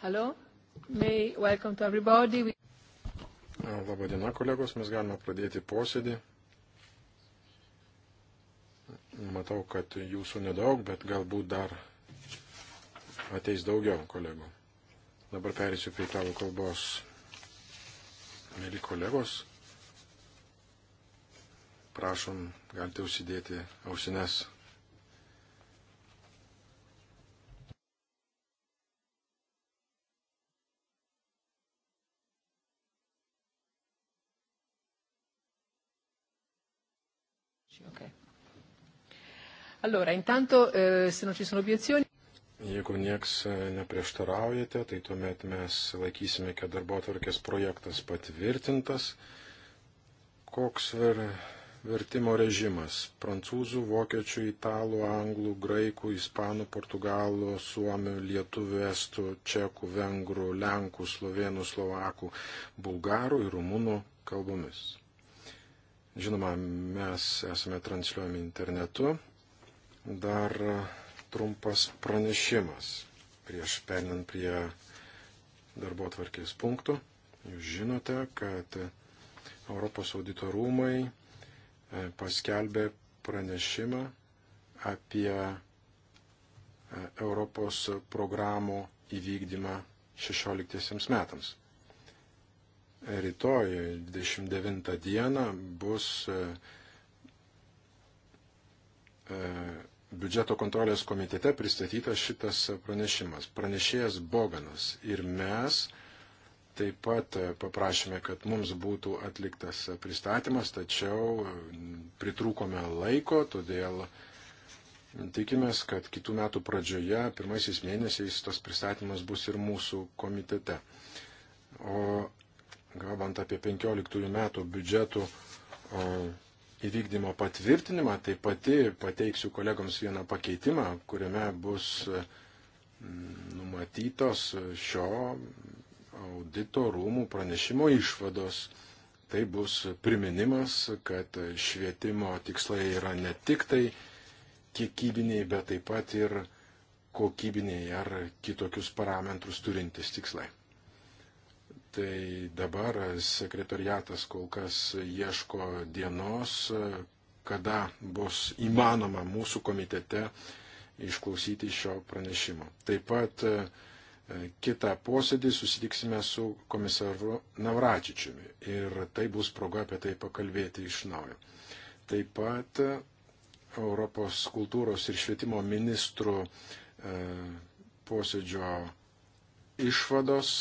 Hello. May welcome to everybody. We... Labadiena, kolegos, mes galime pradėti posėdį. Matau, kad jūsų nedaug, bet galbūt dar ateis daugiau kolegų. Dabar perėsiu prie italų kalbos. Mėly kolegos, prašom, galite užsidėti ausines. Allora, intanto, eh, se non ci sono obiezioni. Jeigu nieks e, neprieštaraujate, tai tuomet mes laikysime, kad darbo atvarkės projektas patvirtintas. Koks ver, vertimo režimas? Prancūzų, vokiečių, italų, anglų, graikų, ispanų, portugalų, suomių, lietuvių, estų, čekų, vengrų, lenkų, slovenų, slovakų, bulgarų ir rumunų kalbomis. Žinoma, mes esame transliuojami internetu. Dar trumpas pranešimas prieš perinant prie darbo atvarkės punktų. Jūs žinote, kad Europos audito rūmai e, paskelbė pranešimą apie e, Europos programų įvykdymą 16 metams. Rytoj 29 dieną bus e, biudžeto kontrolės komitete pristatytas šitas pranešimas. Pranešėjas Boganas ir mes taip pat paprašėme, kad mums būtų atliktas pristatymas, tačiau pritrūkome laiko, todėl tikimės, kad kitų metų pradžioje, pirmaisiais mėnesiais, tas pristatymas bus ir mūsų komitete. O kalbant apie 15 metų biudžetų įvykdymo patvirtinimą, tai pati pateiksiu kolegoms vieną pakeitimą, kuriame bus mm, numatytos šio audito rūmų pranešimo išvados. Tai bus priminimas, kad švietimo tikslai yra ne tik tai kiekybiniai, bet taip pat ir kokybiniai ar kitokius parametrus turintys tikslai. Tai dabar sekretariatas kol kas ieško dienos, kada bus įmanoma mūsų komitete išklausyti šio pranešimo. Taip pat e, kitą posėdį susitiksime su komisaru Navračičiumi ir tai bus proga apie tai pakalbėti iš naujo. Taip pat e, Europos kultūros ir švietimo ministrų e, posėdžio išvados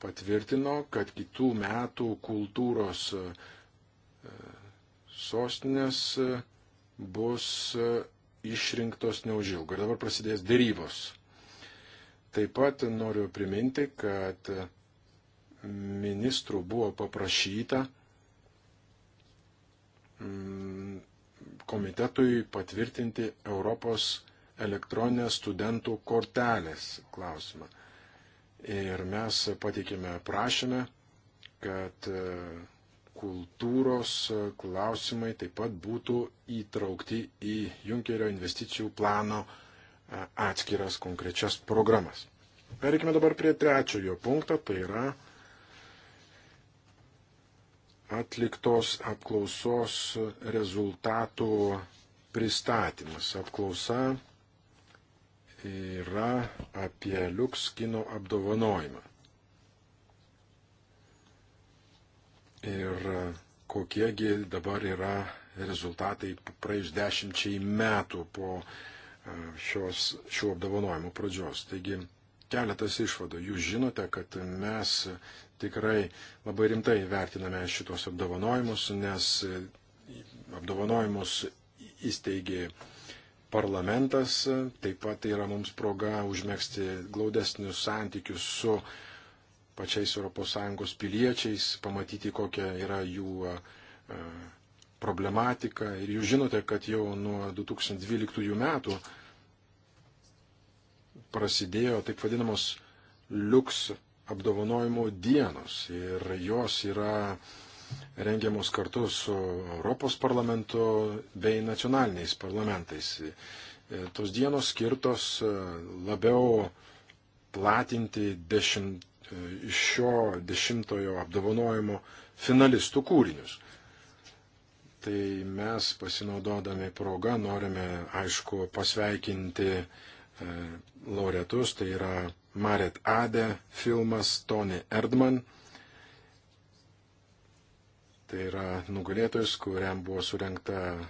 patvirtino, kad kitų metų kultūros e, sostinės e, bus e, išrinktos neužilgo. Ir dabar prasidės dėrybos. Taip pat noriu priminti, kad ministrų buvo paprašyta mm, komitetui patvirtinti Europos elektroninės studentų kortelės klausimą. Ir mes pateikėme prašymę, kad e, kultūros e, klausimai taip pat būtų įtraukti į Junkerio investicijų plano e, atskiras konkrečias programas. Perikime dabar prie trečiojo punkto, tai yra atliktos apklausos rezultatų pristatymas. Apklausa yra apie liuks kino apdovanojimą. Ir kokiegi dabar yra rezultatai praeis dešimčiai metų po e, šios, šių apdovanojimų pradžios. Taigi keletas išvadų. Jūs žinote, kad mes tikrai labai rimtai vertiname šitos apdovanojimus, nes e, apdovanojimus įsteigė parlamentas. E, taip pat yra mums proga užmėgsti glaudesnius santykius su pačiais ES piliečiais, pamatyti, kokia yra jų e, problematika. Ir jūs žinote, kad jau nuo 2012 metų prasidėjo taip vadinamos liuks apdovanojimo dienos ir jos yra rengiamus kartu su Europos parlamentu bei nacionaliniais parlamentais. E, tos dienos skirtos e, labiau platinti dešimt, e, šio dešimtojo apdovanojimo finalistų kūrinius. Tai mes pasinaudodami progą norime, aišku, pasveikinti laureatus, tai yra Maret Ade filmas, Tony Erdman Tai yra nugalėtojas, kuriam buvo surinkta e,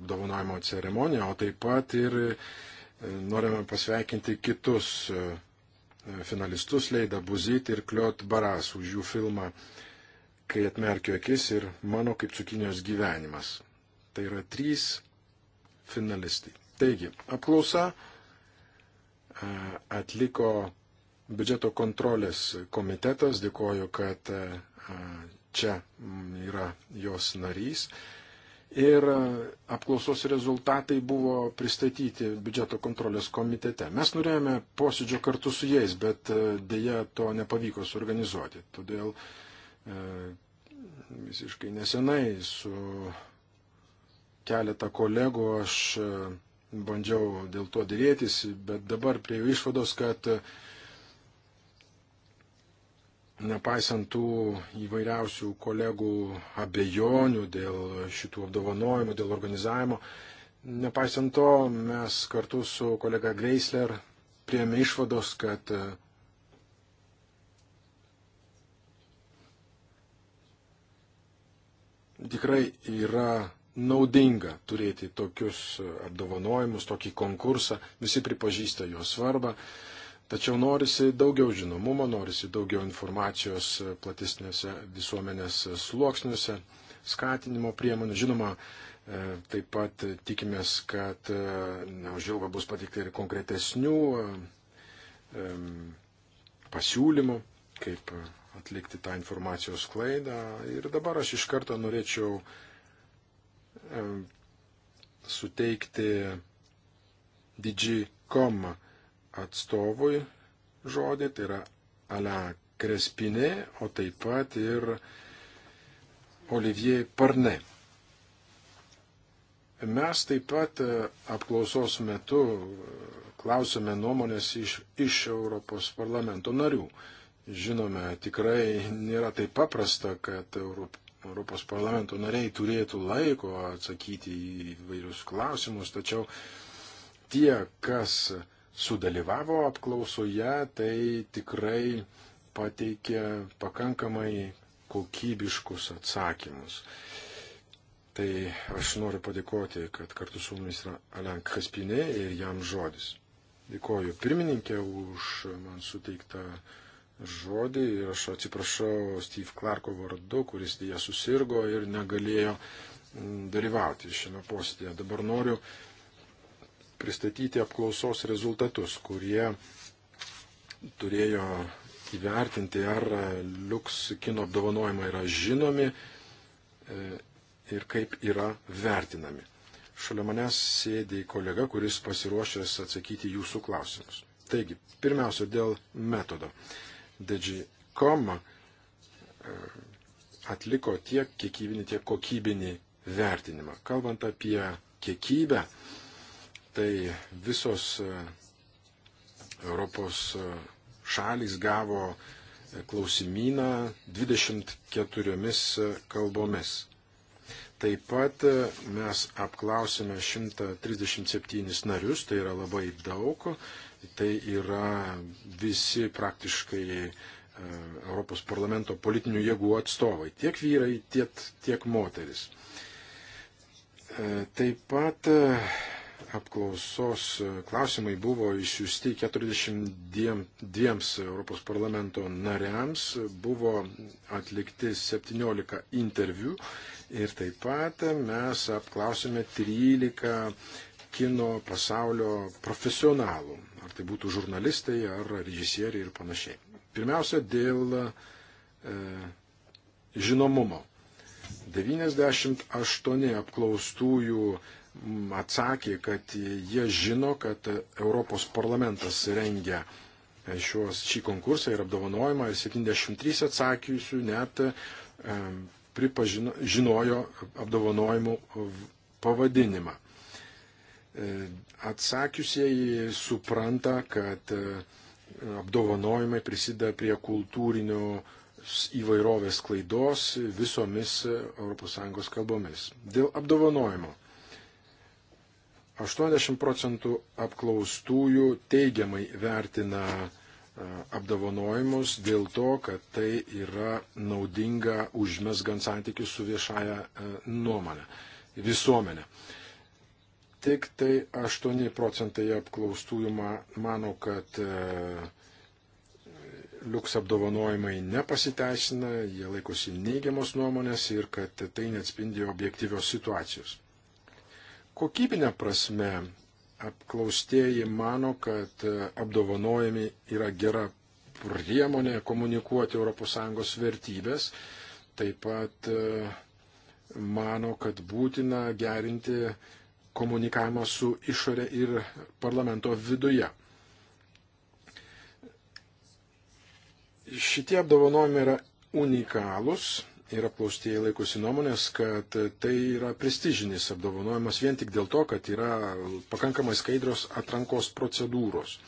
apdovanojimo ceremonija, o taip pat ir e, norime pasveikinti kitus e, finalistus Leidą Buzitį ir Kliot Baras už jų filmą Kai atmerkiu akis ir mano kaip cukinijos gyvenimas. Tai yra trys finalistai. Taigi, apklausa atliko biudžeto kontrolės komitetas. Dėkoju, kad čia yra jos narys. Ir apklausos rezultatai buvo pristatyti biudžeto kontrolės komitete. Mes norėjome posėdžio kartu su jais, bet e, dėja to nepavyko suorganizuoti. Todėl e, visiškai nesenai su keletą kolegų aš e, bandžiau dėl to dėrėtis, bet dabar prie jų išvados, kad nepaisant tų įvairiausių kolegų abejonių dėl šitų apdovanojimų, dėl organizavimo, nepaisant to mes kartu su kolega Greisler prieėmė išvados, kad tikrai yra naudinga turėti tokius apdovanojimus, tokį konkursą, visi pripažįsta jo svarbą. Tačiau norisi daugiau žinomumo, norisi daugiau informacijos platesniuose visuomenės sluoksniuose, skatinimo priemonių. Žinoma, e, taip pat tikimės, kad e, neužilgo bus patikti ir konkretesnių e, pasiūlymų, kaip atlikti tą informacijos klaidą. Ir dabar aš iš karto norėčiau suteikti DigiCom atstovui žodį, tai yra Ala Krespinė, o taip pat ir Olivier Parne. Mes taip pat e, apklausos metu e, klausome nuomonės iš, iš Europos parlamento narių. Žinome, tikrai nėra taip paprasta, kad Europ, Europos parlamento nariai turėtų laiko atsakyti į vairius klausimus, tačiau tie, kas sudalyvavo apklausoje, tai tikrai pateikė pakankamai kokybiškus atsakymus. Tai aš noriu padėkoti, kad kartu su mumis yra Alen Kaspinė ir jam žodis. Dėkoju pirmininkė už man suteiktą žodį ir aš atsiprašau Steve Clarko vardu, kuris dėja susirgo ir negalėjo dalyvauti šiame posėdėje. Dabar noriu uh, pristatyti apklausos rezultatus, kurie turėjo įvertinti, ar liuks kino apdovanojimai yra žinomi e, ir kaip yra vertinami. Šalia manęs sėdė kolega, kuris pasiruošęs atsakyti jūsų klausimus. Taigi, pirmiausia, dėl metodo. Digi.com e, atliko tiek kiekybinį, tiek kokybinį vertinimą. Kalbant apie kiekybę, tai visos e, Europos e, šalis gavo e, klausimyną 24 kalbomis. Taip pat mes apklausėme 137 narius, tai yra labai daug, tai yra visi praktiškai Europos parlamento politinių jėgų atstovai, tiek vyrai, tiek, tiek moteris. Taip pat apklausos e, klausimai buvo išsiųsti 42 Europos parlamento nariams, buvo atlikti 17 interviu ir taip pat mes apklausėme 13 kino pasaulio profesionalų, ar tai būtų žurnalistai, ar režisieriai ir panašiai. Pirmiausia, dėl e, žinomumo. 98 apklaustųjų atsakė, kad jie žino, kad Europos parlamentas rengia šios, šį konkursą ir apdovanojimą ir 73 atsakiusių net pripažino, žinojo apdovanojimų pavadinimą. E, atsakiusieji supranta, kad e, apdovanojimai prisideda prie kultūrinio įvairovės klaidos visomis ES kalbomis. Dėl apdovanojimo 80 procentų apklaustųjų teigiamai vertina e, apdovanojimus dėl to, kad tai yra naudinga užmesgant santykius su viešaja e, nuomonė, visuomenė. Tik tai 8 procentai apklaustųjų mano, kad e, liuks apdovanojimai nepasiteisina, jie laikosi neigiamos nuomonės ir kad tai neatspindi objektyvios situacijos. Kokybinė prasme apklaustieji mano, kad apdovanojami yra gera priemonė komunikuoti ES vertybės, taip pat e, mano, kad būtina gerinti komunikavimą su išorė ir parlamento viduje. Šitie apdovanojimai yra unikalūs ir apklaustieji laikosi nuomonės, kad tai yra prestižinis apdovanojimas vien tik dėl to, kad yra pakankamai skaidros atrankos procedūros.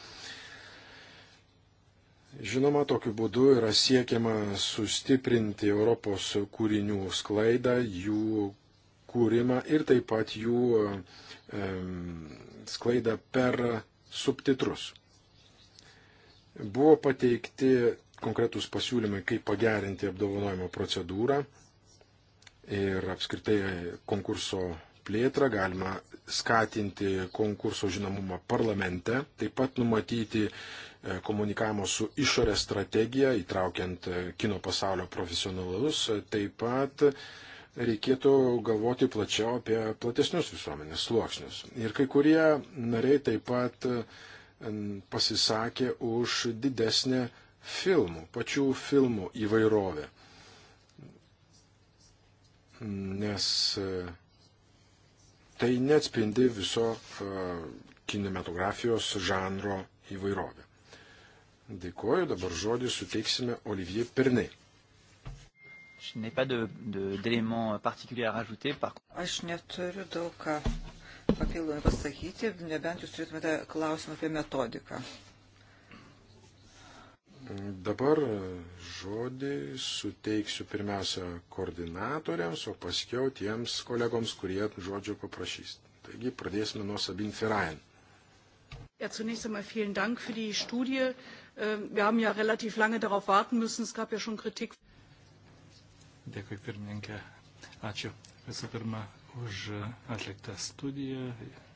Žinoma, tokiu būdu yra siekiama sustiprinti Europos kūrinių sklaidą, jų kūrimą ir taip pat jų e, sklaidą per subtitrus. Buvo pateikti konkretūs pasiūlymai, kaip pagerinti apdovanojimo procedūrą ir apskritai konkurso plėtrą, galima skatinti konkurso žinomumą parlamente, taip pat numatyti e, komunikavimo su išorė strategija, įtraukiant e, kino pasaulio profesionalus, taip pat reikėtų galvoti plačiau apie platesnius visuomenės sluoksnius. Ir kai kurie nariai taip pat e, pasisakė už didesnę filmų, pačių filmų įvairovė. Nes e, tai neatspindi viso e, kinematografijos žanro įvairovę. Dėkuoju, dabar žodį suteiksime Olivier Pernai. Aš neturiu daug ką papildomai pasakyti, nebent jūs turėtumėte klausimą apie metodiką. Dabar žodį suteiksiu pirmiausia koordinatoriams, o paskiau tiems kolegoms, kurie žodžio paprašys. Taigi pradėsime nuo Sabin Ferajan. Ja, zunächst einmal vielen Dank für die Studie. Ähm, wir haben ja relativ lange darauf warten müssen. Es gab ja schon Kritik. Dėkui, pirmininkė. Ačiū visų pirma už atliktą studiją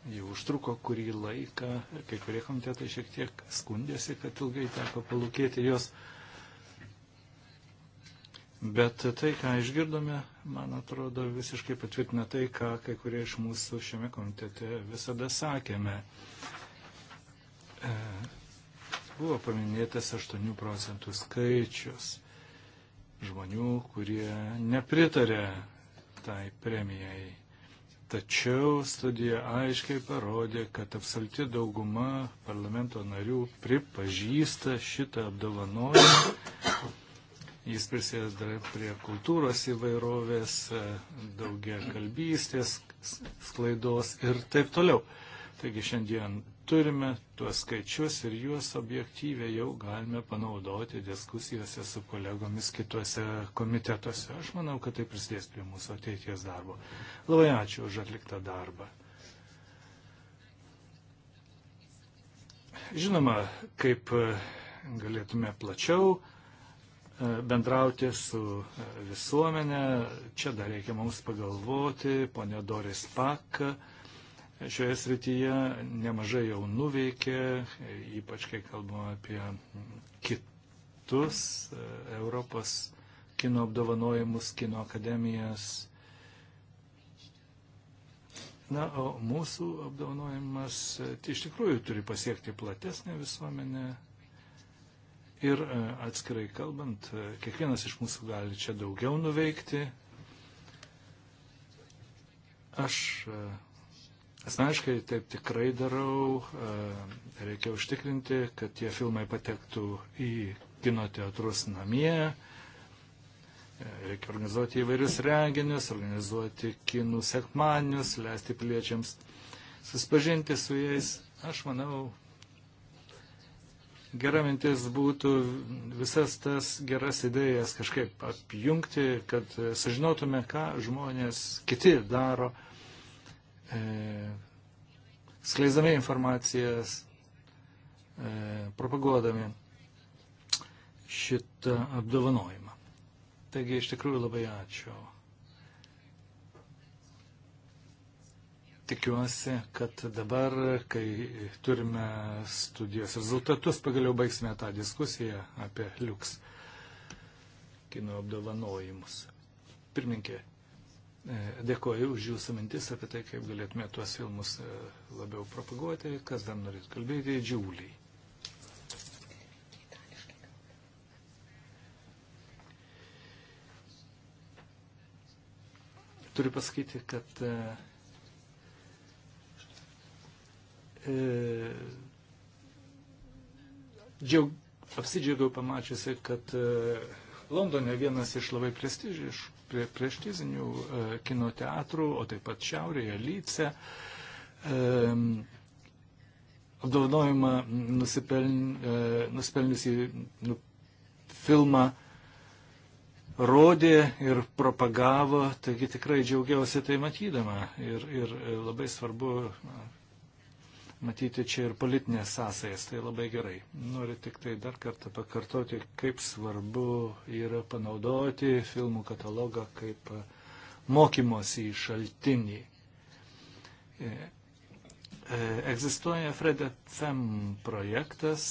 jau užtruko kurį laiką, kai kurie komitetai šiek tiek skundėsi, kad ilgai teko palūkėti jos. Bet tai, ką išgirdome, man atrodo, visiškai patvirtina tai, ką kai kurie iš mūsų šiame komitete visada sakėme. E, buvo paminėtas 8 procentų skaičius žmonių, kurie nepritarė tai premijai. Tačiau studija aiškiai parodė, kad absoliuti dauguma parlamento narių pripažįsta šitą apdovanojimą. Jis prisėda prie kultūros įvairovės, daugia kalbystės, sklaidos ir taip toliau. Taigi šiandien turime tuos skaičius ir juos objektyviai jau galime panaudoti diskusijose su kolegomis kitose komitetuose. Aš manau, kad tai prisidės prie mūsų ateities darbo. Labai ačiū už atliktą darbą. Žinoma, kaip galėtume plačiau e, bendrauti su e, visuomenė, čia dar reikia mums pagalvoti, ponė Doris Pak šioje srityje nemažai jau nuveikė, ypač kai kalbame apie kitus e, Europos kino apdovanojimus, kino akademijas. Na, o mūsų apdovanojimas e, tai iš tikrųjų turi pasiekti platesnę visuomenę. Ir e, atskirai kalbant, kiekvienas iš mūsų gali čia daugiau nuveikti. Aš Asmeniškai taip tikrai darau. E, reikia užtikrinti, kad tie filmai patektų į kino teatrus namie. E, reikia organizuoti įvairius renginius, organizuoti kinų sekmanius, leisti piliečiams susipažinti su jais. Aš manau, gera mintis būtų visas tas geras idėjas kažkaip apjungti, kad sužinotume, ką žmonės kiti daro E, skleisdami informacijas, e, propaguodami šitą apdovanojimą. Taigi iš tikrųjų labai ačiū. Tikiuosi, kad dabar, kai turime studijos rezultatus, pagaliau baigsime tą diskusiją apie liuks kino apdovanojimus. Pirminkė, E, dėkoju už jūsų mintis apie tai, kaip galėtume tuos filmus e, labiau propaguoti. Kas dar norėtų kalbėti? Džiūliai. Turiu pasakyti, kad e, e, džiaug, apsidžiaugiau pamačiusi, kad e, Londone vienas iš labai prestižiškų prie prieštizinių e, kino teatrų, o taip pat Šiaurėje, Lyce. E, apdovanojimą nusipeln, e, nusipelniusi nu, filmą rodė ir propagavo, taigi tikrai džiaugiausi tai matydama. Ir, ir e, labai svarbu na, matyti čia ir politinės sąsajas, tai labai gerai. Noriu tik tai dar kartą pakartoti, kaip svarbu yra panaudoti filmų katalogą kaip e, mokymosi šaltinį. E, e, egzistuoja Fred FM projektas,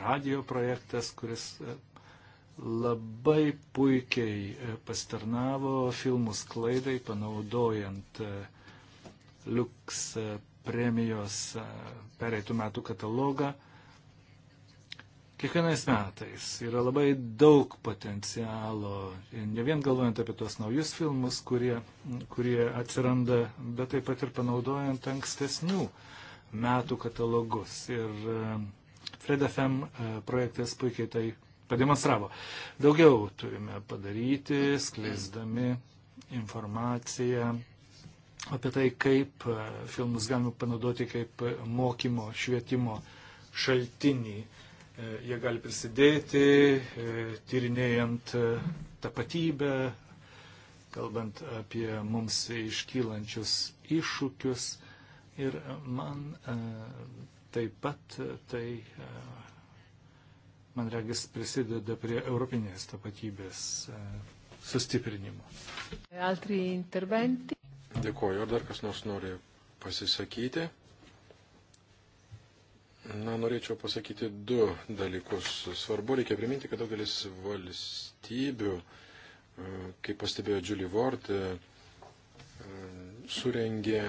radio projektas, kuris labai puikiai pastarnavo filmų sklaidai, panaudojant Lux premijos e, pereitų metų katalogą. Kiekvienais metais yra labai daug potencialo, ne vien galvojant apie tos naujus filmus, kurie, kurie atsiranda, bet taip pat ir panaudojant ankstesnių metų katalogus. Ir e, Fred FM e, projektas puikiai tai pademonstravo. Daugiau turime padaryti, skleisdami informaciją apie tai, kaip e, filmus galima panaudoti kaip mokymo, švietimo šaltinį. E, jie gali prisidėti, e, tyrinėjant tapatybę, kalbant apie mums iškylančius iššūkius. Ir man taip pat tai, man regis, prisideda prie europinės tapatybės sustiprinimo. Altri interventi? Dėkuoju. Ar dar kas nors nori pasisakyti? Na, norėčiau pasakyti du dalykus. Svarbu reikia priminti, kad daugelis valstybių, e, kaip pastebėjo Julie Ward, e, surengė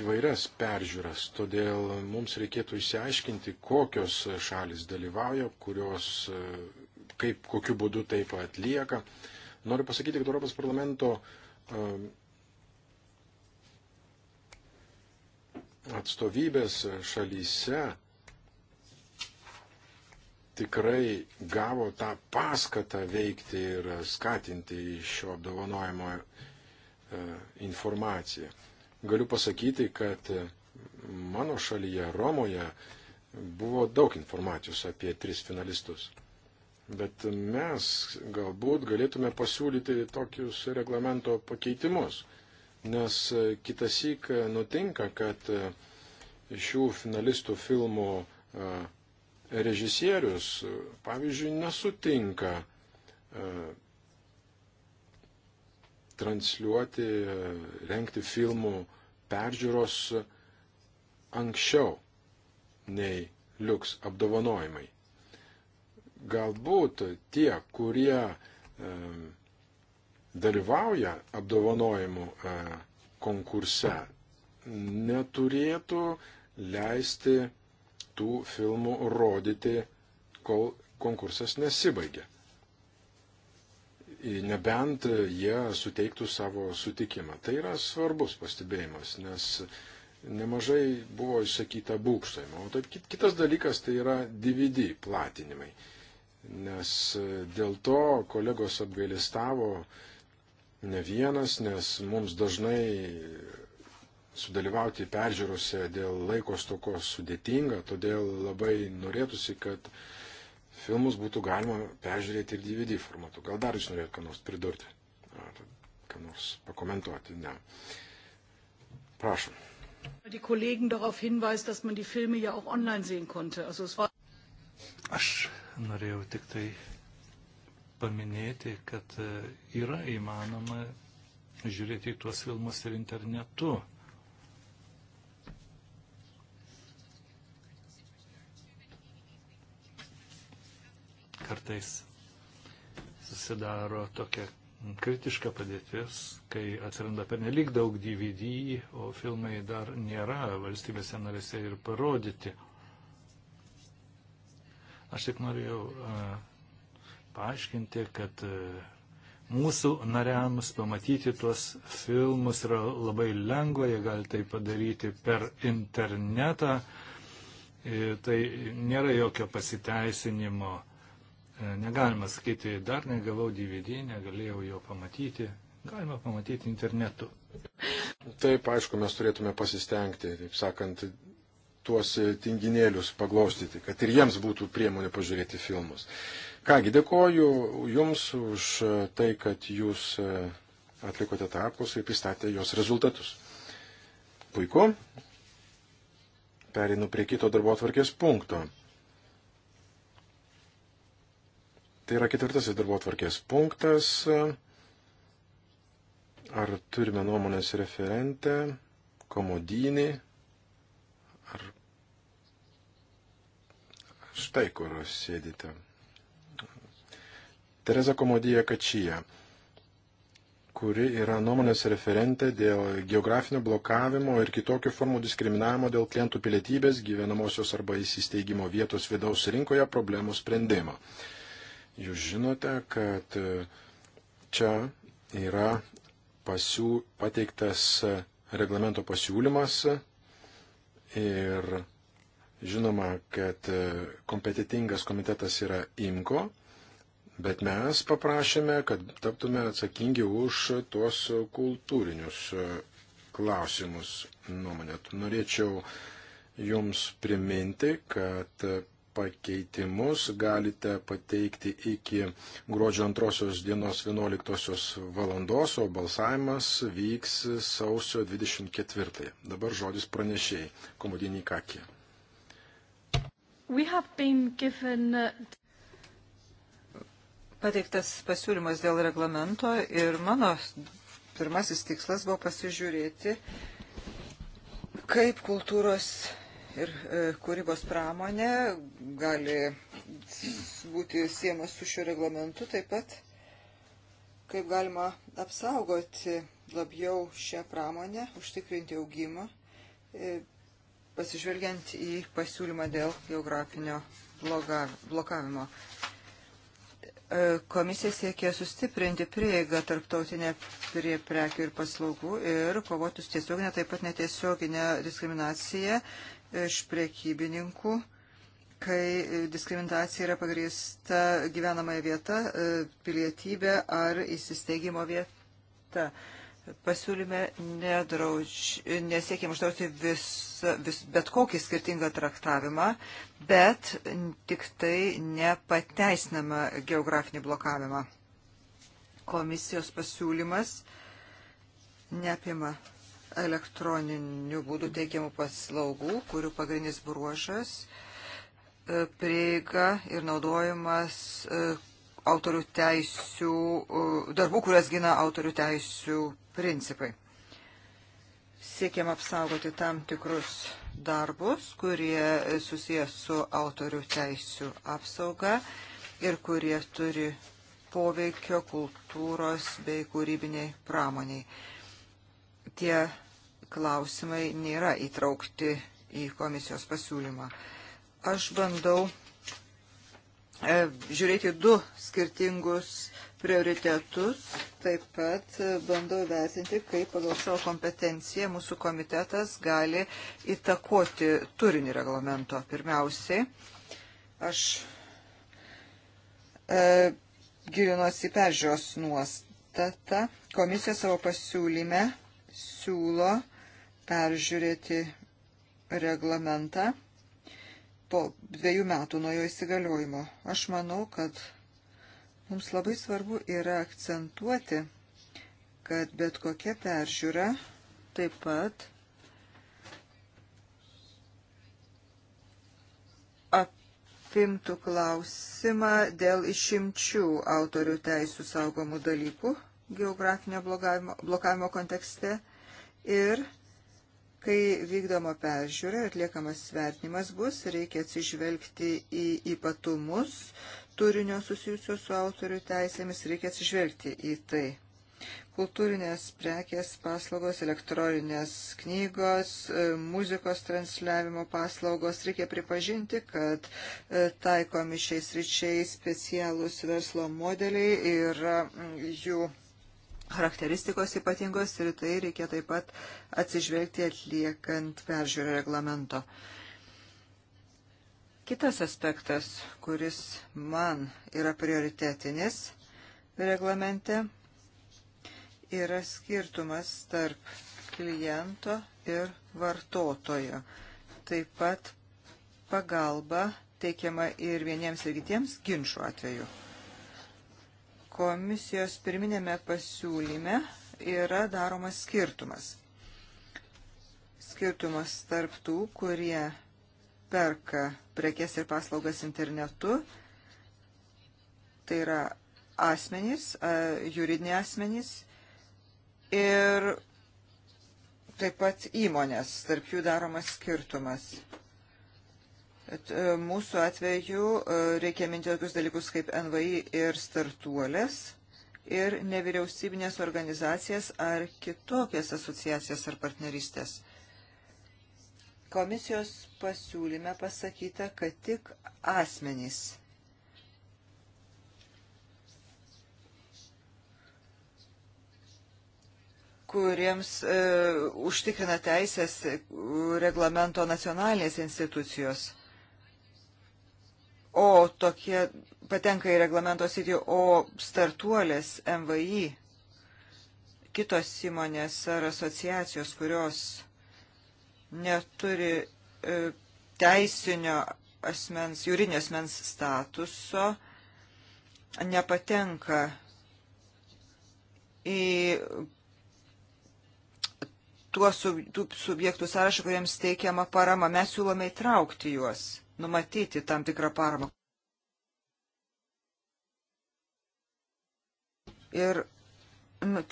įvairias peržiūras. Todėl mums reikėtų išsiaiškinti, kokios šalis dalyvauja, kurios, e, kaip, kokiu būdu taip atlieka. Noriu pasakyti, kad Europos parlamento atstovybės šalyse tikrai gavo tą paskatą veikti ir skatinti iš šio apdovanojimo e, informaciją. Galiu pasakyti, kad mano šalyje, Romoje, buvo daug informacijos apie tris finalistus. Bet mes galbūt galėtume pasiūlyti tokius reglamento pakeitimus, nes e, kitas įk e, nutinka, kad e, šių finalistų filmų režisierius, pavyzdžiui, nesutinka transliuoti, renkti filmų peržiūros anksčiau nei liuks apdovanojimai. Galbūt tie, kurie dalyvauja apdovanojimų e, konkurse, neturėtų leisti tų filmų rodyti, kol konkursas nesibaigia. Nebent jie suteiktų savo sutikimą. Tai yra svarbus pastebėjimas, nes nemažai buvo išsakyta būkštojimo. O taip kitas dalykas tai yra DVD platinimai. Nes dėl to kolegos apgailistavo, ne vienas, nes mums dažnai sudalyvauti peržiūrose dėl laiko stokos sudėtinga, todėl labai norėtųsi, kad filmus būtų galima peržiūrėti ir DVD formatu. Gal dar jūs norėtumėte ką nors pridurti? Ar ką nors pakomentuoti? Ne. Prašom. Die Kollegen darauf hinweist, dass man die Filme ja auch online sehen konnte. Also es war Aš norėjau tik tai paminėti, kad e, yra įmanoma žiūrėti į tuos filmus ir internetu. Kartais susidaro tokia kritiška padėtis, kai atsiranda pernelyg daug DVD, o filmai dar nėra valstybėse narėse ir parodyti. Aš tik norėjau uh, paaiškinti, kad e, mūsų nariams pamatyti tuos filmus yra labai lengva, jie gali tai padaryti per internetą. E, tai nėra jokio pasiteisinimo. E, negalima sakyti, dar negavau DVD, negalėjau jo pamatyti. Galima pamatyti internetu. Taip, aišku, mes turėtume pasistengti, taip sakant, tuos tinginėlius paglostyti, kad ir jiems būtų priemonė pažiūrėti filmus. Uh, Kągi, dėkoju Jums už tai, kad Jūs e, atlikote tą apklausą ir pristatė jos rezultatus. Puiku. Perinu prie kito darbo atvarkės punkto. Tai yra ketvirtasis darbo atvarkės punktas. Ar turime nuomonės referentę, komodinį, ar štai kur sėdite. Tereza Komodija Kačyja, kuri yra nuomonės referentė dėl geografinio blokavimo ir kitokių formų diskriminavimo dėl klientų pilietybės, gyvenamosios arba įsisteigimo vietos vidaus rinkoje problemų sprendimo. Jūs žinote, kad čia yra pasiū, pateiktas reglamento pasiūlymas ir žinoma, kad kompetitingas komitetas yra IMKO Bet mes paprašėme, kad taptume atsakingi už tuos kultūrinius klausimus nuomonę. Norėčiau Jums priminti, kad pakeitimus galite pateikti iki gruodžio antrosios dienos 11 valandos, o balsavimas vyks sausio 24. Dabar žodis pranešėjai, komodinį kakį. Given... Uh, pateiktas pasiūlymas dėl reglamento ir mano pirmasis tikslas buvo pasižiūrėti, kaip kultūros ir e, kūrybos pramonė gali būti siemas su šiuo reglamentu, taip pat kaip galima apsaugoti labiau šią pramonę, užtikrinti augimą, e, pasižvelgiant į pasiūlymą dėl geografinio blokavimo. Komisija siekia sustiprinti prieigą tarptautinę prie prekių ir paslaugų ir kovotus tiesioginę, taip pat netiesioginę diskriminaciją iš priekybininkų, kai diskriminacija yra pagrįsta gyvenamąją vietą, e, pilietybę ar įsisteigimo vietą pasiūlyme nedrauč, nesiekėm uždrausti vis, vis, bet kokį skirtingą traktavimą, bet tik tai nepateisinamą geografinį blokavimą. Komisijos pasiūlymas neapima elektroninių būdų teikiamų paslaugų, kurių pagrindinis bruožas e, prieiga ir naudojimas e, autorių teisių, e, darbų, kurias gina autorių teisių principai. Siekiam apsaugoti tam tikrus darbus, kurie susijęs su autorių teisių apsauga ir kurie turi poveikio kultūros bei kūrybiniai pramoniai. Tie klausimai nėra įtraukti į komisijos pasiūlymą. Aš bandau E, žiūrėti du skirtingus prioritetus. Taip pat e, bandau vertinti, kaip pagal savo kompetenciją mūsų komitetas gali įtakoti turinį reglamento. Pirmiausiai, aš e, gilinuosi peržiūros nuostatą. Komisija savo pasiūlyme siūlo peržiūrėti reglamentą po dviejų metų nuo jo įsigaliojimo. Aš manau, kad mums labai svarbu yra akcentuoti, kad bet kokia peržiūra taip pat apimtų klausimą dėl išimčių autorių teisų saugomų dalykų geografinio blokavimo kontekste ir Kai vykdoma peržiūra ir atliekamas vertinimas bus, reikia atsižvelgti į ypatumus turinio susijusio su autorių teisėmis, reikia atsižvelgti į tai. Kultūrinės prekės paslaugos, elektroninės knygos, e, muzikos transliavimo paslaugos reikia pripažinti, kad e, taikomi šiais ryčiais specialūs verslo modeliai ir jų charakteristikos ypatingos ir tai reikia taip pat atsižvelgti atliekant peržiūrą reglamento. Kitas aspektas, kuris man yra prioritetinis reglamente, yra skirtumas tarp kliento ir vartotojo. Taip pat pagalba teikiama ir vieniems ir kitiems ginčių atveju komisijos pirminėme pasiūlyme yra daromas skirtumas. Skirtumas tarp tų, kurie perka prekes ir paslaugas internetu, tai yra asmenys, juridiniai asmenys ir taip pat įmonės, tarp jų daromas skirtumas. E, mūsų atveju e, reikia minti tokius dalykus kaip NVI ir startuolės ir nevyriausybinės organizacijas ar kitokias asociacijas ar partnerystės. Komisijos pasiūlyme pasakyta, kad tik asmenys kuriems e, užtikrina teisės e, reglamento nacionalinės institucijos o tokie patenka į reglamento sritį, o startuolės MVI, kitos įmonės ar asociacijos, kurios neturi e, teisinio asmens, jūrinio asmens statuso, nepatenka į tuos sub, tų subjektų sąrašą, kuriems teikiama parama. Mes siūlome įtraukti juos numatyti tam tikrą paramą. Ir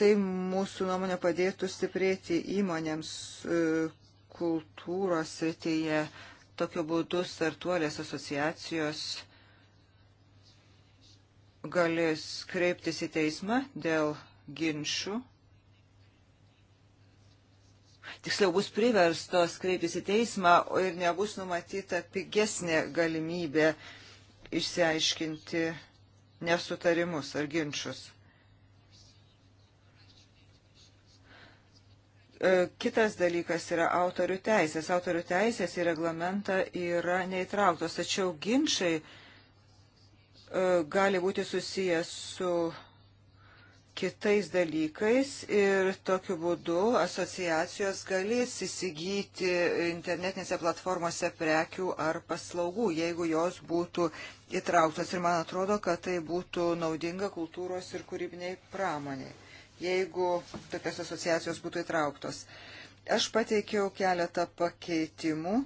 tai mūsų nuomonė padėtų stiprėti įmonėms e, kultūros srityje. Tokiu būdu startuolės asociacijos galės kreiptis į teismą dėl ginčių tiksliau bus priverstos kreiptis į teismą ir nebus numatyta pigesnė galimybė išsiaiškinti nesutarimus ar ginčius. E, kitas dalykas yra autorių teisės. Autorių teisės į reglamentą yra neįtrauktos, tačiau ginčiai e, gali būti susijęs su kitais dalykais ir tokiu būdu asociacijos galės įsigyti internetinėse platformose prekių ar paslaugų, jeigu jos būtų įtrauktos. Ir man atrodo, kad tai būtų naudinga kultūros ir kūrybiniai pramoniai, jeigu tokios asociacijos būtų įtrauktos. Aš pateikiau keletą pakeitimų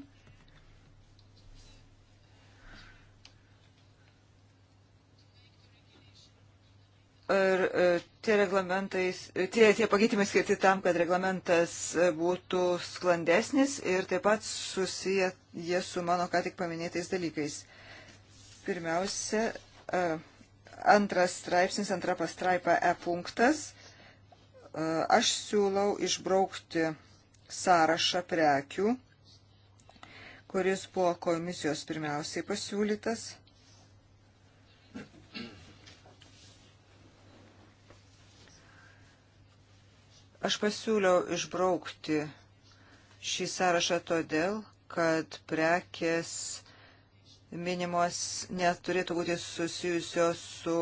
Ir e, tie reglamentai, e, tie, tie pakeitimai skirti tam, kad reglamentas e, būtų sklandesnis ir taip pat susiję jie su mano ką tik paminėtais dalykais. Pirmiausia, antras straipsnis, antra pastraipa E punktas. Aš siūlau išbraukti sąrašą prekių, kuris buvo komisijos pirmiausiai pasiūlytas Aš pasiūliau išbraukti šį sąrašą todėl, kad prekės minimos neturėtų būti susijusios su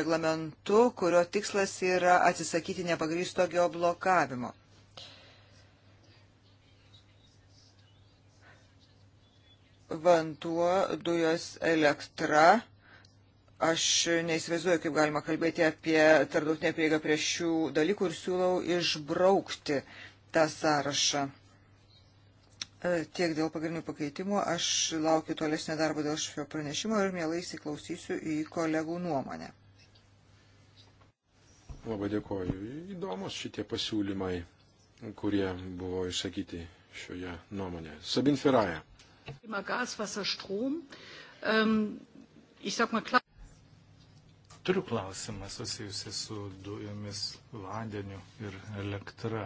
reglamentu, kurio tikslas yra atsisakyti nepagrysto geoblokavimo. Vanduo, dujos, elektra Aš neįsivaizduoju, kaip galima kalbėti apie tarptautinę prieigą prie šių dalykų ir siūlau išbraukti tą sąrašą. E, tiek dėl pagrindinių pakeitimų aš laukiu tolesnio darbo dėl šio pranešimo ir mielai įsiklausysiu į kolegų nuomonę. Labai dėkoju. Įdomus šitie pasiūlymai, kurie buvo išsakyti šioje nuomonėje. Sabin Firaja. Gas, Wasser, Strom. Ähm, ich sag mal klar. Turiu klausimą susijusi su dujomis, vandeniu ir elektra.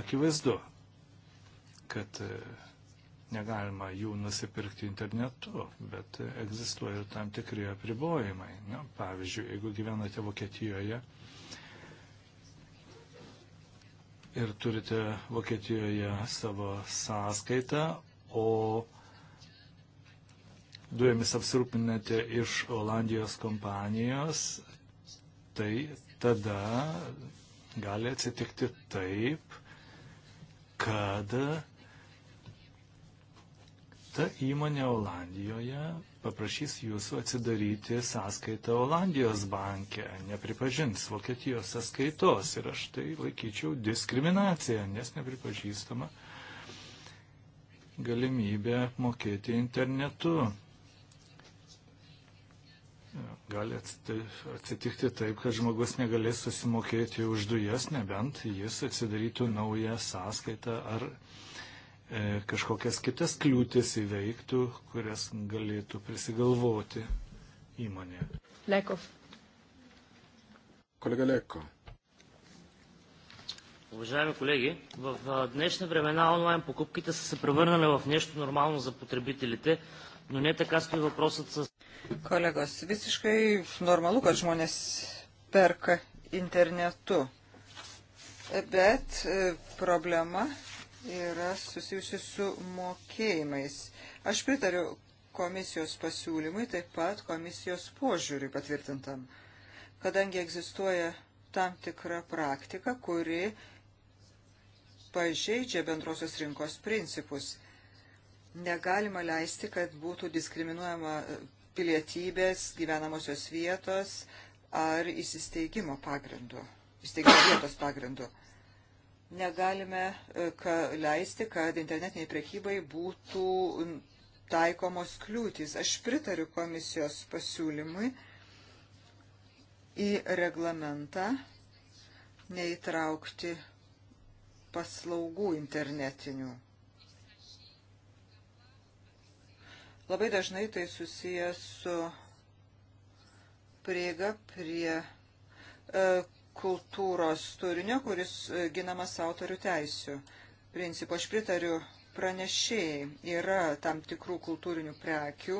Akivaizdu, kad e, negalima jų nusipirkti internetu, bet egzistuoja ir tam tikri apribojimai. Na, pavyzdžiui, jeigu gyvenate Vokietijoje ir turite Vokietijoje savo sąskaitą, o dujomis apsirūpinate iš Olandijos kompanijos, tai tada gali atsitikti taip, kad ta įmonė Olandijoje paprašys jūsų atsidaryti sąskaitą Olandijos banke, nepripažins Vokietijos sąskaitos ir aš tai laikyčiau diskriminaciją, nes nepripažįstama galimybė mokėti internetu Gali atsitikti taip, kad žmogus negalės susimokėti už dujas, nebent jis atsidarytų naują sąskaitą ar e, kažkokias kitas kliūtis įveiktų, kurias galėtų prisigalvoti įmonė. Lekov. Колега Леко. Уважаеми колеги, в днешни времена онлайн покупките са се превърнали в нещо нормално за потребителите, Но не така стои въпросът с... Kolegos, visiškai normalu, kad žmonės perka internetu. Bet problema yra susijusi su mokėjimais. Aš pritariu komisijos pasiūlymui, taip pat komisijos požiūriui patvirtintam, kadangi egzistuoja tam tikra praktika, kuri pažeidžia bendrosios rinkos principus. Negalima leisti, kad būtų diskriminuojama e, pilietybės, gyvenamosios vietos ar įsisteigimo pagrindu, įsteigimo vietos pagrindu. Negalime e, ka, leisti, kad internetiniai prekybai būtų taikomos kliūtys. Aš pritariu komisijos pasiūlymui į reglamentą neįtraukti paslaugų internetinių Labai dažnai tai susijęs su prieiga prie e, kultūros turinio, kuris e, ginamas autorių teisių. Principu, aš pritariu pranešėjai, yra tam tikrų kultūrinių prekių,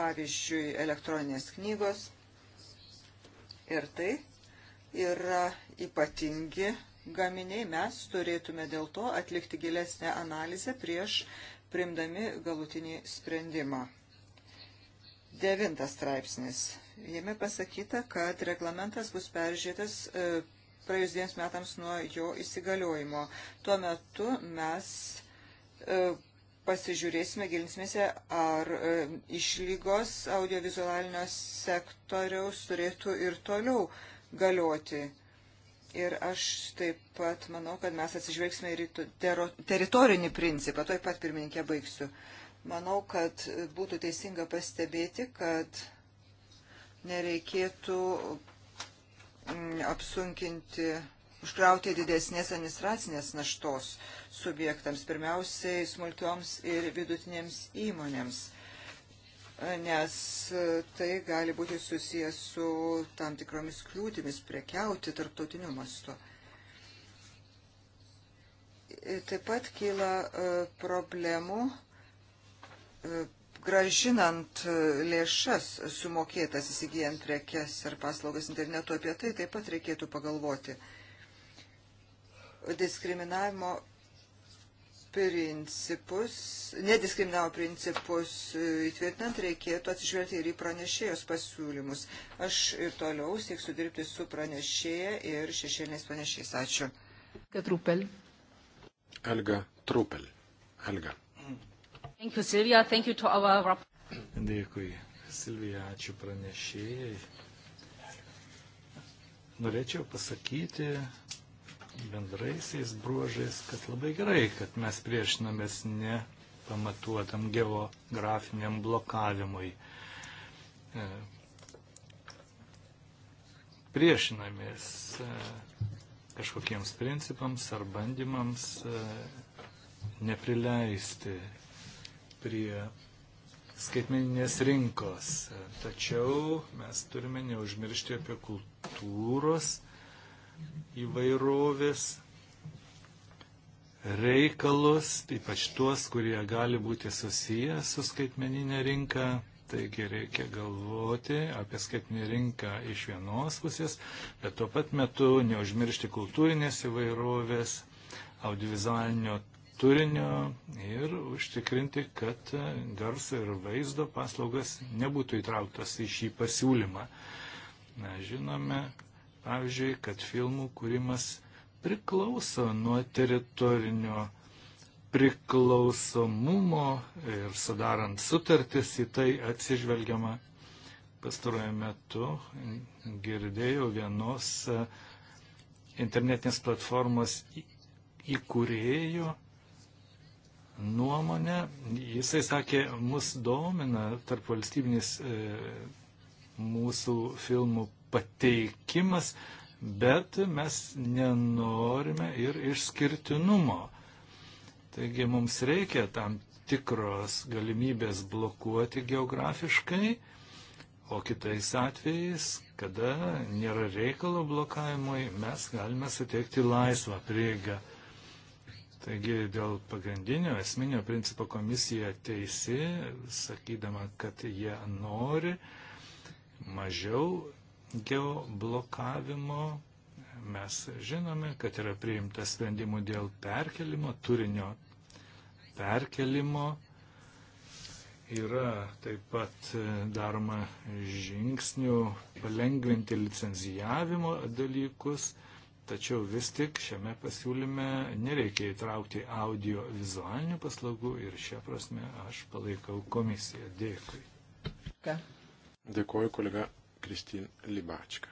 pavyzdžiui, elektroninės knygos. Ir tai yra ypatingi gaminiai. Mes turėtume dėl to atlikti gilesnę analizę prieš primdami galutinį sprendimą. Devintas straipsnis. Jame pasakyta, kad reglamentas bus peržiūrėtas e, praėjus dviems metams nuo jo įsigaliojimo. Tuo metu mes e, pasižiūrėsime, gilinsimėse, ar e, išlygos audiovizualinio sektoriaus turėtų ir toliau galioti. Ir aš taip pat manau, kad mes atsižvelgsime ir į teritorinį principą. Toj pat pirmininkė baigsiu. Manau, kad būtų teisinga pastebėti, kad nereikėtų mm, apsunkinti, užkrauti didesnės administracinės naštos subjektams, pirmiausiai smulkioms ir vidutinėms įmonėms nes tai gali būti susijęs su tam tikromis kliūtimis prekiauti tarptautiniu mastu. Taip pat kyla e, problemų e, gražinant e, lėšas sumokėtas įsigijant prekes ir paslaugas internetu, apie tai taip pat reikėtų pagalvoti. Diskriminavimo principus, nediskriminavo principus e, įtvirtinant, reikėtų atsižvelgti ir į pranešėjos pasiūlymus. Aš ir toliau sieksiu dirbti su pranešėja ir šešėliniais pranešėjais. Ačiū. Trupel. Alga Trupel. Alga. Thank you, Silvija. Thank you to our... Dėkui, Silvija. Ačiū pranešėjai. Norėčiau pasakyti, bendraisiais bruožais, kad labai gerai, kad mes priešinamės ne pamatuotam geografiniam blokavimui. E, priešinamės e, kažkokiems principams ar bandymams e, neprileisti prie skaitmeninės rinkos. Tačiau mes turime neužmiršti apie kultūros įvairovės reikalus, ypač tuos, kurie gali būti susiję su skaitmeninė rinka. Taigi reikia galvoti apie skaitinį rinką iš vienos pusės, bet tuo pat metu neužmiršti kultūrinės įvairovės, audiovizualinio turinio ir užtikrinti, kad garso ir vaizdo paslaugas nebūtų įtrauktas į šį pasiūlymą. Mes žinome, pavyzdžiui, kad filmų kūrimas priklauso nuo teritorinio priklausomumo ir sudarant sutartis į tai atsižvelgiama. Pastaruoju metu girdėjau vienos e, internetinės platformos įkūrėjo nuomonę. Jisai sakė, mus domina tarp valstybinis e, mūsų filmų pateikimas, bet mes nenorime ir išskirtinumo. Taigi mums reikia tam tikros galimybės blokuoti geografiškai, o kitais atvejais, kada nėra reikalo blokavimui, mes galime suteikti laisvą prieigą. Taigi dėl pagrindinio esminio principo komisija teisi, sakydama, kad jie nori mažiau geoblokavimo. Mes žinome, kad yra priimta sprendimų dėl perkelimo, turinio perkelimo. Yra taip pat e, daroma žingsnių palengventi licenzijavimo dalykus, tačiau vis tik šiame pasiūlyme nereikia įtraukti audio vizualinių paslaugų ir šią prasme aš palaikau komisiją. Dėkui. Ką? Dėkuoju kolega Kristin Libačka.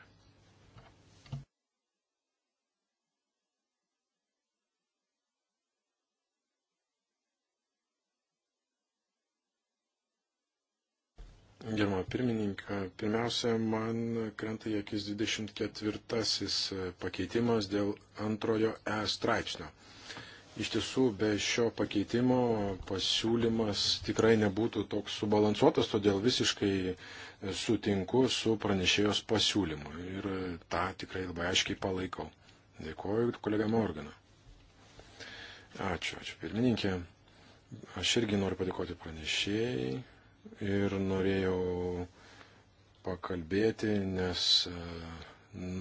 Germa pirmininką, pirmiausia, man krenta į akis 24 pakeitimas dėl antrojo E straipsnio. Iš tiesų, be šio pakeitimo pasiūlymas tikrai nebūtų toks subalansuotas, todėl visiškai e, sutinku su pranešėjos pasiūlymu ir e, tą tikrai labai aiškiai palaikau. Dėkuoju kolega Morganą. Ačiū, ačiū pirmininkė. Aš irgi noriu padėkoti pranešėjai ir norėjau pakalbėti, nes e,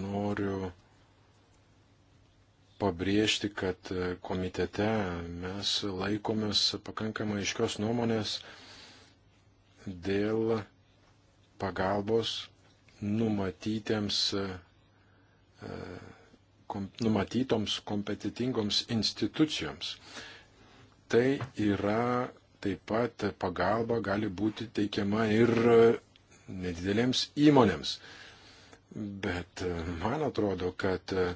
noriu pabrėžti, kad komitete mes laikomės pakankamai aiškios nuomonės dėl pagalbos numatytiems, e, kom, numatytoms kompetitingoms institucijoms. Tai yra taip pat pagalba gali būti teikiama ir nedidelėms įmonėms. Bet e, man atrodo, kad e,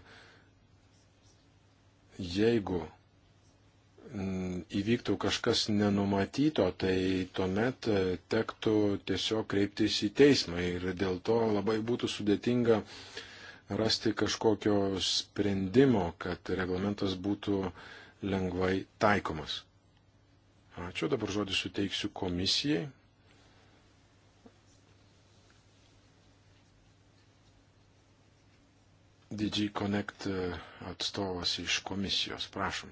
Jeigu mm, įvyktų kažkas nenumatyto, tai tuomet e, tektų tiesiog kreiptis į teismą ir dėl to labai būtų sudėtinga rasti kažkokio sprendimo, kad reglamentas būtų lengvai taikomas. Ačiū, dabar žodį suteiksiu komisijai. DG Connect e, atstovas iš komisijos. Prašom.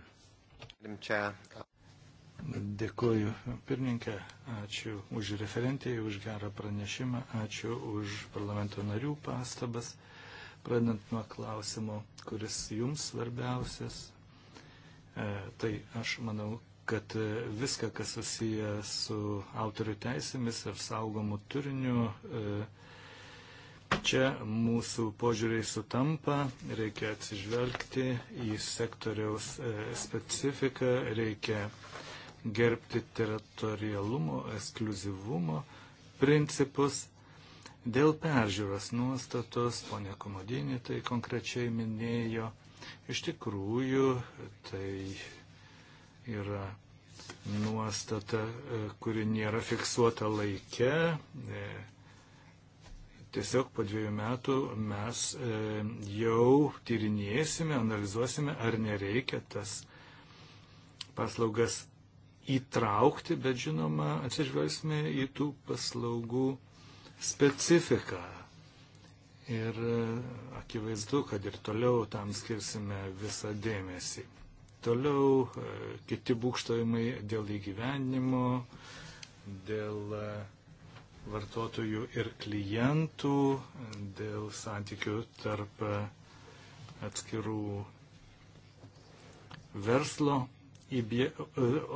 Dėkuoju pirmininkė, ačiū už referentiją, už gerą pranešimą, ačiū už parlamento narių pastabas, pradant nuo klausimo, kuris jums svarbiausias. E, tai aš manau, kad e, viską, kas susiję su autorių teisėmis ir saugomu turiniu, e, Čia mūsų požiūriai sutampa, reikia atsižvelgti į sektoriaus e, specifiką, reikia gerbti teritorialumo, ekskluzivumo principus. Dėl peržiūros nuostatos, ponė Komodinė tai konkrečiai minėjo, iš tikrųjų tai yra nuostata, e, kuri nėra fiksuota laike, e, Tiesiog po dviejų metų mes e, jau tyrinėsime, analizuosime, ar nereikia tas paslaugas įtraukti, bet žinoma, atsižvelgsime į tų paslaugų specifiką. Ir e, akivaizdu, kad ir toliau tam skirsime visą dėmesį. Toliau e, kiti būkštojimai dėl įgyvendinimo, dėl uh, vartotojų ir klientų, dėl santykių tarp atskirų verslo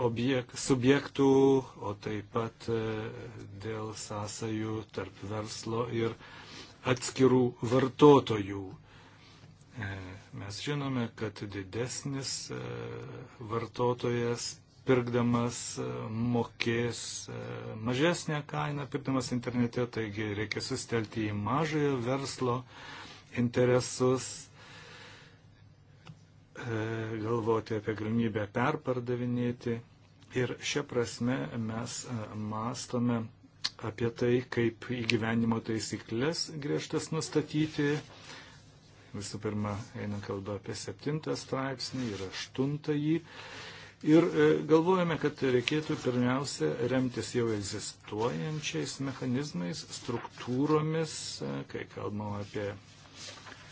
objekt, subjektų, o taip pat e, dėl sąsajų tarp verslo ir atskirų vartotojų. E, mes žinome, kad didesnis e, vartotojas pirkdamas e, mokės e, mažesnę kainą, pirkdamas internete, taigi reikia sustelti į mažojo verslo interesus, e, galvoti apie galimybę perpardavinėti. Ir šią prasme mes mastome apie tai, kaip įgyvenimo taisyklės griežtas nustatyti. Visų pirma, eina kalba apie septintą straipsnį ir aštuntąjį. Ir e, galvojame, kad reikėtų pirmiausia remtis jau egzistuojančiais mechanizmais, struktūromis, e, kai kalbam apie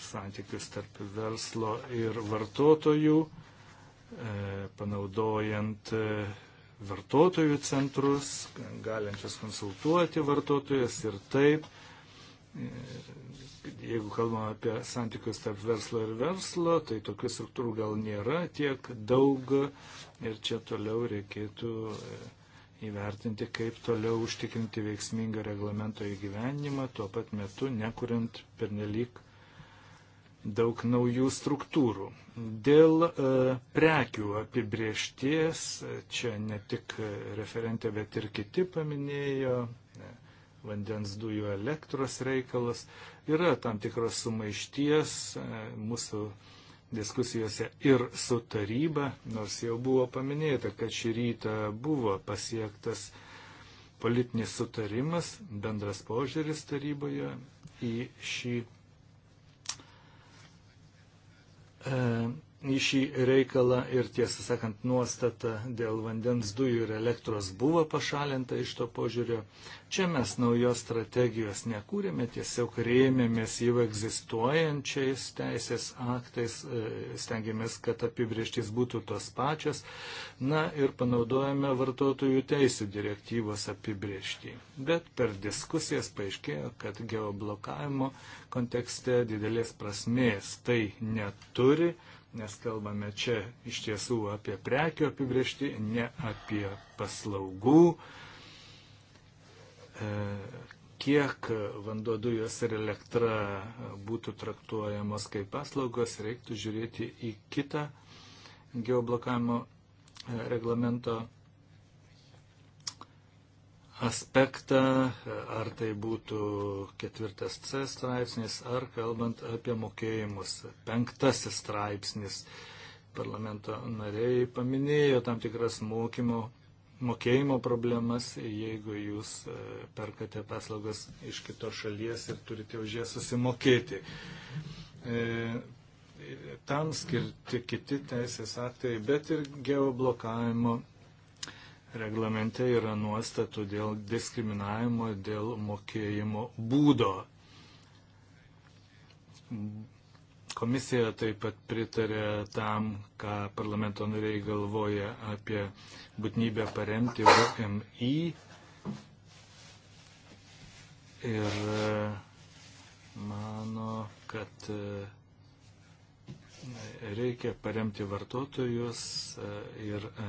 santykius tarp verslo ir vartotojų, e, panaudojant vartotojų centrus, galinčias konsultuoti vartotojas ir taip jeigu kalbame apie santykius tarp verslo ir verslo, tai tokių struktūrų gal nėra tiek daug ir čia toliau reikėtų e, įvertinti, kaip toliau užtikrinti veiksmingą reglamento įgyvenimą, tuo pat metu nekuriant pernelyg daug naujų struktūrų. Dėl e, prekių apibriešties, čia ne tik referentė, bet ir kiti paminėjo, e, vandens dujų elektros reikalas. Yra tam tikros sumaišties e, mūsų diskusijose ir su taryba, nors jau buvo paminėta, kad šį rytą buvo pasiektas politinis sutarimas, bendras požiūris taryboje į šį e, į šį reikalą ir tiesą sakant nuostata dėl vandens dujų ir elektros buvo pašalinta iš to požiūrio. Čia mes naujos strategijos nekūrėme, tiesiog rėmėmės jau egzistuojančiais teisės aktais, e, stengiamės, kad apibrieštys būtų tos pačios, na ir panaudojame vartotojų teisų direktyvos apibrieštį. Bet per diskusijas paaiškėjo, kad geoblokavimo kontekste didelės prasmės tai neturi nes kalbame čia iš tiesų apie prekių apibriešti, ne apie paslaugų, e, kiek vanduo dujos ir elektra būtų traktuojamos kaip paslaugos, reiktų žiūrėti į kitą geoblokavimo e, reglamento aspektą, ar tai būtų ketvirtas C straipsnis, ar kalbant apie mokėjimus, penktasis straipsnis. Parlamento nariai paminėjo tam tikras mokymo, mokėjimo problemas, jeigu jūs e, perkate paslaugas iš kitos šalies ir turite už jas susimokėti. E, tam skirti kiti teisės aktai, bet ir geoblokavimo reglamente yra nuostatų dėl diskriminavimo, dėl mokėjimo būdo. Komisija taip pat pritarė tam, ką parlamento nariai galvoja apie būtinybę paremti VMI. Ir e, mano, kad uh, reikia paremti vartotojus e, ir e,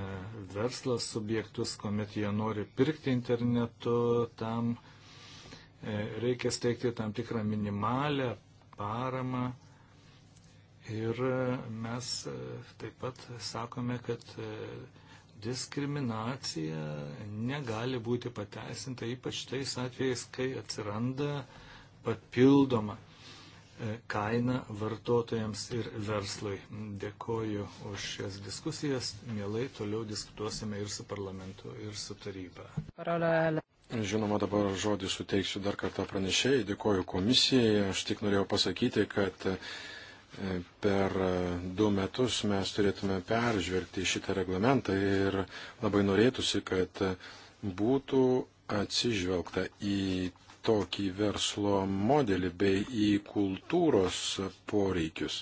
verslas subjektus, kuomet jie nori pirkti internetu, tam e, reikia steigti tam tikrą minimalę paramą. Ir mes taip pat sakome, kad diskriminacija negali būti pateisinta, ypač tais atvejais, kai atsiranda papildoma E, kainą vartotojams ir verslui. Dėkoju už šias diskusijas. Mielai toliau diskutuosime ir su parlamentu, ir su taryba. Žinoma, dabar žodį suteiksiu dar kartą pranešėjai. Dėkoju komisijai. Aš tik norėjau pasakyti, kad e, per e, du metus mes turėtume peržvelgti šitą reglamentą ir labai norėtųsi, kad būtų atsižvelgta į tokį verslo modelį bei į kultūros poreikius,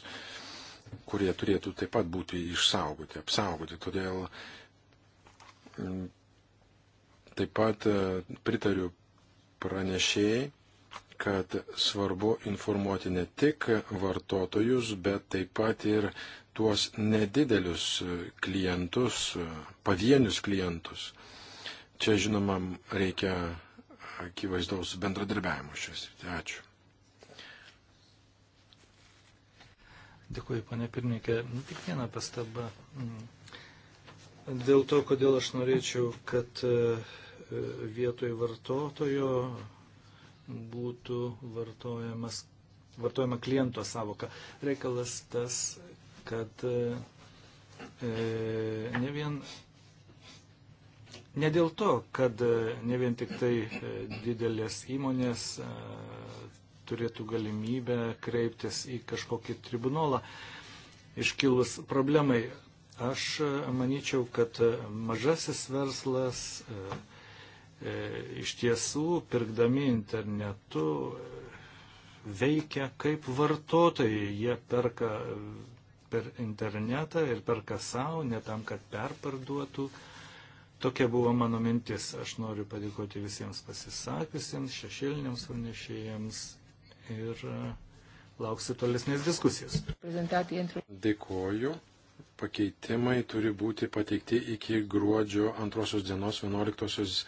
kurie turėtų taip pat būti išsaugoti, apsaugoti. Todėl mm, taip pat e, pritariu pranešėjai, kad svarbu informuoti ne tik vartotojus, bet taip pat ir tuos nedidelius klientus, pavienius klientus. Čia žinoma reikia akivaizdaus bendradarbiavimo šios rytį. Ačiū. Dėkuoju, pane pirmininkė. Nu, tik viena pastaba. Mm. Dėl to, kodėl aš norėčiau, kad e, vietoj vartotojo būtų vartojama kliento savoka. Reikalas tas, kad e, ne vien Ne dėl to, kad e, ne vien tik tai e, didelės įmonės e, turėtų galimybę kreiptis į kažkokį tribunolą iškilus problemai. Aš manyčiau, kad mažasis verslas iš tiesų, pirkdami internetu, veikia kaip vartotojai. Jie perka per internetą ir perka savo, ne tam, kad perparduotų uh, Tokia buvo mano mintis. Aš noriu padėkoti visiems pasisakiusiems, šešėliniams pranešėjams ir e, lauksiu tolesnės diskusijos. Dėkuoju pakeitimai turi būti pateikti iki gruodžio 2 dienos 11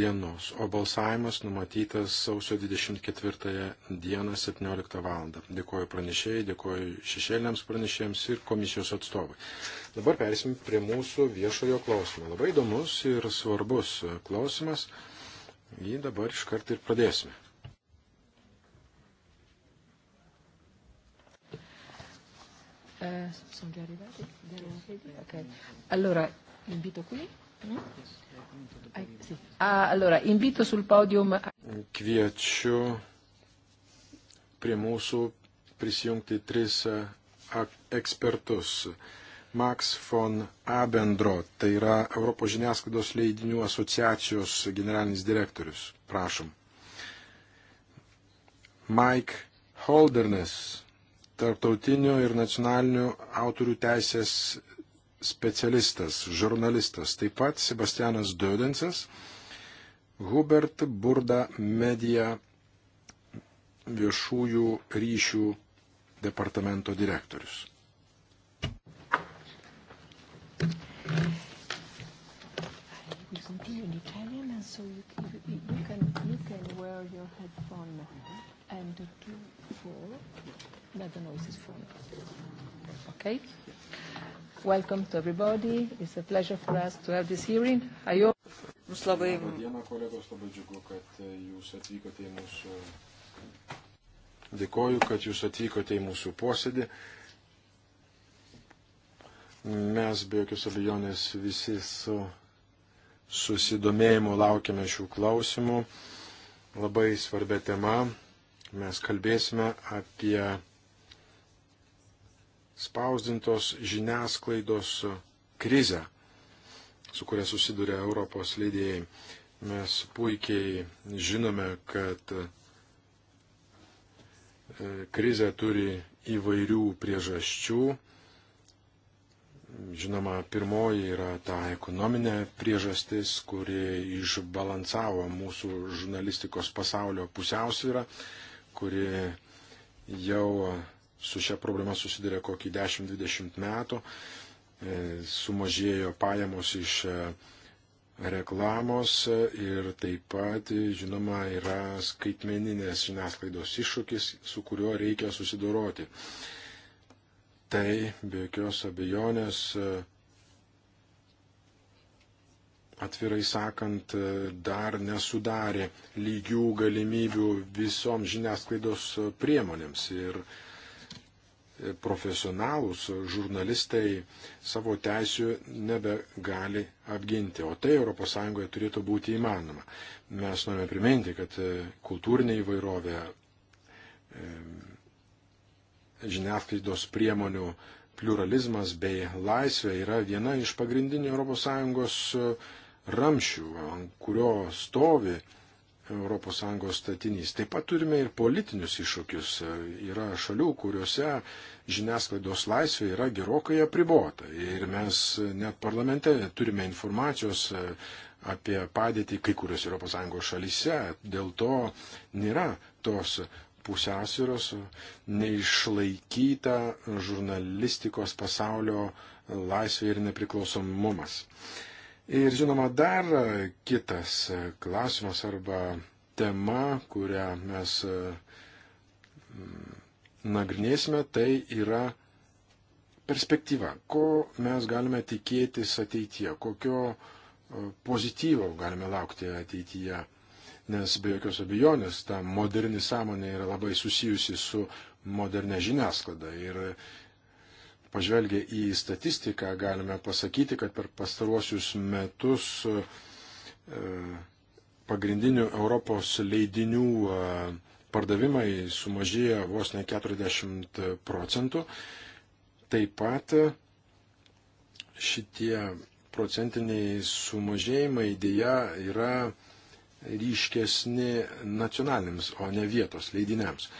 dienos, o balsavimas numatytas sausio 24 dieną 17 val. Dėkuoju pranešėjai, dėkuoju šešėliams pranešėjams ir komisijos atstovai. Dabar persim prie mūsų viešojo klausimo. Labai įdomus ir svarbus klausimas. Jį dabar iškart ir pradėsime. Eh, sono già arrivati? Okay. Allora, invito qui. Ah, allora, invito sul podium. Kviečiu prie mūsų prisijungti tris ekspertus. Max von Abendro, tai yra Europos žiniasklaidos leidinių asociacijos generalinis direktorius. Prašom. Mike Holderness, tarptautinių ir nacionalinių autorių teisės specialistas, žurnalistas, taip pat Sebastianas Dödensas, Hubert Burda Media viešųjų ryšių departamento direktorius. You continue in Italian, and so you, you, you, can, you can wear your headphone and do four. But I don't know if it's phone. Okay. Welcome to everybody. It's a pleasure for us to have this hearing. I hope. Mums labai. Diena, kolegos, labai džiugu, kad e, jūs atvykote į mūsų. Dėkoju, kad jūs atvykote į mūsų posėdį. Mes be jokios abejonės visi su susidomėjimu laukiame šių klausimų. Labai svarbia tema. Mes kalbėsime apie spausdintos žiniasklaidos krizę, su kuria susiduria Europos leidėjai. Mes puikiai žinome, kad e, krizė turi įvairių priežasčių. Žinoma, pirmoji yra ta ekonominė priežastis, kuri išbalansavo mūsų žurnalistikos pasaulio pusiausvyrą, kuri jau su šia problema susiduria kokį 10-20 metų, e, sumažėjo pajamos iš e, reklamos e, ir taip pat, žinoma, yra skaitmeninės žiniasklaidos iššūkis, su kuriuo reikia susidoroti. Tai be jokios abejonės, atvirai sakant, dar nesudarė lygių galimybių visom žiniasklaidos priemonėms. Ir profesionalūs žurnalistai savo teisių nebegali apginti, o tai ES turėtų būti įmanoma. Mes norime priminti, kad e, kultūrinė įvairovė, e, žiniasklaidos priemonių pluralizmas bei laisvė yra viena iš pagrindinių ES e, ramšių, ant kurio stovi ES statinys. Taip pat turime ir politinius iššūkius. Yra šalių, kuriuose žiniasklaidos laisvė yra gerokai apribota. Ir mes net parlamente turime informacijos apie padėtį kai kurios ES šalyse. Dėl to nėra tos pusiausvyros neišlaikyta žurnalistikos pasaulio laisvė ir nepriklausomumas. Uh, Ir žinoma, dar kitas klausimas arba tema, kurią mes mm, nagrinėsime, tai yra perspektyva. Ko mes galime tikėtis ateityje, kokio e, pozityvo galime laukti ateityje. Nes be jokios abejonės ta moderni sąmonė yra labai susijusi su modernė žiniasklaida. Ir Pažvelgę į statistiką galime pasakyti, kad per pastaruosius metus e, pagrindinių Europos leidinių e, pardavimai sumažėjo vos ne 40 procentų. Taip pat e, šitie procentiniai sumažėjimai dėja yra ryškesni nacionaliniams, o ne vietos leidiniams.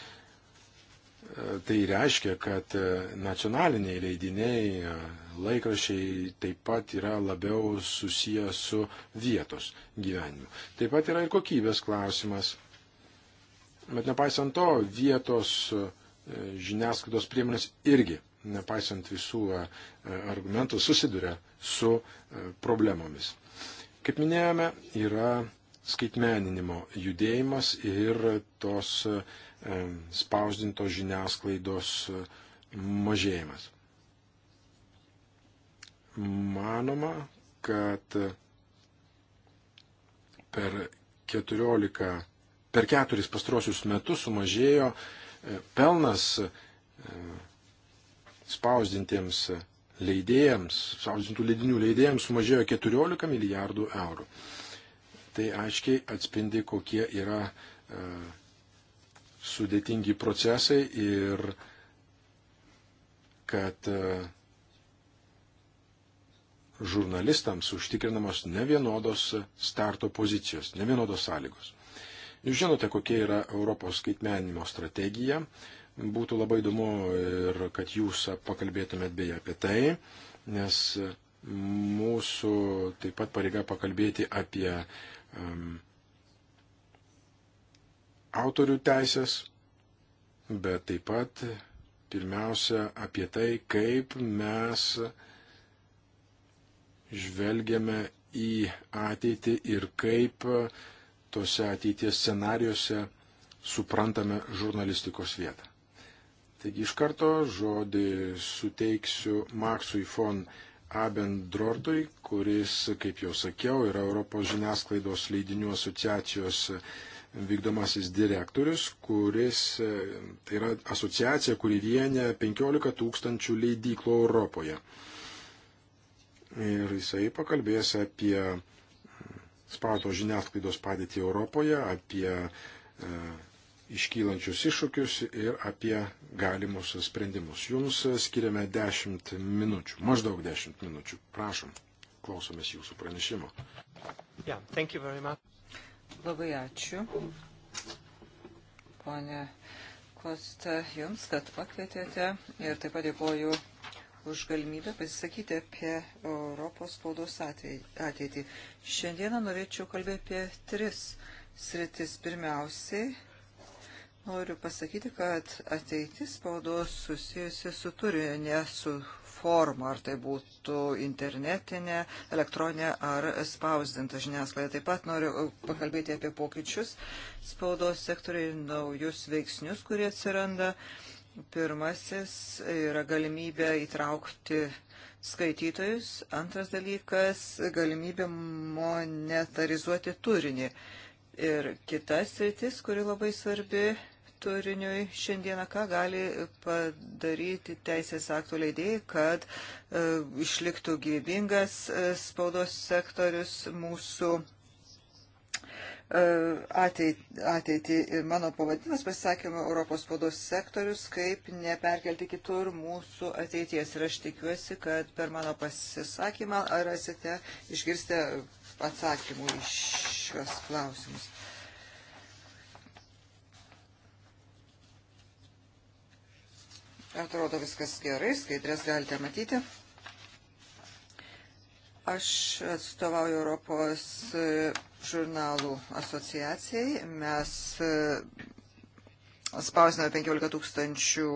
Tai reiškia, kad e, nacionaliniai leidiniai, e, laikrašiai taip pat yra labiau susiję su vietos gyvenimu. Taip pat yra ir kokybės klausimas. Bet nepaisant to, vietos e, žiniasklaidos priemonės irgi, nepaisant visų argumentų, susiduria su problemomis. Kaip minėjome, yra skaitmeninimo judėjimas ir tos e, spausdintos žiniasklaidos e, mažėjimas. Manoma, kad per 14, per 4 pastrosius metus sumažėjo e, pelnas spausdintiems leidėjams, spausdintų leidinių leidėjams sumažėjo 14 milijardų eurų tai aiškiai atspindi, kokie yra e, sudėtingi procesai ir kad e, žurnalistams užtikrinamos nevienodos starto pozicijos, nevienodos sąlygos. Jūs žinote, kokia yra Europos skaitmeninimo strategija. Būtų labai įdomu ir kad jūs pakalbėtumėt beje apie tai, nes mūsų taip pat pareiga pakalbėti apie autorių teisės, bet taip pat pirmiausia apie tai, kaip mes žvelgiame į ateitį ir kaip tose ateities scenariuose suprantame žurnalistikos vietą. Taigi iš karto žodį suteiksiu Maksui von Abendrortui, kuris, kaip jau sakiau, yra Europos žiniasklaidos leidinių asociacijos vykdomasis direktorius, kuris tai yra asociacija, kuri vienia 15 tūkstančių leidyklų Europoje. Ir jisai pakalbės apie spaudos žiniasklaidos padėtį Europoje, apie e, iškylančius iššūkius ir apie galimus sprendimus. Jums skiriame 10 minučių, maždaug 10 minučių. Prašom, klausomės jūsų pranešimo. Yeah, Labai ačiū, ponė Kosta, jums, kad pakvietėte ir taip pat dėkoju už galimybę pasisakyti apie Europos spaudos ateitį. Šiandieną norėčiau kalbėti apie tris sritis. Pirmiausiai, Noriu pasakyti, kad ateitis spaudos susijusi su turiniu, ne su forma, ar tai būtų internetinė, elektroninė ar spausdinta žiniasklaida. Taip pat noriu uh, pakalbėti apie pokyčius spaudos sektoriai, naujus veiksnius, kurie atsiranda. Pirmasis yra galimybė įtraukti skaitytojus. Antras dalykas - galimybė monetarizuoti turinį. Ir kitas rytis, kuri labai svarbi turiniui šiandieną, ką gali padaryti teisės aktų leidėjai, kad e, išliktų gyvybingas e, spaudos sektorius mūsų e, ateitį. Ir mano pavadinimas pasisakymo Europos spaudos sektorius, kaip neperkelti kitur mūsų ateities. Ir aš tikiuosi, kad per mano pasisakymą rasite, išgirsite atsakymų iš šios klausimus. Atrodo viskas gerai, skaidrės galite matyti. Aš atstovauju Europos e, žurnalų asociacijai. Mes e, spausdiname e, 15 tūkstančių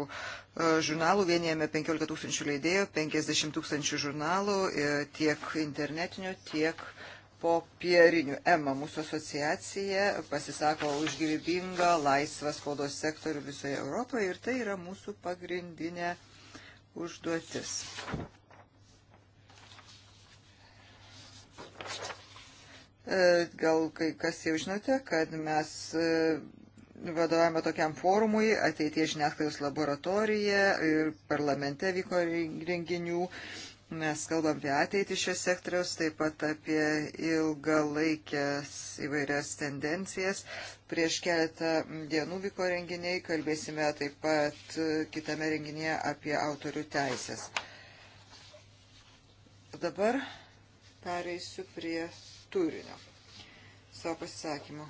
žurnalų, vienijame 15 tūkstančių leidėjų, 50 tūkstančių žurnalų, tiek internetinių, tiek popierinių. EMA mūsų asociacija pasisako už gyvybingą laisvą spaudos sektorių visoje Europoje ir tai yra mūsų pagrindinė užduotis. E, gal kai kas jau žinote, kad mes e, vadovavome tokiam forumui, ateitie žiniasklaidos laboratorija ir parlamente vyko renginių. Ring Mes kalbam apie ateitį šios sektoriaus, taip pat apie ilgalaikės įvairias tendencijas. Prieš keletą dienų vyko renginiai, kalbėsime taip pat kitame renginėje apie autorių teisės. Dabar pereisiu prie turinio savo pasisakymų.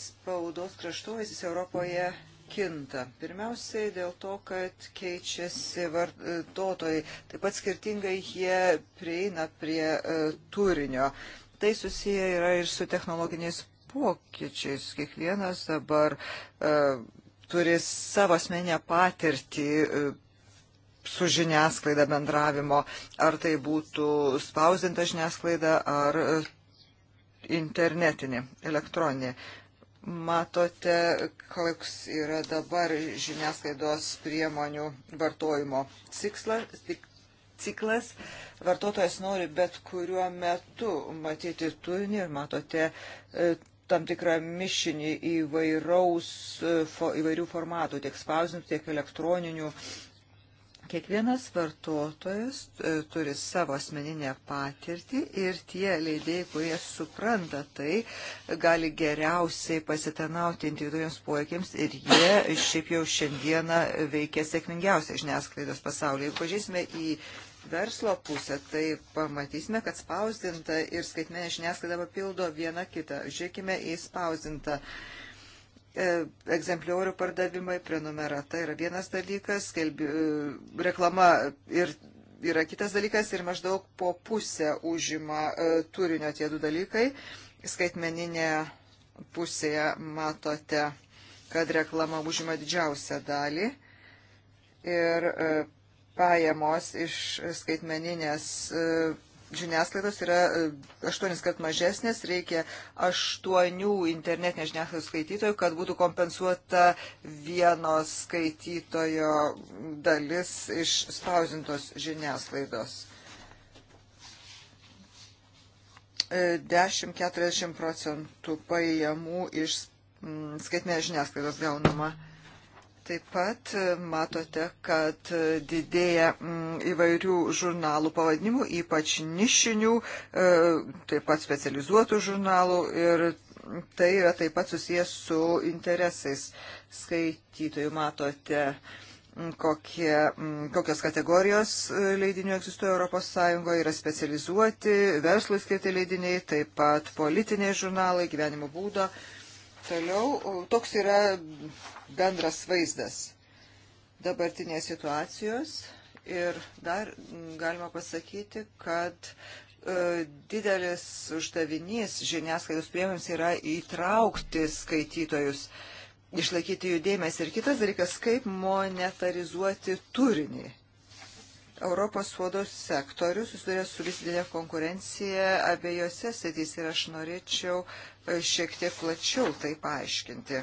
Spaudos kraštovaisis Europoje kinta. Pirmiausiai dėl to, kad keičiasi vartotojai. Taip pat skirtingai jie prieina prie e, turinio. Tai susiję yra ir su technologiniais pokyčiais. Kiekvienas dabar e, turi savo asmenę patirtį e, su žiniasklaida bendravimo, ar tai būtų spausdinta žiniasklaida, ar internetinė, elektroninė matote, koks yra dabar žiniasklaidos priemonių vartojimo tikslas. Ciklas. Vartotojas nori bet kuriuo metu matyti turinį ir matote e, tam tikrą mišinį įvairaus, e, įvairių formatų, tiek spausdintų, tiek elektroninių Kiekvienas vartotojas e, turi savo asmeninę patirtį ir tie leidėjai, kurie supranta tai, gali geriausiai pasitarnauti individuojams poreikiams ir jie šiaip jau šiandieną veikia sėkmingiausiai žiniasklaidos pasaulyje. Jeigu pažiūrėsime į verslo pusę, tai pamatysime, kad spausdinta ir skaitmenė žiniasklaida papildo vieną kitą. Žiūrėkime į spausdintą E, egzempliorių pardavimai, prenumerata yra vienas dalykas, skelbi, e, reklama ir yra kitas dalykas ir maždaug po pusę užima e, turinio tie du dalykai. Skaitmeninė pusėje matote, kad reklama užima didžiausią dalį ir pajamos iš skaitmeninės žiniasklaidos yra e, aštuonis kart mažesnės, reikia aštuonių internetinės žiniasklaidos skaitytojų, kad būtų kompensuota vieno skaitytojo dalis iš spausintos žiniasklaidos. 10-40 e, procentų pajamų iš mm, skaitinės žiniasklaidos gaunama. Taip pat e, matote, kad e, didėja mm, įvairių žurnalų pavadinimų, ypač nišinių, e, taip pat specializuotų žurnalų ir tai yra taip pat susijęs su interesais skaitytojų. Matote, mm, kokie, mm, kokios kategorijos leidinių egzistuoja Europos Sąjungoje, yra specializuoti, verslui skirti leidiniai, taip pat politiniai žurnalai, gyvenimo būdo. Toliau, toks yra bendras vaizdas dabartinės situacijos ir dar galima pasakyti, kad e, didelis uždavinys žiniasklaidos priemonėms yra įtraukti skaitytojus, išlaikyti jų dėmesį. Ir kitas dalykas, kaip monetarizuoti turinį. Europos suodos sektorius susidurė su vis didelė konkurencija abiejose sėdys ir aš norėčiau e, šiek tiek plačiau tai paaiškinti.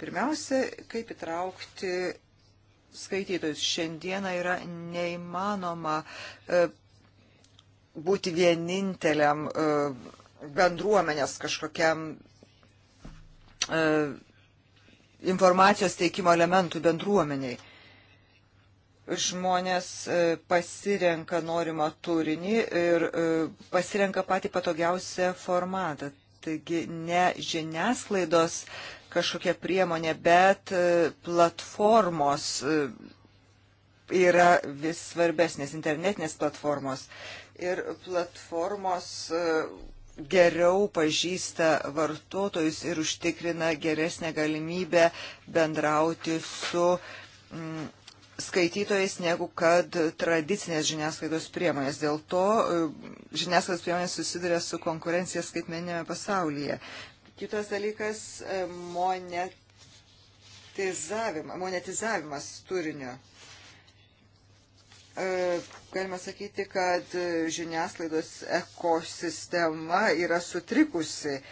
Pirmiausia, kaip įtraukti skaitytojus. Šiandieną yra neįmanoma e, būti vieninteliam e, bendruomenės kažkokiam e, informacijos teikimo elementų bendruomeniai. Žmonės pasirenka norimą turinį ir pasirenka patį patogiausią formatą. Taigi ne žiniasklaidos kažkokia priemonė, bet e, platformos e, yra vis svarbesnės, internetinės platformos. Ir platformos e, geriau pažįsta vartotojus ir užtikrina geresnę galimybę bendrauti su mm, skaitytojais negu kad tradicinės žiniasklaidos priemonės. Dėl to žiniasklaidos priemonės susiduria su konkurencija skaitmeninėme pasaulyje. Kitas dalykas e, - monetizavima, monetizavimas turinio. E, galima sakyti, kad žiniasklaidos ekosistema yra sutrikusi e,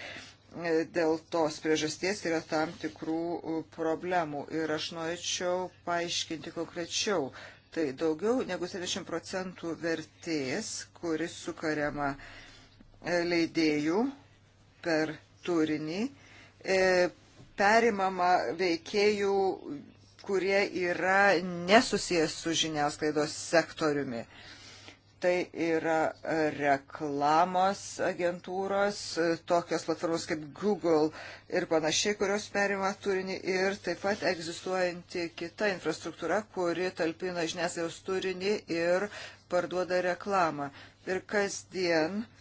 dėl tos priežasties yra tam tikrų problemų. Ir aš norėčiau paaiškinti konkrečiau. Tai daugiau negu 70 procentų vertės, kuris sukariama leidėjų per turinį, e, perimama veikėjų, kurie yra nesusijęs su žiniasklaidos sektoriumi. Tai yra reklamos agentūros, e, tokios platformos kaip Google ir panašiai, kurios perima turinį ir taip pat egzistuojanti kita infrastruktūra, kuri talpina žiniasklaidos turinį ir parduoda reklamą. Ir kasdien uh,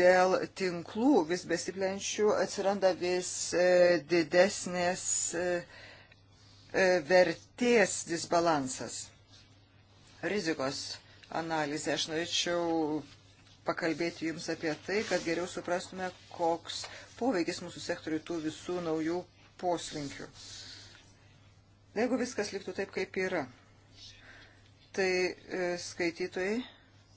dėl tinklų vis besiplenčių atsiranda vis e, didesnės e, e, vertės disbalansas. Rizikos analizė. Aš norėčiau pakalbėti Jums apie tai, kad geriau suprastume, koks poveikis mūsų sektoriui tų visų naujų poslinkių. Jeigu viskas liktų taip, kaip yra, tai skaitytojai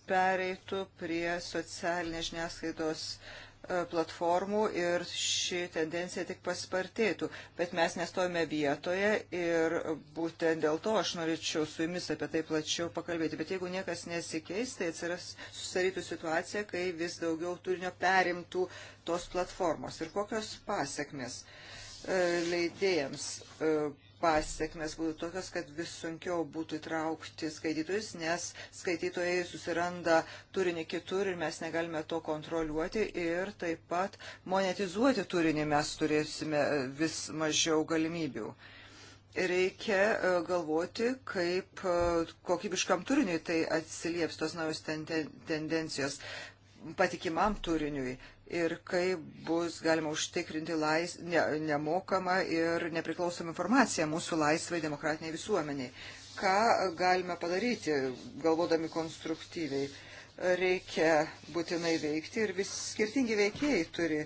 pereitų prie socialinės žiniasklaidos e, platformų ir ši tendencija tik paspartėtų. Bet mes nestojame vietoje ir būtent dėl to aš norėčiau su jumis apie tai plačiau pakalbėti. Bet jeigu niekas nesikeis, tai atsiras susidarytų situacija, kai vis daugiau turinio perimtų tos platformos. Ir kokios pasiekmes e, leidėjams e, pasiekmes būtų tokios, kad vis sunkiau būtų įtraukti skaitytojus, nes skaitytojai susiranda turinį kitur ir mes negalime to kontroliuoti ir taip pat monetizuoti turinį mes turėsime vis mažiau galimybių. Reikia e, galvoti, kaip e, kokybiškam turiniui tai atsilieps tos naujos tendencijos patikimam turiniui ir kaip bus galima užtikrinti lais, ne, nemokamą ir nepriklausomą informaciją mūsų laisvai demokratiniai visuomeniai. Ką galime padaryti, galvodami konstruktyviai? Reikia būtinai veikti ir vis skirtingi veikėjai turi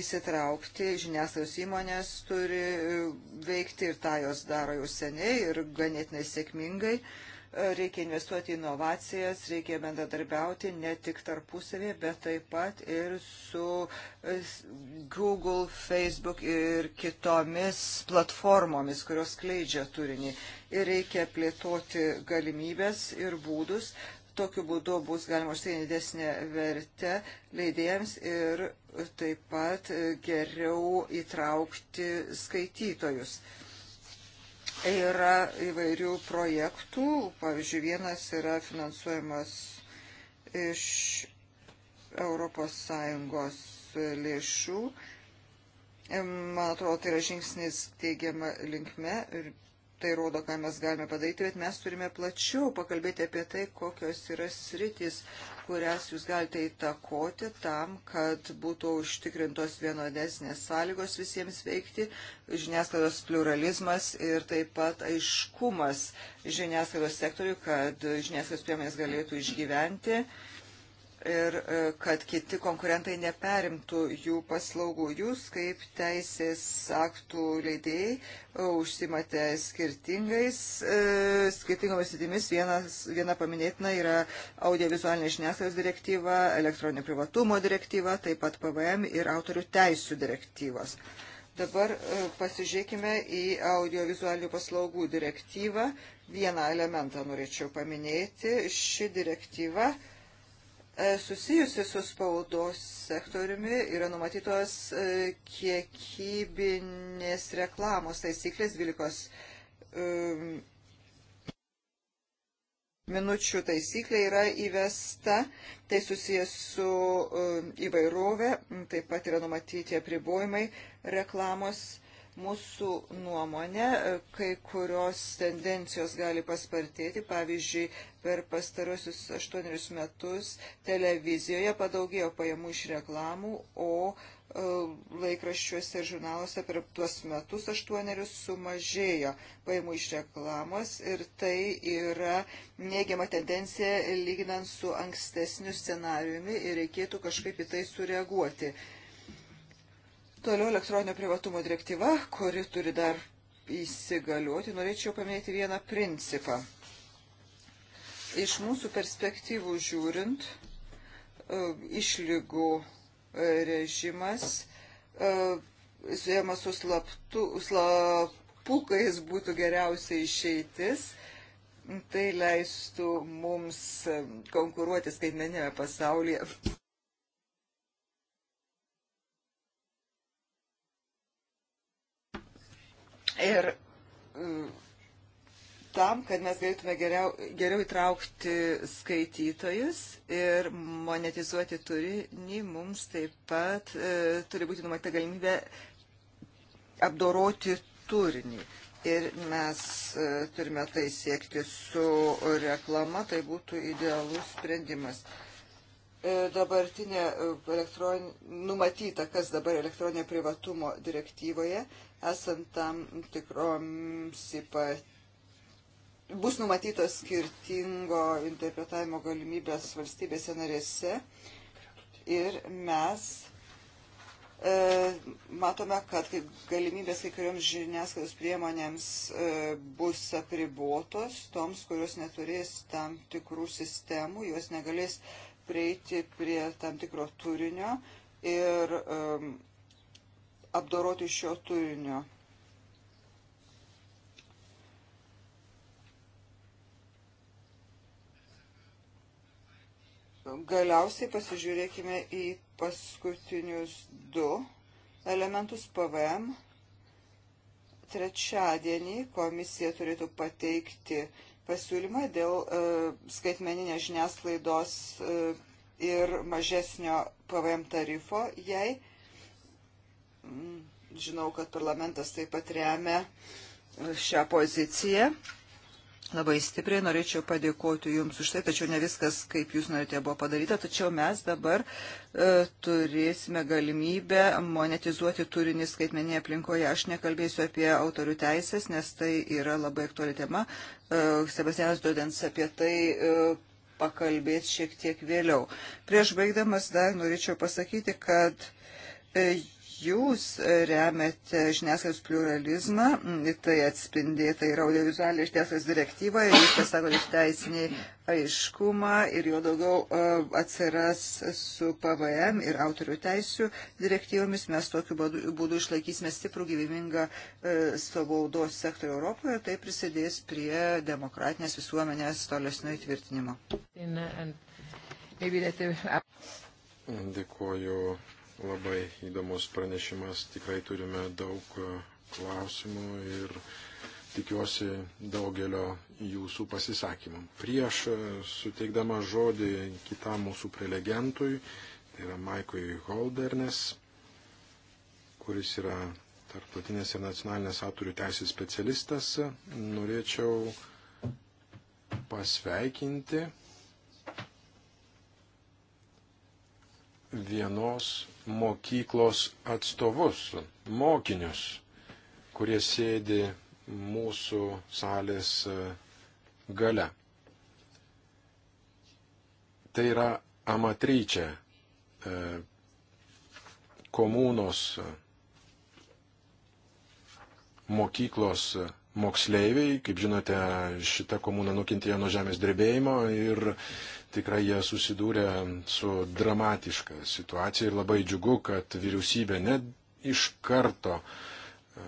įsitraukti, žiniasklaidos įmonės turi veikti ir tą jos daro jau seniai ir ganėtinai sėkmingai. Uh, Reikia investuoti į inovacijas, reikia bendradarbiauti ne tik tarpusavėje, bet taip pat ir su e, Google, Facebook ir kitomis platformomis, kurios kleidžia turinį. Ir reikia plėtoti galimybės ir būdus. Tokiu būdu bus galima užtikrinti didesnę vertę leidėjams ir taip pat geriau įtraukti skaitytojus yra įvairių projektų. Pavyzdžiui, vienas yra finansuojamas iš ES lėšų. Man atrodo, tai yra žingsnis teigiama linkme ir tai rodo, ką mes galime padaryti, bet mes turime plačiau pakalbėti apie tai, kokios yra sritis, kurias jūs galite įtakoti tam, kad būtų užtikrintos vienodesnės sąlygos visiems veikti, žiniasklaidos pluralizmas ir taip pat aiškumas žiniasklaidos sektoriui, kad žiniasklaidos priemonės galėtų išgyventi. Uh, ir e, kad kiti konkurentai neperimtų jų paslaugų. Jūs kaip teisės aktų leidėjai e, užsimate skirtingais, e, skirtingomis sėdimis. Viena paminėtina yra audiovizualinė žiniasklaidos direktyva, elektroninio privatumo direktyva, taip pat PVM ir autorių teisų direktyvos. Dabar pasižiūrėkime į audiovizualinių paslaugų direktyvą. Vieną elementą norėčiau paminėti. Ši direktyva uh, E, susijusi su spaudos sektoriumi yra numatytos e, kiekybinės reklamos taisyklės 12 minučių taisyklė yra įvesta, tai susijęs su įvairovė, taip pat yra numatyti apribojimai reklamos Mūsų nuomonė, e, kai kurios tendencijos gali paspartėti, pavyzdžiui, per pastarosius aštuonerius metus televizijoje padaugėjo pajamų iš reklamų, o e, laikraščiuose ir žurnaluose per tuos metus aštuonerius sumažėjo pajamų iš reklamos ir tai yra neigiama tendencija lyginant su ankstesniu scenariumi ir reikėtų kažkaip į tai sureaguoti. Toliau elektroninio privatumo direktyva, kuri turi dar įsigalioti, norėčiau paminėti vieną principą. Iš mūsų perspektyvų žiūrint, e, išlygų režimas e, suėmas su slaptu, slapukais būtų geriausia išeitis. Tai leistų mums konkuruoti skaitmenėme pasaulyje. Ir mm, tam, kad mes galėtume geriau, geriau įtraukti skaitytojus ir monetizuoti turinį, mums taip pat e, turi būti numatyta galimybė apdoroti turinį. Ir mes e, turime tai siekti su reklama, tai būtų idealus sprendimas. E, dabartinė e, elektroninė, numatyta, kas dabar elektroninė privatumo direktyvoje, e, esant tam tikroms ypat bus numatytos skirtingo interpretavimo galimybės valstybėse narėse ir mes e, matome, kad kai galimybės kai kurioms žiniasklaidos priemonėms e, bus apribotos, toms, kurios neturės tam tikrų sistemų, jos negalės prieiti prie tam tikro turinio ir e, apdoroti šio turinio. Galiausiai pasižiūrėkime į paskutinius du elementus PVM. Trečiadienį komisija turėtų pateikti pasiūlymą dėl e, skaitmeninės žiniasklaidos e, ir mažesnio PVM tarifo, jei Mm, žinau, kad parlamentas taip pat remia e, šią poziciją. Labai stipriai norėčiau padėkoti Jums už tai, tačiau ne viskas, kaip Jūs norite, buvo padaryta, tačiau mes dabar e, turėsime galimybę monetizuoti turinį skaitmenėje aplinkoje. Aš nekalbėsiu apie autorių teisės, nes tai yra labai aktuali tema. E, Sebastianas Dodens apie tai. E, pakalbėti šiek tiek vėliau. Prieš baigdamas dar norėčiau pasakyti, kad e, jūs e, remiate žiniasklaidos pluralizmą, tai atspindėta yra audiovizualinė žiniasklaidos direktyva, jūs pasakote teisinį aiškumą ir jo daugiau e, atsiras su PVM ir autorių teisių direktyvomis. Mes tokiu būdu išlaikysime stiprų gyvybingą e, savaudos sektorių Europoje, tai prisidės prie demokratinės visuomenės tolesnio įtvirtinimo. Uh, uh, Dėkuoju Labai įdomus pranešimas, tikrai turime daug e, klausimų ir tikiuosi daugelio jūsų pasisakymų. Prieš e, suteikdama žodį kitam mūsų prelegentui, tai yra Maikui Holdernes, kuris yra tarptautinės ir nacionalinės autorių teisės specialistas, norėčiau pasveikinti vienos mokyklos atstovus, mokinius, kurie sėdi mūsų salės e, gale. Tai yra amatryčia e, komunos e, mokyklos moksleiviai. Kaip žinote, šita komuna nukentėjo nuo žemės drebėjimo ir Tikrai jie susidūrė su dramatiška situacija ir labai džiugu, kad vyriausybė net iš karto e,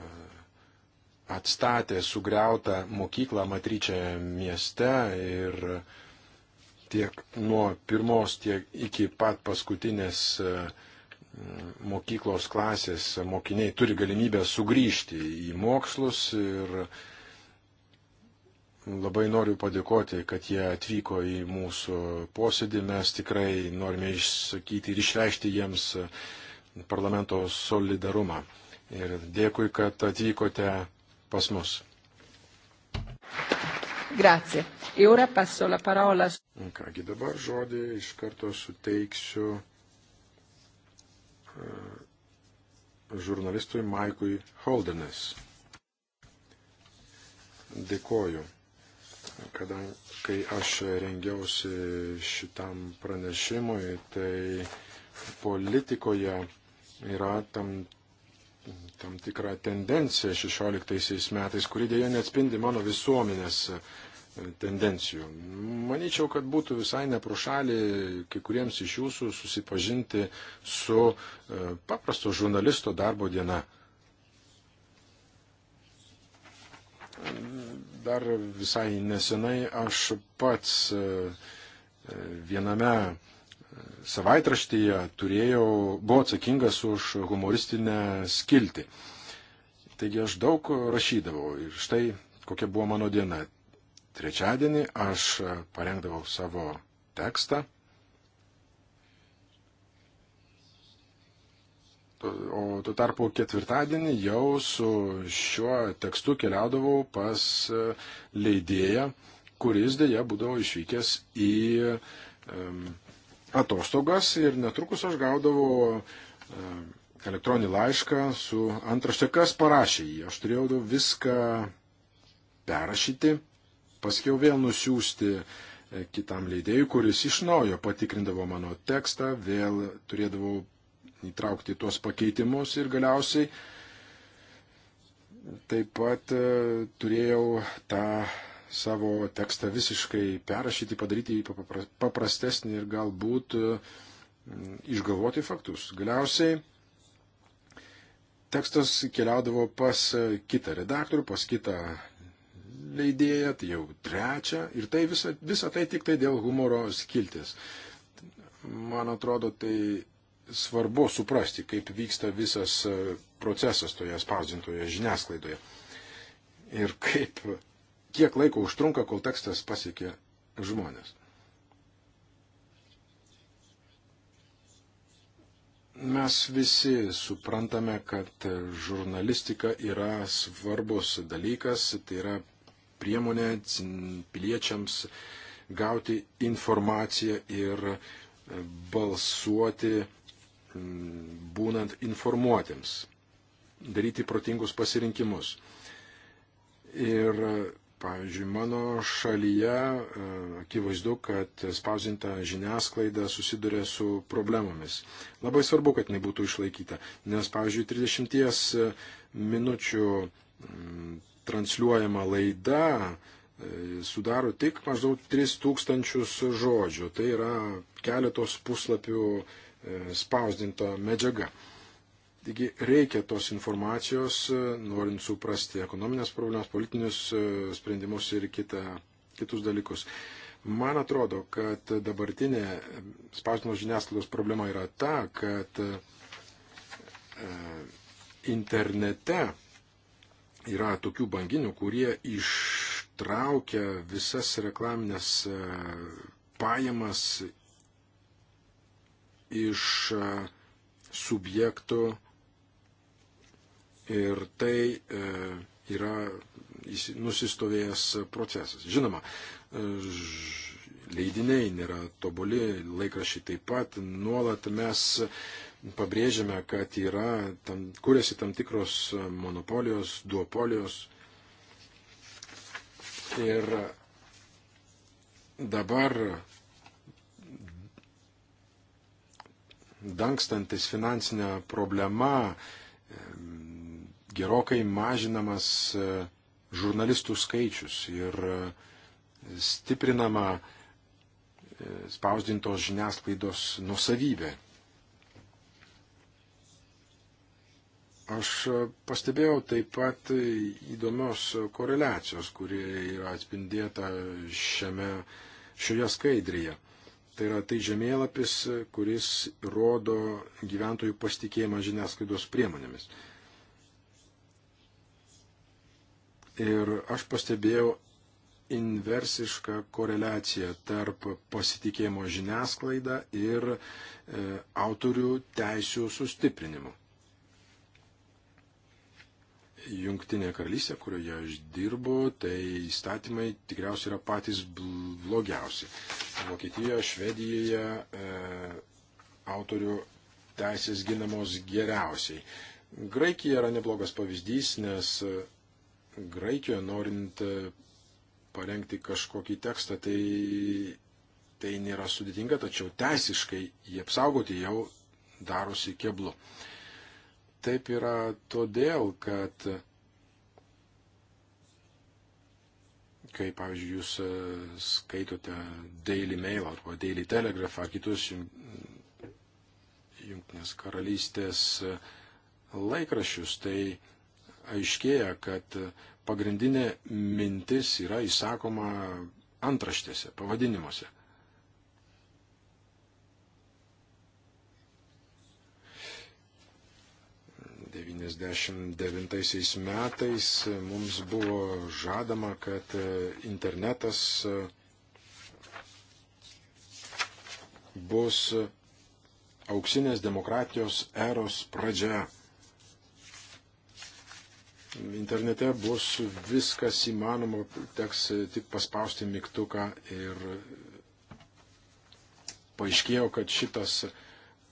atstatė sugriautą mokyklą Matryčią mieste ir tiek nuo pirmos, tiek iki pat paskutinės e, mokyklos klasės mokiniai turi galimybę sugrįžti į mokslus ir Labai noriu padėkoti, kad jie atvyko į mūsų posėdį. Mes tikrai norime išsakyti ir išreikšti jiems parlamento solidarumą. Ir dėkui, kad atvykote pas mus. Grazie. E ora passo la parola. Kągi dabar žodį iš karto suteiksiu e, žurnalistui Maikui Holdenes. Dėkoju kadangi kai aš rengiausi šitam pranešimui, tai politikoje yra tam, tam tikra tendencija 16 metais, kuri dėja neatspindi mano visuomenės e, tendencijų. Manyčiau, kad būtų visai nepro šalį kai kuriems iš jūsų susipažinti su e, paprasto žurnalisto darbo diena Dar visai nesenai aš pats e, viename e, savaitraštyje turėjau, buvo atsakingas už humoristinę skiltį. Taigi aš daug rašydavau ir štai kokia buvo mano diena. Trečiadienį aš parengdavau savo tekstą O tuo tarpu ketvirtadienį jau su šiuo tekstu keliaudavau pas e, leidėją, kuris dėja būdavo išvykęs į um, atostogas ir netrukus aš gaudavau um, elektroninį laišką su antrašte, kas parašė jį. Aš turėjau viską perrašyti, paskiau vėl nusiųsti e, kitam leidėjui, kuris iš naujo patikrindavo mano tekstą, vėl turėdavau įtraukti tuos pakeitimus ir galiausiai taip pat e, turėjau tą savo tekstą visiškai perrašyti, padaryti jį paprastesnį ir galbūt e, išgalvoti faktus. Galiausiai tekstas keliaudavo pas e, kitą redaktorių, pas kitą leidėją, tai jau trečią ir tai visa, visa tai tik tai dėl humoro skiltis. Man atrodo, tai svarbu suprasti, kaip vyksta visas e, procesas toje spausdintoje žiniasklaidoje. Ir kaip, kiek laiko užtrunka, kol tekstas pasiekia žmonės. Mes visi suprantame, kad žurnalistika yra svarbus dalykas, tai yra priemonė piliečiams gauti informaciją ir balsuoti būnant informuotėms, daryti protingus pasirinkimus. Ir, pavyzdžiui, mano šalyje e, akivaizdu, kad spausinta žiniasklaida susiduria su problemomis. Labai svarbu, kad jinai būtų išlaikyta, nes, pavyzdžiui, 30 e, minučių transliuojama laida e, sudaro tik maždaug 3000 žodžių. Tai yra keletos puslapių spausdinta medžiaga. Taigi reikia tos informacijos, e, norint suprasti ekonominės problemas, politinius e, sprendimus ir kita, kitus dalykus. Man atrodo, kad dabartinė spausdinos žiniasklaidos problema yra ta, kad e, internete yra tokių banginių, kurie ištraukia visas reklaminės pajamas iš e, subjektų ir tai e, yra nusistovėjęs procesas. Žinoma, e, leidiniai nėra tobuli, laikrašiai taip pat, nuolat mes pabrėžiame, kad yra, tam, kūrėsi tam tikros monopolijos, duopolijos. Ir dabar dangstantis finansinę problemą, gerokai mažinamas e, žurnalistų skaičius ir e, stiprinama e, spausdintos žiniasklaidos nusavybė. Aš pastebėjau taip pat įdomios koreliacijos, kurie yra atspindėta šiame, šioje skaidrėje. Tai yra tai žemėlapis, kuris rodo gyventojų pasitikėjimą žiniasklaidos priemonėmis. Ir aš pastebėjau inversišką koreliaciją tarp pasitikėjimo žiniasklaida ir e, autorių teisių sustiprinimo. Jungtinė karalystė, kurioje aš dirbu, tai įstatymai tikriausiai yra patys blogiausi. Vokietijoje, Švedijoje e, autorių teisės ginamos geriausiai. Graikija yra neblogas pavyzdys, nes e, Graikijoje norint e, parengti kažkokį tekstą, tai, tai nėra sudėtinga, tačiau teisiškai jį apsaugoti jau darosi keblu. E, Taip yra todėl, kad kai, pavyzdžiui, jūs e, skaitote Daily Mail arba Daily Telegraph ar kitus Junktinės karalystės e, laikrašius, tai aiškėja, kad pagrindinė mintis yra įsakoma antraštėse, pavadinimuose. 99 metais mums buvo žadama, kad e, internetas e, bus auksinės demokratijos eros pradžia. Internete bus viskas įmanoma, teks tik paspausti mygtuką ir paaiškėjo, kad šitas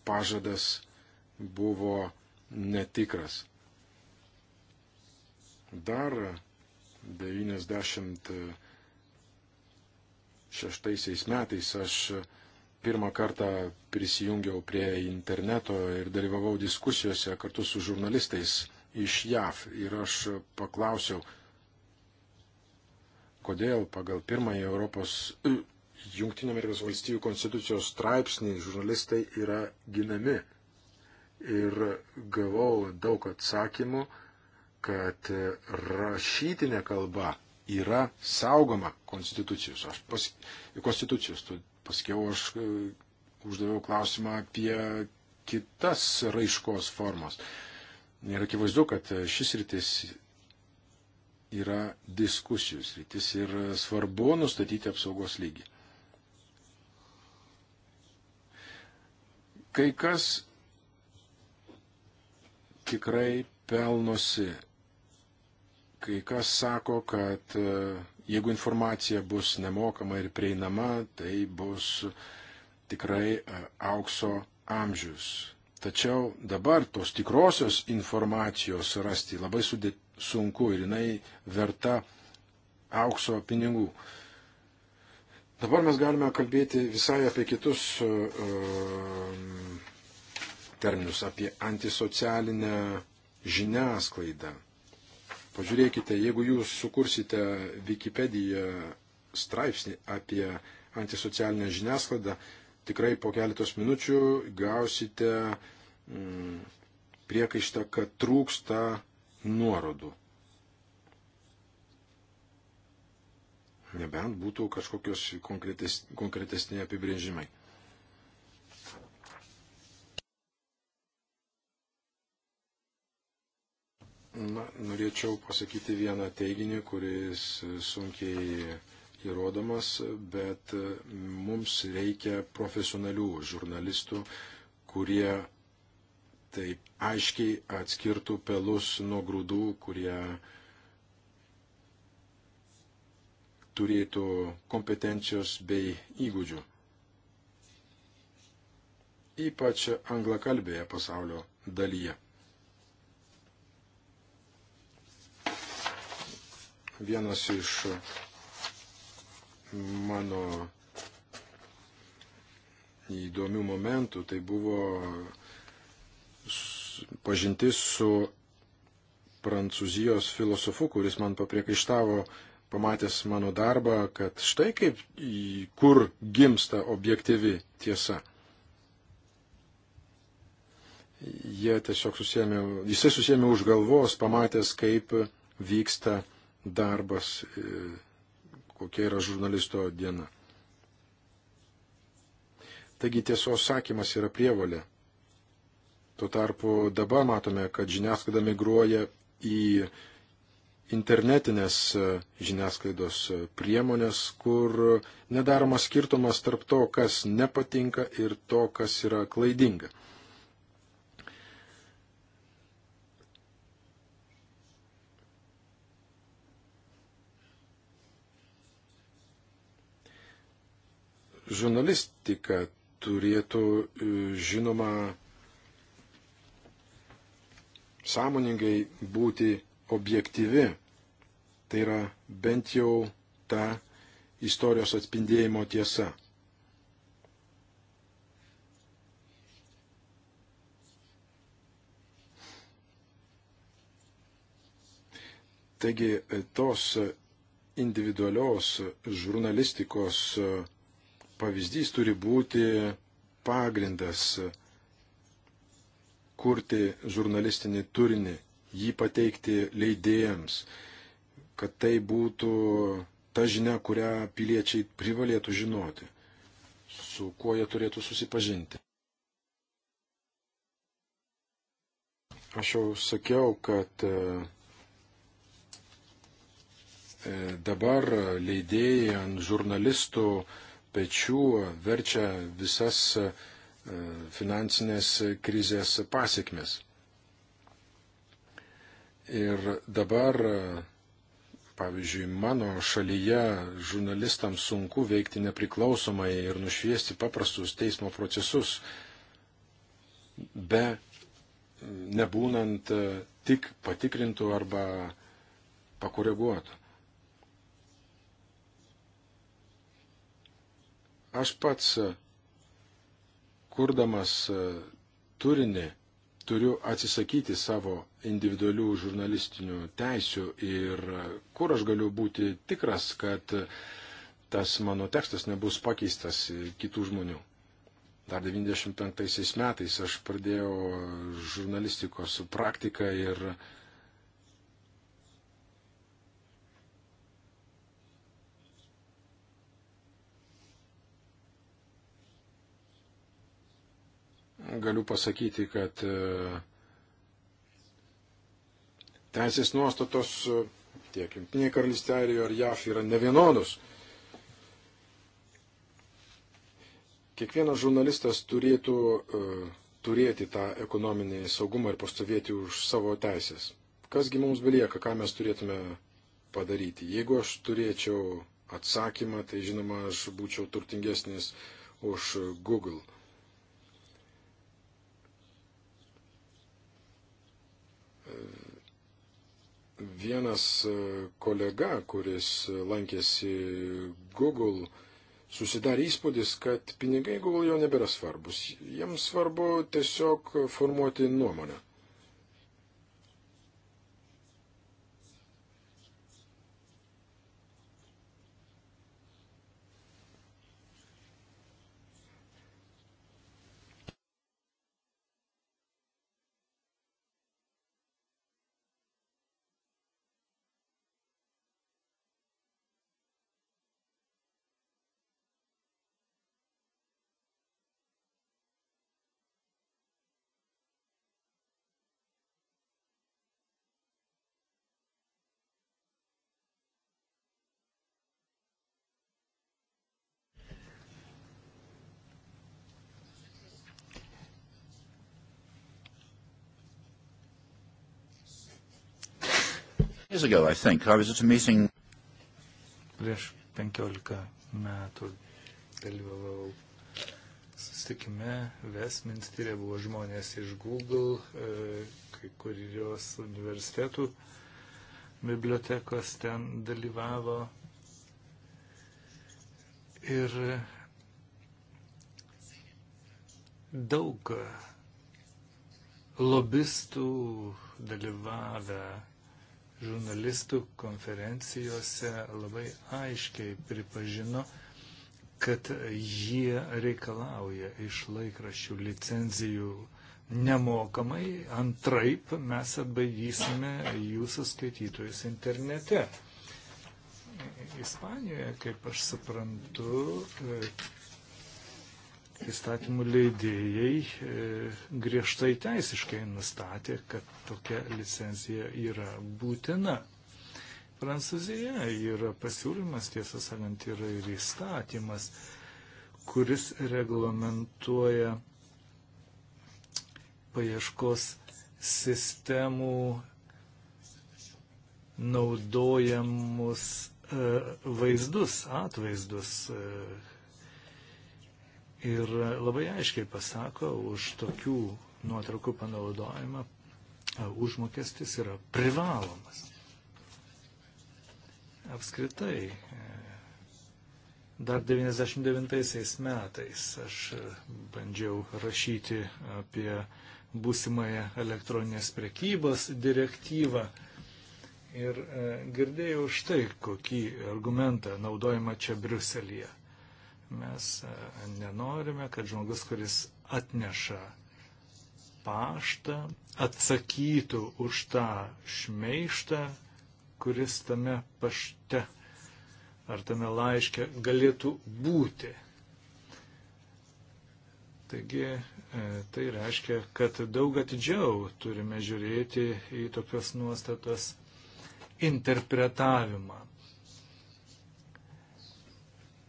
pažadas buvo netikras. Dar 96 metais aš pirmą kartą prisijungiau prie interneto ir dalyvavau diskusijose kartu su žurnalistais iš JAV ir aš paklausiau, kodėl pagal pirmąjį Europos Junktinio Amerikos valstybių konstitucijos straipsnį žurnalistai yra ginami ir gavau daug atsakymų, kad rašytinė kalba yra saugoma konstitucijos. Aš pas, konstitucijos, tu paskiau aš e, uždaviau klausimą apie kitas raiškos formas. Ir akivaizdu, kad šis rytis yra diskusijų sritis ir svarbu nustatyti apsaugos lygį. Kai kas tikrai pelnosi. Kai kas sako, kad e, jeigu informacija bus nemokama ir prieinama, tai bus tikrai e, aukso amžius. Tačiau dabar tos tikrosios informacijos rasti labai sudėt, sunku ir jinai verta aukso pinigų. Dabar mes galime kalbėti visai apie kitus uh, terminus apie antisocialinę žiniasklaidą. Pažiūrėkite, jeigu jūs sukursite Wikipediją straipsnį apie antisocialinę žiniasklaidą, tikrai po keletos minučių gausite mm, priekaištą, kad trūksta nuorodų. Nebent būtų kažkokios konkretes, konkretesni apibrėžimai. Na, norėčiau pasakyti vieną teiginį, kuris sunkiai įrodomas, bet mums reikia profesionalių žurnalistų, kurie taip aiškiai atskirtų pelus nuo grūdų, kurie turėtų kompetencijos bei įgūdžių. Ypač anglakalbėje pasaulio dalyje. Vienas iš mano įdomių momentų tai buvo pažintis su prancūzijos filosofu, kuris man papriekaištavo, pamatęs mano darbą, kad štai kaip, kur gimsta objektyvi tiesa. Jie tiesiog susėmė, jisai susėmė už galvos, pamatęs, kaip vyksta darbas, e, kokia yra žurnalisto diena. Taigi tiesos sakymas yra prievalė. Tuo tarpu dabar matome, kad žiniasklaida migruoja į internetinės e, žiniasklaidos e, priemonės, kur nedaromas skirtumas tarp to, kas nepatinka ir to, kas yra klaidinga. žurnalistika turėtų e, žinoma sąmoningai būti objektyvi. Tai yra bent jau ta istorijos atspindėjimo tiesa. Taigi e, tos individualios žurnalistikos e, pavyzdys turi būti pagrindas kurti žurnalistinį turinį, jį pateikti leidėjams, kad tai būtų ta žinia, kurią piliečiai privalėtų žinoti, su kuo jie turėtų susipažinti. Aš jau sakiau, kad e, e, dabar leidėjai ant žurnalistų pečių verčia visas e, finansinės krizės pasiekmes. Ir dabar, e, pavyzdžiui, mano šalyje žurnalistams sunku veikti nepriklausomai ir nušviesti paprastus teismo procesus, be nebūnant e, tik patikrintų arba pakoreguotų. Aš pats, e, kurdamas e, turinį, turiu atsisakyti savo individualių žurnalistinių teisių ir e, kur aš galiu būti tikras, kad tas mano tekstas nebus pakeistas kitų žmonių. Dar 95 metais aš pradėjau žurnalistikos praktiką ir galiu pasakyti, kad e, teisės nuostatos e, tiek Junktinėje karalystėje ar JAF yra nevienodus. Kiekvienas žurnalistas turėtų uh, turėti tą ekonominį saugumą ir pastovėti už savo teisės. Kasgi mums belieka, ką mes turėtume padaryti? Jeigu aš turėčiau atsakymą, tai žinoma, aš būčiau turtingesnis už Google. Vienas e, kolega, kuris lankėsi Google, susidarė įspūdis, kad pinigai Google jau nebėra svarbus. Jiems svarbu tiesiog formuoti nuomonę. ago, I think, I was at a meeting. Prieš 15 metų dalyvavau susitikime Westminsterė, buvo žmonės iš Google, e, kai kurios universitetų bibliotekos ten dalyvavo. Ir daug lobistų dalyvavę žurnalistų konferencijose labai aiškiai pripažino, kad jie reikalauja iš laikraščių licenzijų nemokamai, antraip mes atbaidysime jūsų skaitytojus internete. Ispanijoje, kaip aš suprantu, įstatymų leidėjai e, griežtai teisiškai nustatė, kad tokia licencija yra būtina. Prancūzija yra pasiūlymas, tiesą sakant, yra ir įstatymas, kuris reglamentuoja paieškos sistemų naudojamus e, vaizdus, atvaizdus, e, ir labai aiškiai pasako, už tokių nuotraukų panaudojimą e, užmokestis yra privalomas. Apskritai, e, dar 99 metais aš e, bandžiau rašyti apie būsimąją elektroninės prekybos direktyvą. Ir girdėjau štai kokį argumentą naudojama čia Briuselėje. Mes e, nenorime, kad žmogus, kuris atneša paštą, atsakytų už tą šmeištą, kuris tame pašte ar tame laiške galėtų būti. Taigi e, tai reiškia, kad daug atidžiau turime žiūrėti į tokios nuostatos interpretavimą.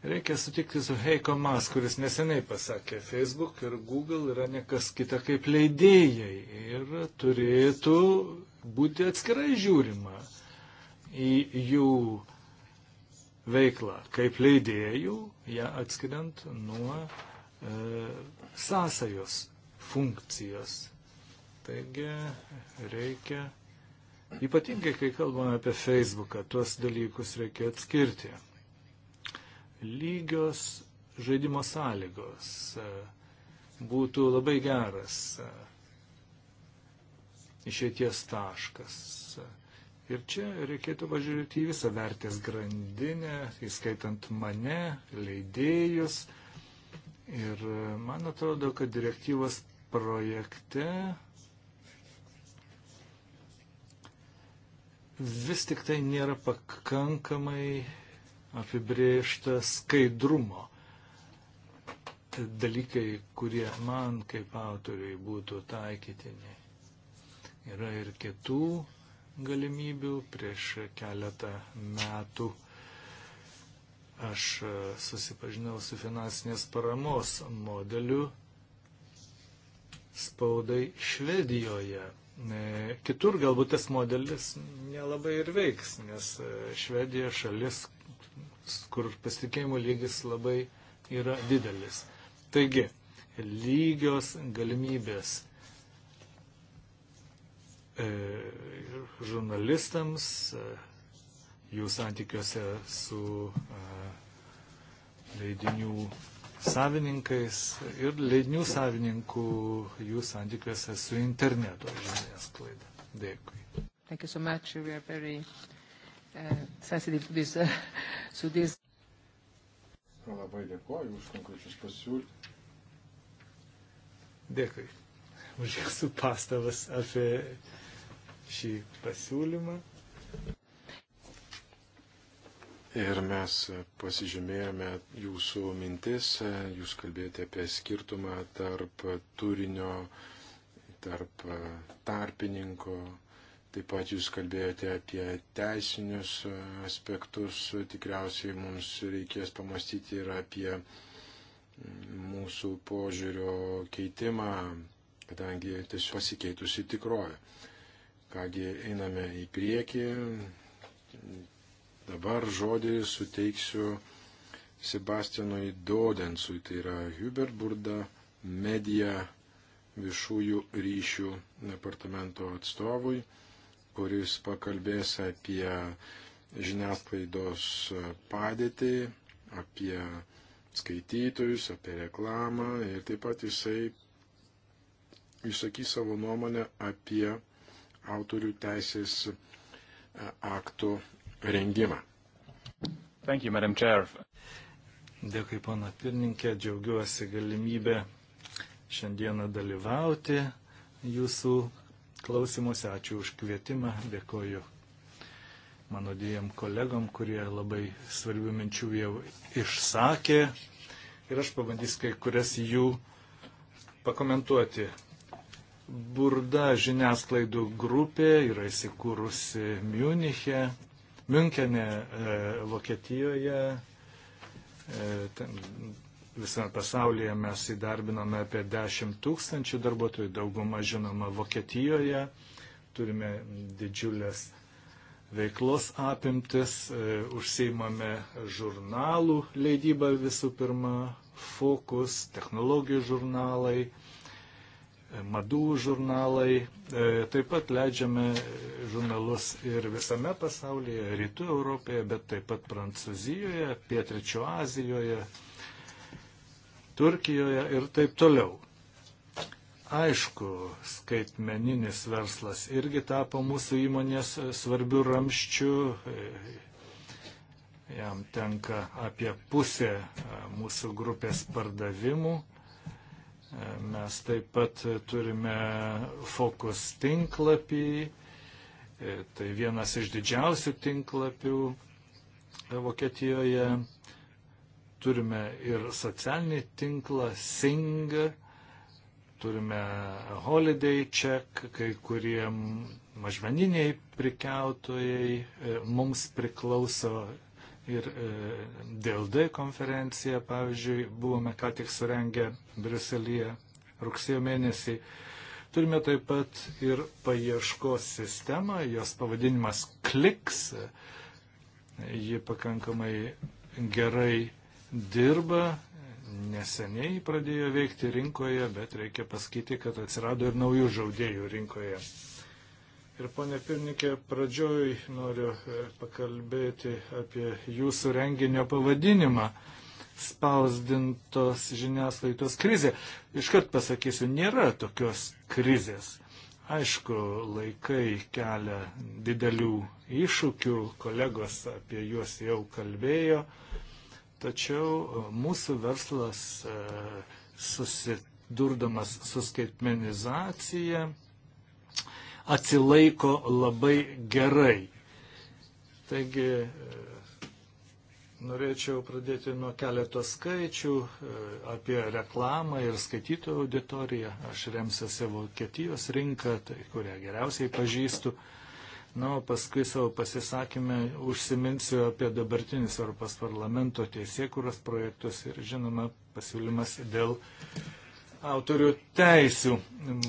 Reikia sutikti su Heiko Mas, kuris neseniai pasakė, Facebook ir Google yra nekas kita kaip leidėjai ir turėtų būti atskirai žiūrima į jų veiklą kaip leidėjų, ją atskiriant nuo e, sąsajos funkcijos. Taigi reikia, ypatingai kai kalbame apie Facebooką, tuos dalykus reikia atskirti lygios žaidimo sąlygos e, būtų labai geras e, išėties taškas. Ir čia reikėtų važiuoti į visą vertės grandinę, įskaitant mane, leidėjus. Ir e, man atrodo, kad direktyvos projekte vis tik tai nėra pakankamai apibrėžta skaidrumo dalykai, kurie man kaip autoriui būtų taikytini. Yra ir kitų galimybių. Prieš keletą metų aš e, susipažinau su finansinės paramos modeliu spaudai Švedijoje Kitur galbūt tas modelis nelabai ir veiks, nes e, Švedija šalis, kur pasitikėjimo lygis labai yra didelis. Taigi, lygios galimybės e, žurnalistams, e, jų santykiuose su leidinių savininkais ir leidinių savininkų jų santykiuose su interneto žiniasklaida. Dėkui. Thank you so much. We are very uh, sensitive to this. Uh, to this. Labai dėkoju už konkrečius pasiūlymus. Dėkui už jūsų pastabas apie šį pasiūlymą. Ir mes pasižymėjome jūsų mintis, jūs kalbėjote apie skirtumą tarp turinio, tarp tarpininko, taip pat jūs kalbėjote apie teisinius aspektus, tikriausiai mums reikės pamastyti ir apie mūsų požiūrio keitimą, kadangi tiesiog pasikeitusi tikrovė. Kągi einame į priekį, Dabar žodį suteiksiu Sebastianui Dodensui, tai yra Huberburda medija viešųjų ryšių departamento atstovui, kuris pakalbės apie žiniasklaidos padėtį, apie skaitytojus, apie reklamą ir taip pat jisai išsakys savo nuomonę apie autorių teisės aktų rengimą. Thank you, Madam Chair. Dėkui, pana pirmininkė, džiaugiuosi galimybę šiandieną dalyvauti jūsų klausimuose. Ačiū už kvietimą, dėkoju mano dviem kolegom, kurie labai svarbių minčių jau išsakė. Ir aš pabandysiu kai kurias jų pakomentuoti. Burda žiniasklaidų grupė yra įsikūrusi Miuniche, Münkenė, e, Vokietijoje, e, visame pasaulyje mes įdarbinome apie 10 tūkstančių darbuotojų, dauguma žinoma Vokietijoje, turime didžiulės veiklos apimtis, e, užsiimame žurnalų leidybą visų pirma, fokus, technologijų žurnalai, madų žurnalai. E, taip pat leidžiame žurnalus ir visame pasaulyje, rytų Europoje, bet taip pat Prancūzijoje, Pietričio Azijoje, Turkijoje ir taip toliau. Aišku, skaitmeninis verslas irgi tapo mūsų įmonės svarbių ramščių. E, jam tenka apie pusę e, mūsų grupės pardavimų Mes taip pat turime fokus tinklapį, e, tai vienas iš didžiausių tinklapių e, Vokietijoje. Turime ir socialinį tinklą Sing, turime Holiday Check, kai kurie mažmeniniai prikeltojai e, mums priklauso ir e, dėl D konferenciją, pavyzdžiui, buvome ką tik surengę Briuselyje rugsėjo mėnesį. Turime taip pat ir paieškos sistemą, jos pavadinimas kliks, ji pakankamai gerai dirba, neseniai pradėjo veikti rinkoje, bet reikia pasakyti, kad atsirado ir naujų žaudėjų rinkoje. Ir ponė pirmininkė, pradžioj noriu e, pakalbėti apie jūsų renginio pavadinimą spausdintos žiniasklaidos krizė. Iškart pasakysiu, nėra tokios krizės. Aišku, laikai kelia didelių iššūkių, kolegos apie juos jau kalbėjo, tačiau e, mūsų verslas e, susidurdamas su skaitmenizacija atsilaiko labai gerai. Taigi e, norėčiau pradėti nuo keletos skaičių e, apie reklamą ir skaitytojų auditoriją. Aš remsiuosi Vokietijos rinką, tai kurią geriausiai pažįstu. Na, o paskui savo pasisakymę užsiminsiu apie dabartinius Europos parlamento teisėkuros projektus ir, žinoma, pasiūlymas dėl autorių teisių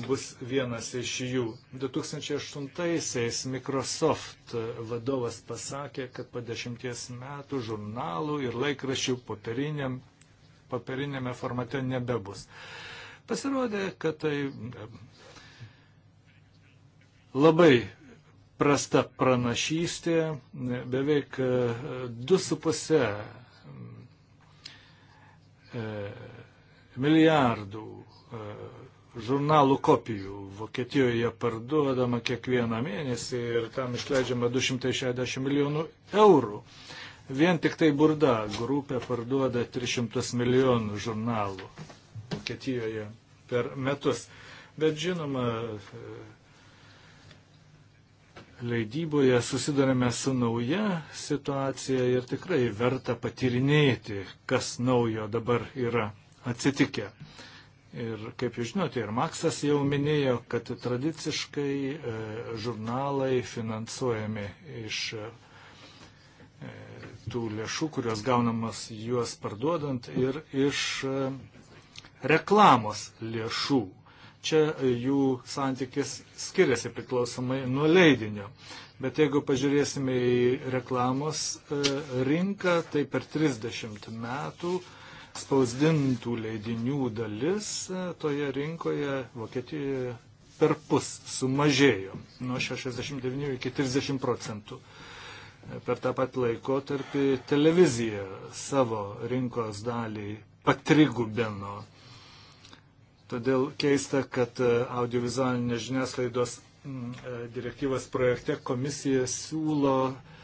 bus vienas iš jų. 2008-aisiais Microsoft vadovas pasakė, kad po dešimties metų žurnalų ir laikraščių popieriniam, popierinėme formate nebebus. Pasirodė, kad tai e, labai prasta pranašystė, beveik 2,5 e, e, milijardų E, žurnalų kopijų. Vokietijoje parduodama kiekvieną mėnesį ir tam išleidžiama 260 milijonų eurų. Vien tik tai burda grupė parduoda 300 milijonų žurnalų Vokietijoje per metus. Bet žinoma, e, leidyboje susidarėme su nauja situacija ir tikrai verta patirinėti, kas naujo dabar yra atsitikę. Uh, Ir kaip jūs žinote, ir Maksas jau minėjo, kad tradiciškai e, žurnalai finansuojami iš e, e, tų lėšų, kurios gaunamas juos parduodant ir iš reklamos lėšų. Čia jų santykis skiriasi priklausomai nuo leidinio. Bet jeigu pažiūrėsime į reklamos rinką, tai per 30 metų uh, spausdintų leidinių dalis e, toje rinkoje Vokietijoje per pus sumažėjo nuo 69 iki 30 procentų. E, per tą pat laikotarpį televizija savo rinkos dalį patrigubino. Todėl keista, kad e, audiovizualinės žiniasklaidos direktyvos projekte komisija siūlo uh,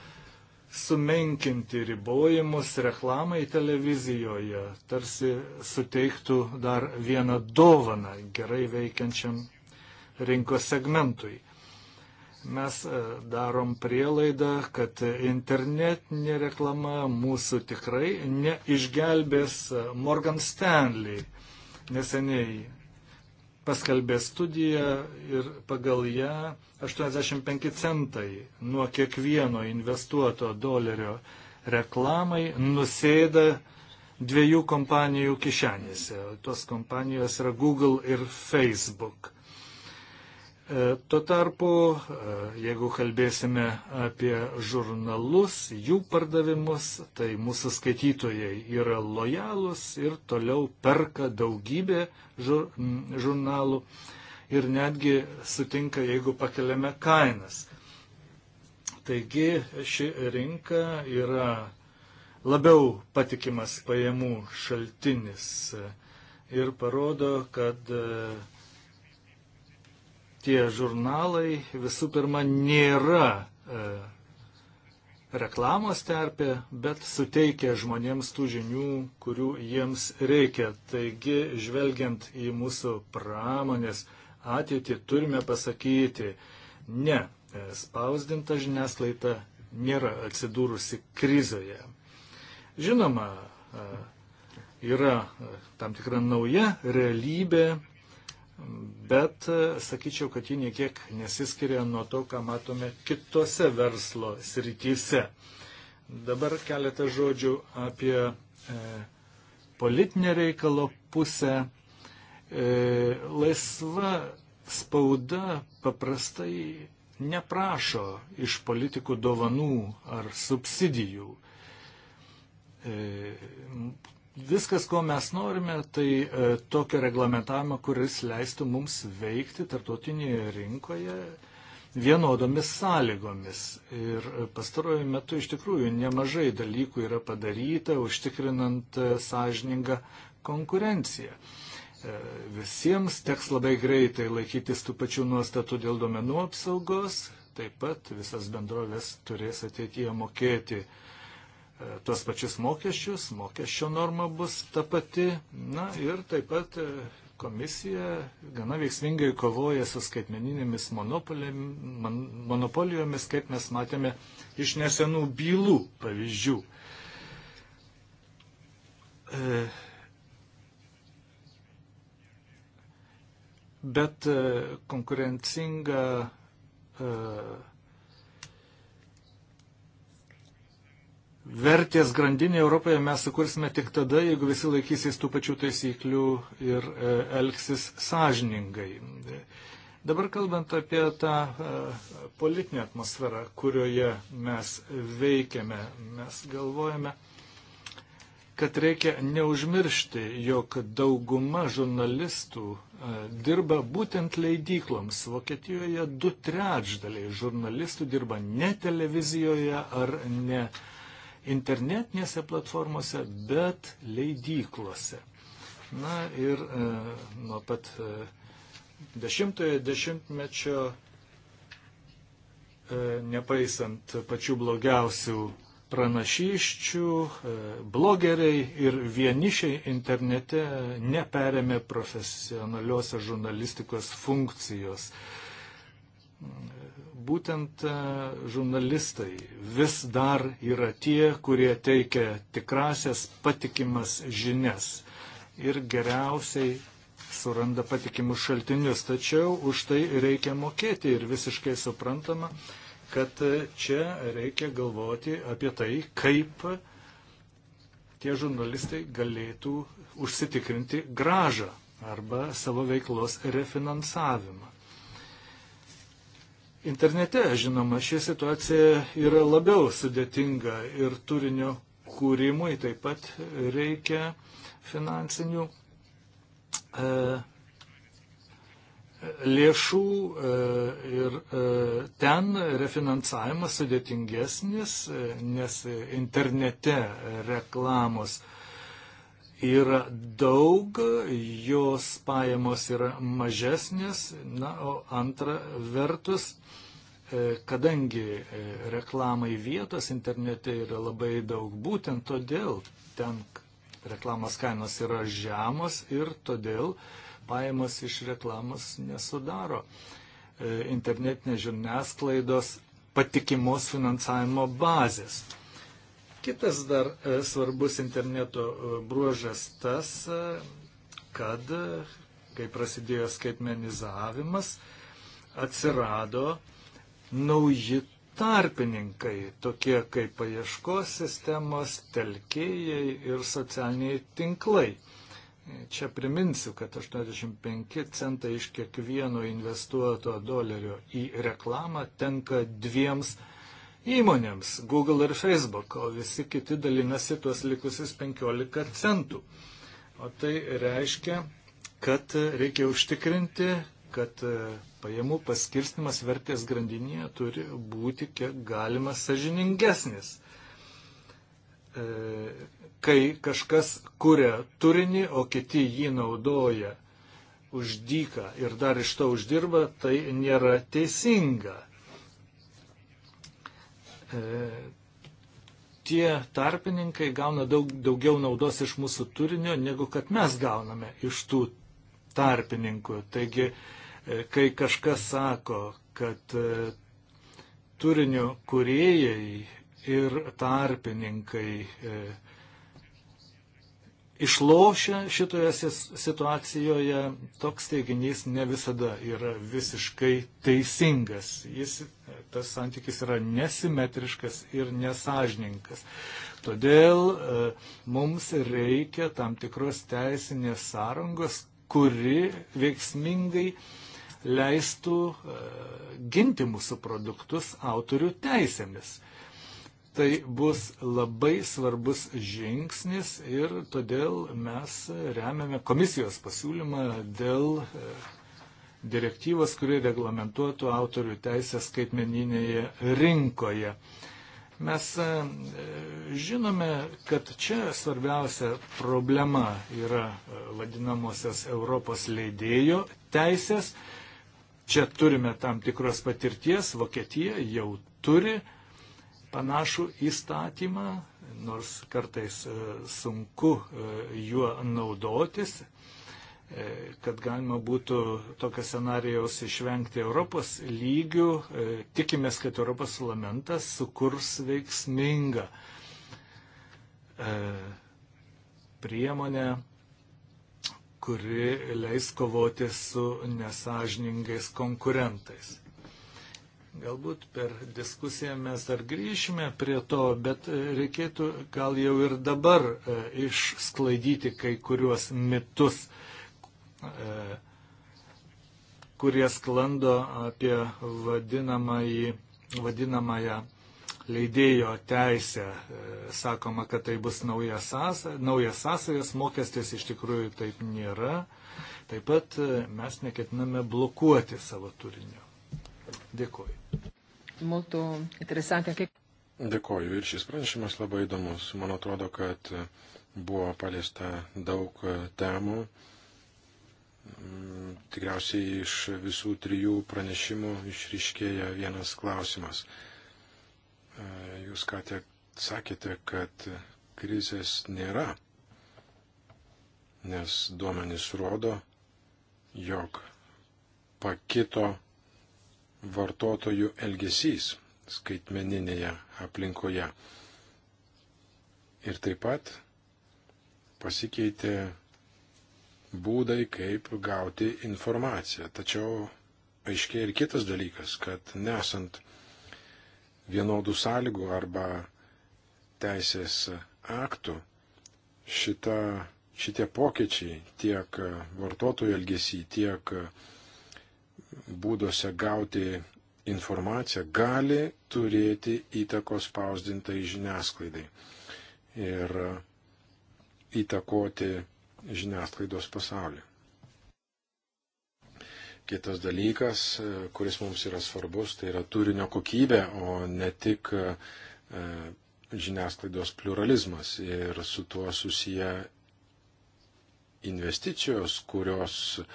sumenkinti ribojimus reklamai televizijoje, tarsi suteiktų dar vieną dovaną gerai veikiančiam rinkos segmentui. Mes e, darom prielaidą, kad internetinė reklama mūsų tikrai neišgelbės e, Morgan Stanley neseniai paskelbė studiją ir pagal ją 85 centai nuo kiekvieno investuoto dolerio reklamai nusėda dviejų kompanijų kišenėse. Tos kompanijos yra Google ir Facebook. E, tuo tarpu, e, jeigu kalbėsime apie žurnalus, jų pardavimus, tai mūsų skaitytojai yra lojalūs ir toliau perka daugybę žur, žurnalų ir netgi sutinka, jeigu pakeliame kainas. Taigi ši rinka yra labiau patikimas pajamų šaltinis e, ir parodo, kad tie žurnalai visų pirma nėra e, reklamos terpė, bet suteikia žmonėms tų žinių, kurių jiems reikia. Taigi, žvelgiant į mūsų pramonės ateitį, turime pasakyti, ne, e, spausdinta žiniasklaida nėra atsidūrusi krizoje. Žinoma, e, yra e, tam tikra nauja realybė, bet e, sakyčiau, kad ji niekiek nesiskiria nuo to, ką matome kitose verslo srityse. Dabar keletą žodžių apie e, politinę reikalo pusę. E, laisva spauda paprastai neprašo iš politikų dovanų ar subsidijų. E, Viskas, ko mes norime, tai e, tokio reglamentavimo, kuris leistų mums veikti tarptautinėje rinkoje vienodomis sąlygomis. Ir e, pastaruoju metu iš tikrųjų nemažai dalykų yra padaryta, užtikrinant e, sąžiningą konkurenciją. E, visiems teks labai greitai laikytis tų pačių nuostatų dėl duomenų apsaugos, taip pat visas bendrovės turės ateityje mokėti uh, E, tuos pačius mokesčius, mokesčio norma bus ta pati. Na ir taip pat e, komisija gana veiksmingai kovoja su skaitmeninėmis monopolijomis, kaip mes matėme iš nesenų bylų pavyzdžių. E, bet konkurencinga vertės grandinė Europoje mes sukursime tik tada, jeigu visi laikysis tų pačių taisyklių ir e, elgsis sąžiningai. Dabar kalbant apie tą e, politinę atmosferą, kurioje mes veikiame, mes galvojame, kad reikia neužmiršti, jog dauguma žurnalistų e, dirba būtent leidykloms. Vokietijoje du trečdaliai žurnalistų dirba ne televizijoje ar ne uh, internetinėse platformose, bet leidyklose. Na ir e, nuo pat e, dešimtojo dešimtmečio, e, nepaisant pačių blogiausių pranašyščių, e, blogeriai ir vienišiai internete neperėmė profesionaliosios žurnalistikos funkcijos. E, būtent e, žurnalistai vis dar yra tie, kurie teikia tikrasias patikimas žinias ir geriausiai suranda patikimus šaltinius. Tačiau už tai reikia mokėti ir visiškai suprantama, kad e, čia reikia galvoti apie tai, kaip tie žurnalistai galėtų užsitikrinti gražą arba savo veiklos refinansavimą. Internete, žinoma, ši situacija yra labiau sudėtinga ir turinio kūrimui taip pat reikia finansinių e, lėšų e, ir e, ten refinansavimas sudėtingesnis, e, nes internete reklamos yra daug, jos pajamos yra mažesnės, na, o antra vertus, e, kadangi e, reklamai vietos internete yra labai daug, būtent todėl ten reklamos kainos yra žemos ir todėl pajamos iš reklamos nesudaro e, internetinės žiniasklaidos patikimos finansavimo bazės. Kitas dar e, svarbus interneto e, bruožas tas, e, kad kai prasidėjo skaitmenizavimas, atsirado nauji tarpininkai, tokie kaip paieškos sistemos, telkėjai ir socialiniai tinklai. Čia priminsiu, kad 85 centai iš kiekvieno investuoto dolerio į reklamą tenka dviems įmonėms Google ir Facebook, o visi kiti dalinasi tuos likusius 15 centų. O tai reiškia, kad reikia užtikrinti, kad e, pajamų paskirstimas vertės grandinėje turi būti kiek galima sažiningesnis. E, kai kažkas kuria turinį, o kiti jį naudoja uždyka ir dar iš to uždirba, tai nėra teisinga. E, tie tarpininkai gauna daug, daugiau naudos iš mūsų turinio, negu kad mes gauname iš tų tarpininkų. Taigi, e, kai kažkas sako, kad e, turinio kuriejai ir tarpininkai e, išlošia šitoje situacijoje, toks teiginys ne visada yra visiškai teisingas. Jis, tas santykis yra nesimetriškas ir nesažininkas. Todėl e, mums reikia tam tikros teisinės sąrangos, kuri veiksmingai leistų e, ginti mūsų produktus autorių teisėmis tai bus labai svarbus žingsnis ir todėl mes remiame komisijos pasiūlymą dėl e, direktyvos, kurie reglamentuotų autorių teisę skaitmeninėje rinkoje. Mes e, žinome, kad čia svarbiausia problema yra e, vadinamosios Europos leidėjo teisės. Čia turime tam tikros patirties, Vokietija jau turi uh, panašų įstatymą, nors kartais e, sunku e, juo naudotis, e, kad galima būtų tokio scenarijaus išvengti Europos lygių. Tikimės, kad Europos parlamentas sukurs veiksmingą priemonę, kuri leis kovoti su nesažiningais konkurentais. Galbūt per diskusiją mes dar grįšime prie to, bet e, reikėtų gal jau ir dabar e, išsklaidyti kai kuriuos mitus, e, kurie sklando apie vadinamąjį, vadinamąją leidėjo teisę. Sakoma, kad tai bus naujas sąsajas, mokestis iš tikrųjų taip nėra. Taip pat mes neketiname blokuoti savo turinio. Dėkuoju. Molto interesante. Dėkuoju ir šis pranešimas labai įdomus. Man atrodo, kad buvo paliesta daug temų. Mm, tikriausiai iš visų trijų pranešimų išryškėja vienas klausimas. E, jūs ką tik sakėte, kad krizės nėra, nes duomenys rodo, jog pakito vartotojų elgesys skaitmeninėje aplinkoje. Ir taip pat pasikeitė būdai, kaip gauti informaciją. Tačiau aiškiai ir kitas dalykas, kad nesant vienodų sąlygų arba teisės aktų, šita, šitie pokyčiai tiek vartotojų elgesy, tiek uh, būduose gauti informaciją gali turėti įtakos spausdintai žiniasklaidai ir įtakoti žiniasklaidos pasaulį. Kitas dalykas, kuris mums yra svarbus, tai yra turinio kokybė, o ne tik e, žiniasklaidos pluralizmas ir su tuo susiję investicijos, kurios uh,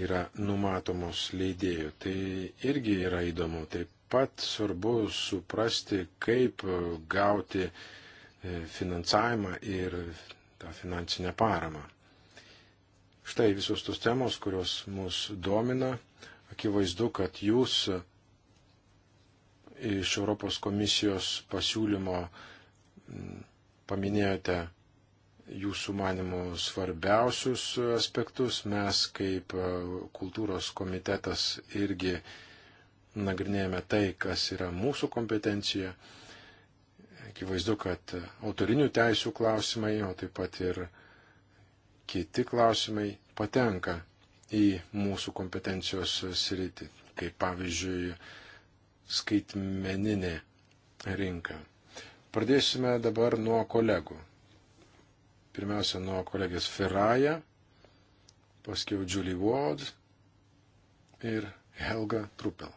yra numatomos leidėjų. Tai irgi yra įdomu. Taip pat svarbu suprasti, kaip gauti e, finansavimą ir tą finansinę paramą. Štai visos tos temos, kurios mus domina. Akivaizdu, kad jūs iš Europos komisijos pasiūlymo paminėjote jūsų manimų svarbiausius aspektus. Mes kaip e, kultūros komitetas irgi nagrinėjame tai, kas yra mūsų kompetencija. Akivaizdu, kad autorinių teisų klausimai, o taip pat ir kiti klausimai patenka į mūsų kompetencijos sritį, kaip pavyzdžiui skaitmeninė rinka. Pradėsime dabar nuo kolegų. Pirmiausia, nuo kolegės Ferraja, paskiau Julie Ward ir Helga Truppel.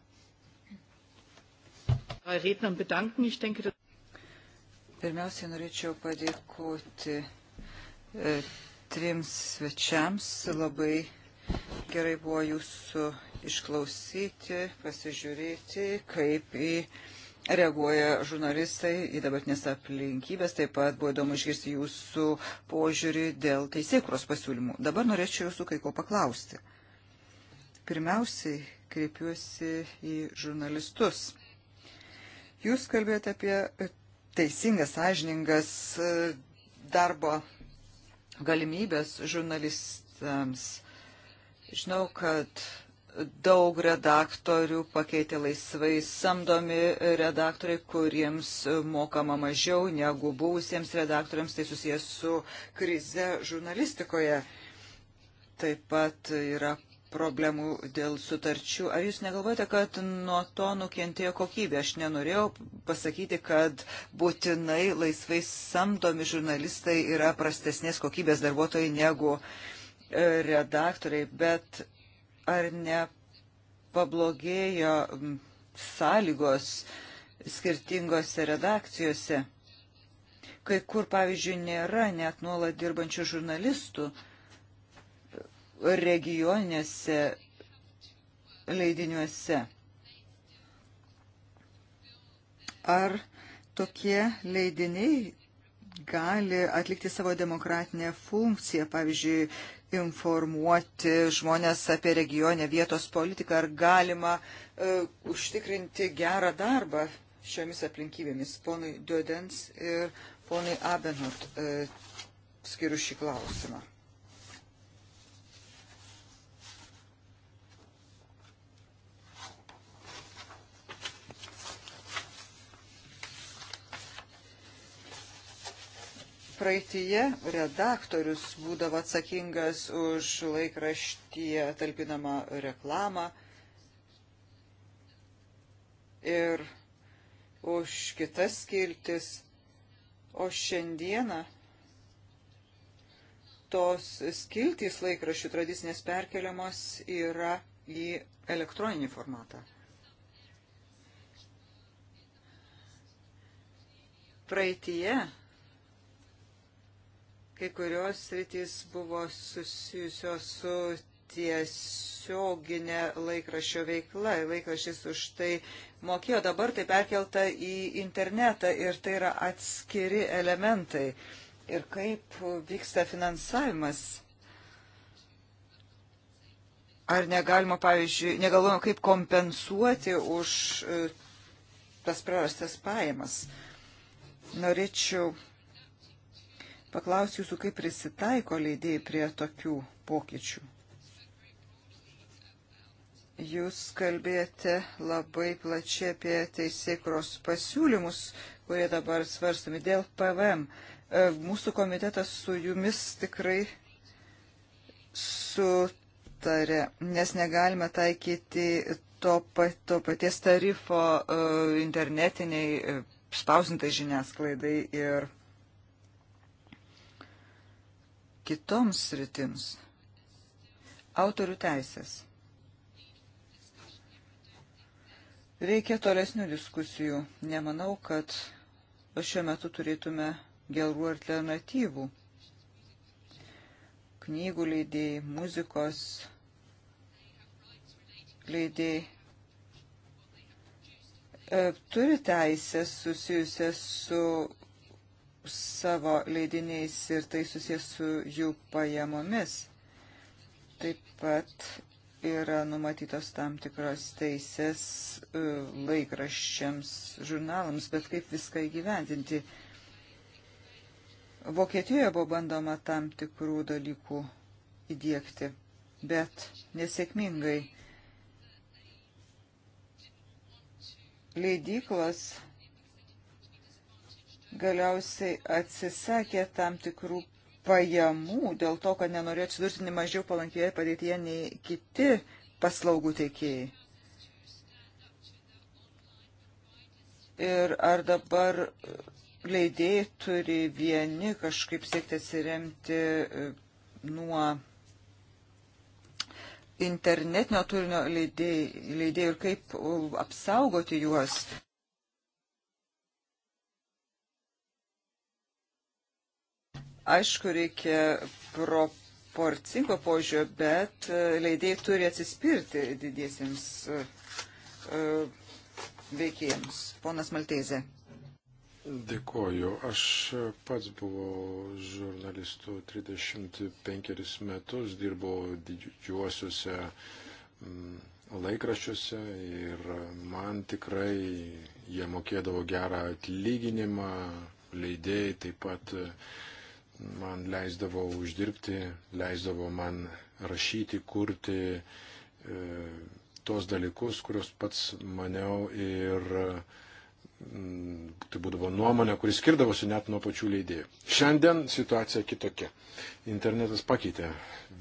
Pirmiausia, norėčiau padėkoti e, trims svečiams. Labai gerai buvo jūsų išklausyti, pasižiūrėti, kaip į e, reaguoja žurnalistai į dabartinės aplinkybės. Taip pat buvo įdomu išgirsti jūsų požiūrį dėl teisėkros pasiūlymų. Dabar norėčiau jūsų kai ko paklausti. Pirmiausiai kreipiuosi į žurnalistus. Jūs kalbėjote apie teisingas, sąžiningas e, darbo galimybės žurnalistams. Žinau, kad daug redaktorių pakeitė laisvai samdomi redaktoriai, kuriems mokama mažiau negu buvusiems redaktoriams, tai susijęs su krize žurnalistikoje. Taip pat yra problemų dėl sutarčių. Ar jūs negalvojate, kad nuo to nukentėjo kokybė? Aš nenorėjau pasakyti, kad būtinai laisvai samdomi žurnalistai yra prastesnės kokybės darbuotojai negu redaktoriai, bet ar nepablogėjo sąlygos skirtingose redakcijose. Kai kur, pavyzdžiui, nėra net nuolat dirbančių žurnalistų regionėse leidiniuose. Ar tokie leidiniai gali atlikti savo demokratinę funkciją, pavyzdžiui, informuoti žmonės apie regionę vietos politiką, ar galima uh, užtikrinti gerą darbą šiomis aplinkybėmis. Ponui Duodens ir ponui Abenot uh, e, skiriu šį klausimą. praeitie redaktorius būdavo atsakingas už laikraštyje talpinamą reklamą ir už kitas skiltis, o šiandieną tos skiltys laikraščių tradicinės perkeliamos yra į elektroninį formatą. Praeitie Kai kurios sritys buvo susijusios su tiesioginė laikraščio veikla. Laikrašys už tai mokėjo, dabar tai perkelta į internetą ir tai yra atskiri elementai. Ir kaip vyksta finansavimas? Ar negalima, pavyzdžiui, negalvojama, kaip kompensuoti už e, tas prarastas pajamas? Norėčiau paklausti jūsų, kaip prisitaiko leidėjai prie tokių pokyčių. Jūs kalbėjote labai plačiai apie teisėkros pasiūlymus, kurie dabar svarstami dėl PVM. E, mūsų komitetas su jumis tikrai sutarė, nes negalime taikyti to, pat, to paties tarifo e, internetiniai e, spausintai žiniasklaidai ir kitoms sritims. Autorių teisės. Reikia tolesnių diskusijų. Nemanau, kad šiuo metu turėtume gerų alternatyvų. Knygų leidėjai, muzikos leidėjai e, turi teisės susijusias su savo leidiniais ir tai susijęs su jų pajamomis. Taip pat yra numatytos tam tikros teisės e, laikraščiams, žurnalams, bet kaip viską įgyvendinti. Vokietijoje buvo bandoma tam tikrų dalykų įdėkti, bet nesėkmingai. Leidyklas galiausiai atsisakė tam tikrų pajamų dėl to, kad nenorėjo atsidurti nei mažiau palankioje padėtyje nei kiti paslaugų teikėjai. Ir ar dabar leidėjai turi vieni kažkaip siekti atsiremti e, nuo internetinio turinio leidėjai, leidėjai ir kaip apsaugoti juos? Aišku, reikia proporcingo požiūrio, bet e, leidėjai turi atsispirti didiesiems e, e, veikėjams. Ponas Maltezė. Dėkoju. Aš pats buvau žurnalistu 35 metus, dirbau didžiuosiuose mm, laikraščiuose ir man tikrai jie mokėdavo gerą atlyginimą, leidėjai taip pat man leisdavo uždirbti, leisdavo man rašyti, kurti e, tos dalykus, kuriuos pats maniau ir m, mm, tai būdavo nuomonė, kuris skirdavosi net nuo pačių leidėjų. Šiandien situacija kitokia. Internetas pakeitė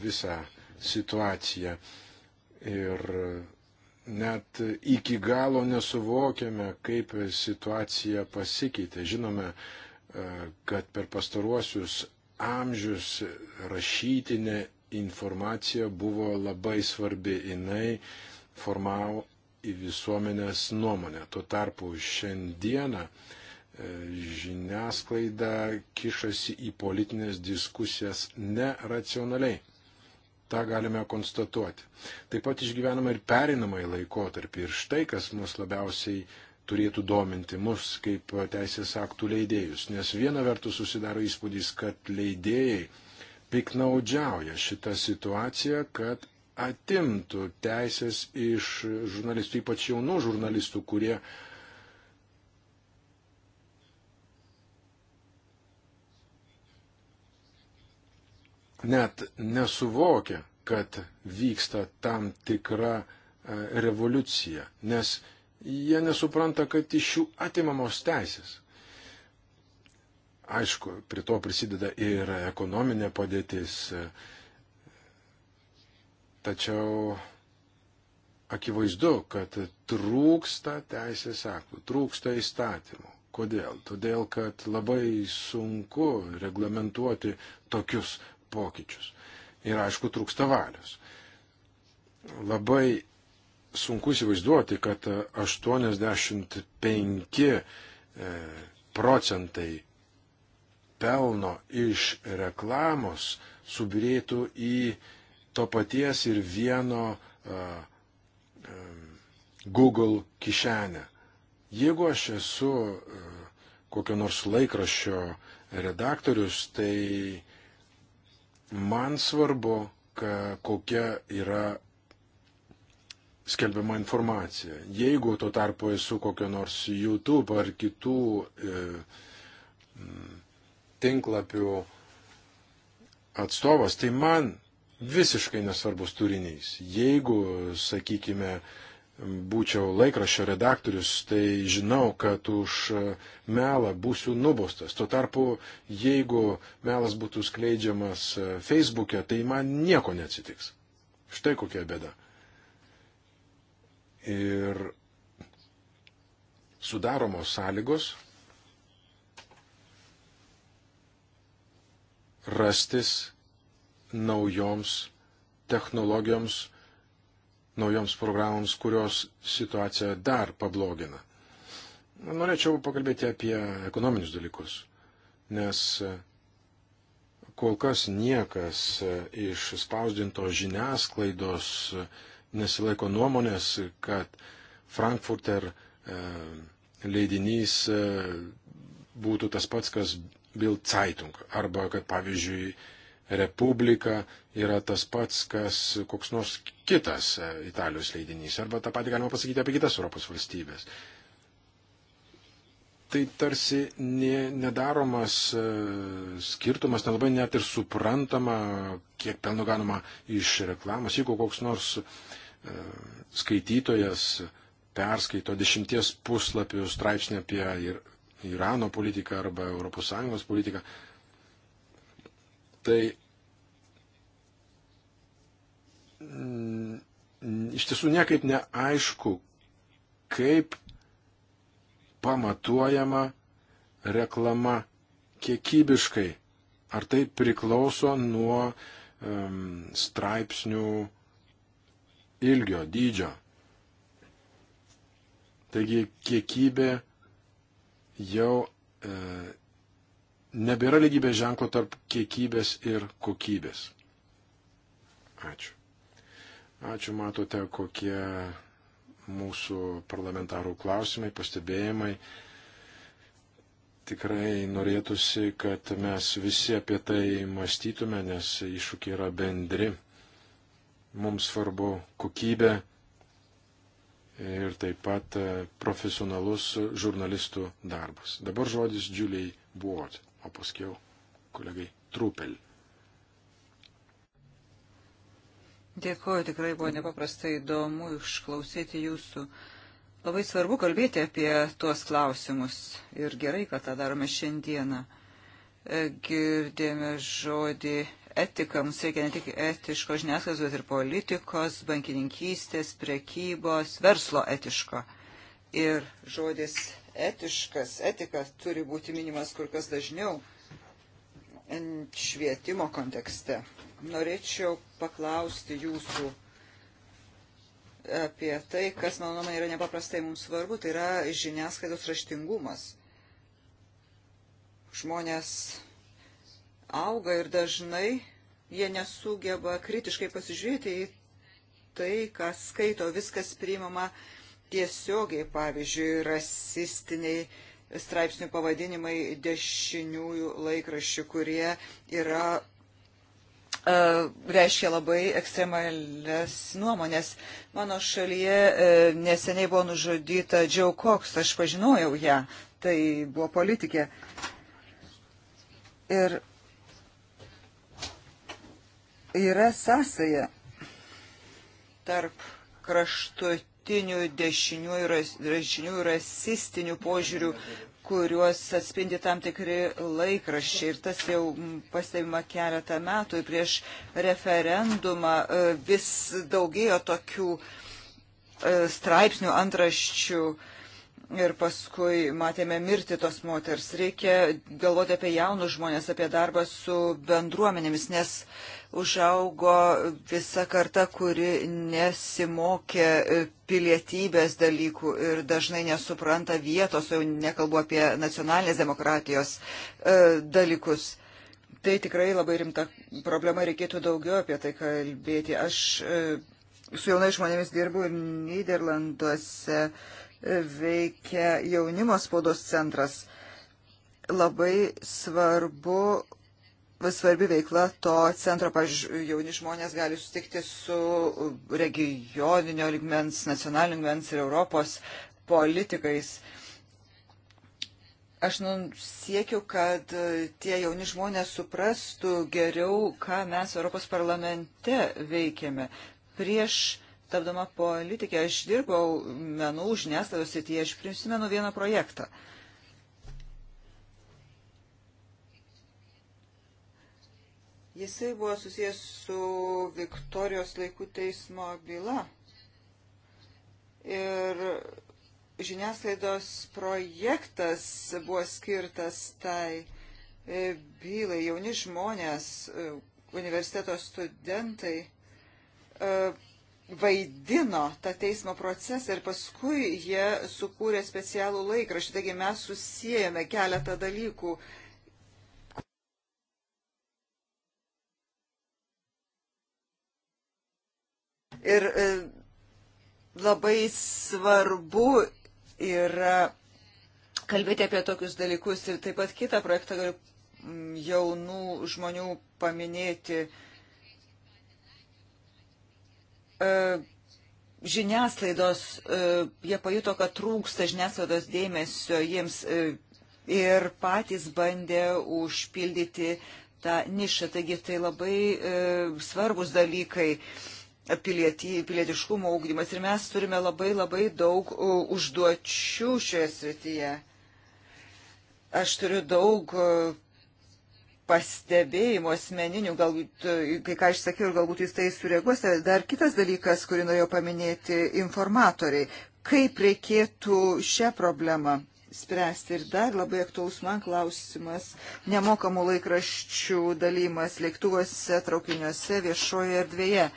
visą situaciją ir net iki galo nesuvokėme, kaip situacija pasikeitė. Žinome, kad per pastaruosius amžius rašytinė informacija buvo labai svarbi. Jinai formavo į visuomenės nuomonę. Tuo tarpu šiandieną e, žiniasklaida kišasi į politinės diskusijas neracionaliai. Ta galime konstatuoti. Taip pat išgyvenama ir perinamai laikotarpį. Ir štai, kas mus labiausiai turėtų dominti mus kaip teisės aktų leidėjus. Nes viena vertus susidaro įspūdis, kad leidėjai piknaudžiauja šitą situaciją, kad atimtų teisės iš žurnalistų, ypač jaunų žurnalistų, kurie net nesuvokia, kad vyksta tam tikra e, revoliucija, nes jie nesupranta, kad iš jų atimamos teisės. Aišku, prie to prisideda ir ekonominė padėtis, tačiau akivaizdu, kad trūksta teisės aktų, trūksta įstatymų. Kodėl? Todėl, kad labai sunku reglamentuoti tokius pokyčius. Ir aišku, trūksta valios. Labai sunku įsivaizduoti, kad 85 e, e, procentai pelno iš reklamos subirėtų į to paties ir vieno e, Google kišenę. Jeigu aš esu kokio nors laikraščio redaktorius, tai man svarbu, ka, kokia yra skelbiama informacija. Jeigu tuo tarpu esu kokio nors YouTube ar kitų e, tinklapių atstovas, tai man visiškai nesvarbus turinys. Jeigu, sakykime, būčiau laikraščio redaktorius, tai žinau, kad už melą būsiu nubostas. Tuo tarpu, jeigu melas būtų skleidžiamas Facebook'e, tai man nieko neatsitiks. Štai kokia bėda ir sudaromos sąlygos rastis naujoms technologijoms, naujoms programoms, kurios situaciją dar pablogina. Norėčiau pakalbėti apie ekonominius dalykus, nes kol kas niekas iš spausdintos žiniasklaidos nesilaiko nuomonės, kad Frankfurter e, leidinys e, būtų tas pats, kas Bild Zeitung, arba kad, pavyzdžiui, Republika yra tas pats, kas koks nors kitas e, Italijos leidinys, arba tą patį galima pasakyti apie kitas Europos valstybės. Tai tarsi ne, nedaromas skirtumas, nelabai net ir suprantama, kiek pelno galima iš reklamos. Jeigu koks nors uh, skaitytojas perskaito dešimties puslapių straipsnį apie Irano politiką arba ES politiką, tai iš tiesų niekaip neaišku, kaip pamatuojama reklama kiekybiškai. Ar tai priklauso nuo um, straipsnių ilgio, dydžio. Taigi kiekybė jau e, nebėra lygybės ženklo tarp kiekybės ir kokybės. Ačiū. Ačiū, matote, kokie mūsų parlamentarų klausimai, pastebėjimai. Tikrai norėtųsi, kad mes visi apie tai mąstytume, nes iššūkiai yra bendri. Mums svarbu kokybė ir taip pat e, profesionalus žurnalistų darbas. Dabar žodis Juliai Buot, o paskiau kolegai Trupel. Dėkuoju, tikrai buvo nepaprastai įdomu išklausyti jūsų. Labai svarbu kalbėti apie tuos klausimus ir gerai, kad tą darome šiandieną. E, Girdėme žodį etiką. Mums reikia ne tik etiško žiniasklaidos, bet ir politikos, bankininkystės, prekybos, verslo etiško. Ir žodis etiškas, etika turi būti minimas kur kas dažniau švietimo kontekste. Norėčiau paklausti jūsų apie tai, kas, mano nuomonė, yra nepaprastai mums svarbu, tai yra žiniasklaidos raštingumas. Žmonės auga ir dažnai jie nesugeba kritiškai pasižiūrėti į tai, ką skaito, viskas priimama tiesiogiai, pavyzdžiui, rasistiniai straipsnių pavadinimai dešiniųjų laikraščių, kurie yra e, reiškia labai ekstremalias nuomonės. Mano šalyje e, neseniai buvo nužudyta Džiau Koks, aš pažinojau ją, tai buvo politikė. Ir Yra sąsaja tarp kraštutinių dešinių ir dešinių rasistinių požiūrių, kuriuos atspindi tam tikri laikraščiai. Ir tas jau pastebima keletą metų. Prieš referendumą e, vis daugėjo tokių e, straipsnių antraščių ir paskui matėme mirti tos moters. Reikia galvoti apie jaunus žmonės, apie darbą su bendruomenėmis, nes užaugo visa karta, kuri nesimokė pilietybės dalykų ir dažnai nesupranta vietos, jau nekalbu apie nacionalinės demokratijos e, dalykus. Tai tikrai labai rimta problema, reikėtų daugiau apie tai kalbėti. Aš e, su jaunais žmonėmis dirbu ir Niderlanduose. Uh, veikia jaunimo spaudos centras. Labai svarbu, svarbi veikla to centro, pažiūrėjau, jauni žmonės gali sutikti su regioninio ligmens, nacionalinio ligmens ir Europos politikais aš nu, siekiu, kad tie jauni žmonės suprastų geriau, ką mes Europos parlamente veikiame. Prieš Tapdama politikė, aš dirbau menų žiniasklaidos srityje, aš prisimenu vieną projektą. Jisai buvo susijęs su Viktorijos laikų teismo byla. Ir žiniasklaidos projektas buvo skirtas tai e, bylai. Jauni žmonės, e, universiteto studentai e, vaidino tą teismo procesą ir paskui jie sukūrė specialų laikraštį. Taigi mes susijęjame keletą dalykų. Ir e, labai svarbu yra kalbėti apie tokius dalykus ir taip pat kitą projektą galiu jaunų žmonių paminėti. Uh, E, žiniasklaidos, e, jie pajuto, kad trūksta žiniasklaidos dėmesio jiems e, ir patys bandė užpildyti tą nišą. Taigi tai labai svarbus dalykai pilietį, pilietiškumo ūkdymas ir mes turime labai labai daug užduočių šioje srityje. Aš turiu daug pastebėjimų asmeninių, galbūt kai ką išsakiau ir galbūt jūs tai sureaguosite. Dar kitas dalykas, kurį norėjau paminėti, informatoriai. Kaip reikėtų šią problemą spręsti. Ir dar labai aktuolus man klausimas - nemokamų laikraščių dalymas lėktuvose, traukiniuose, viešoje erdvėje.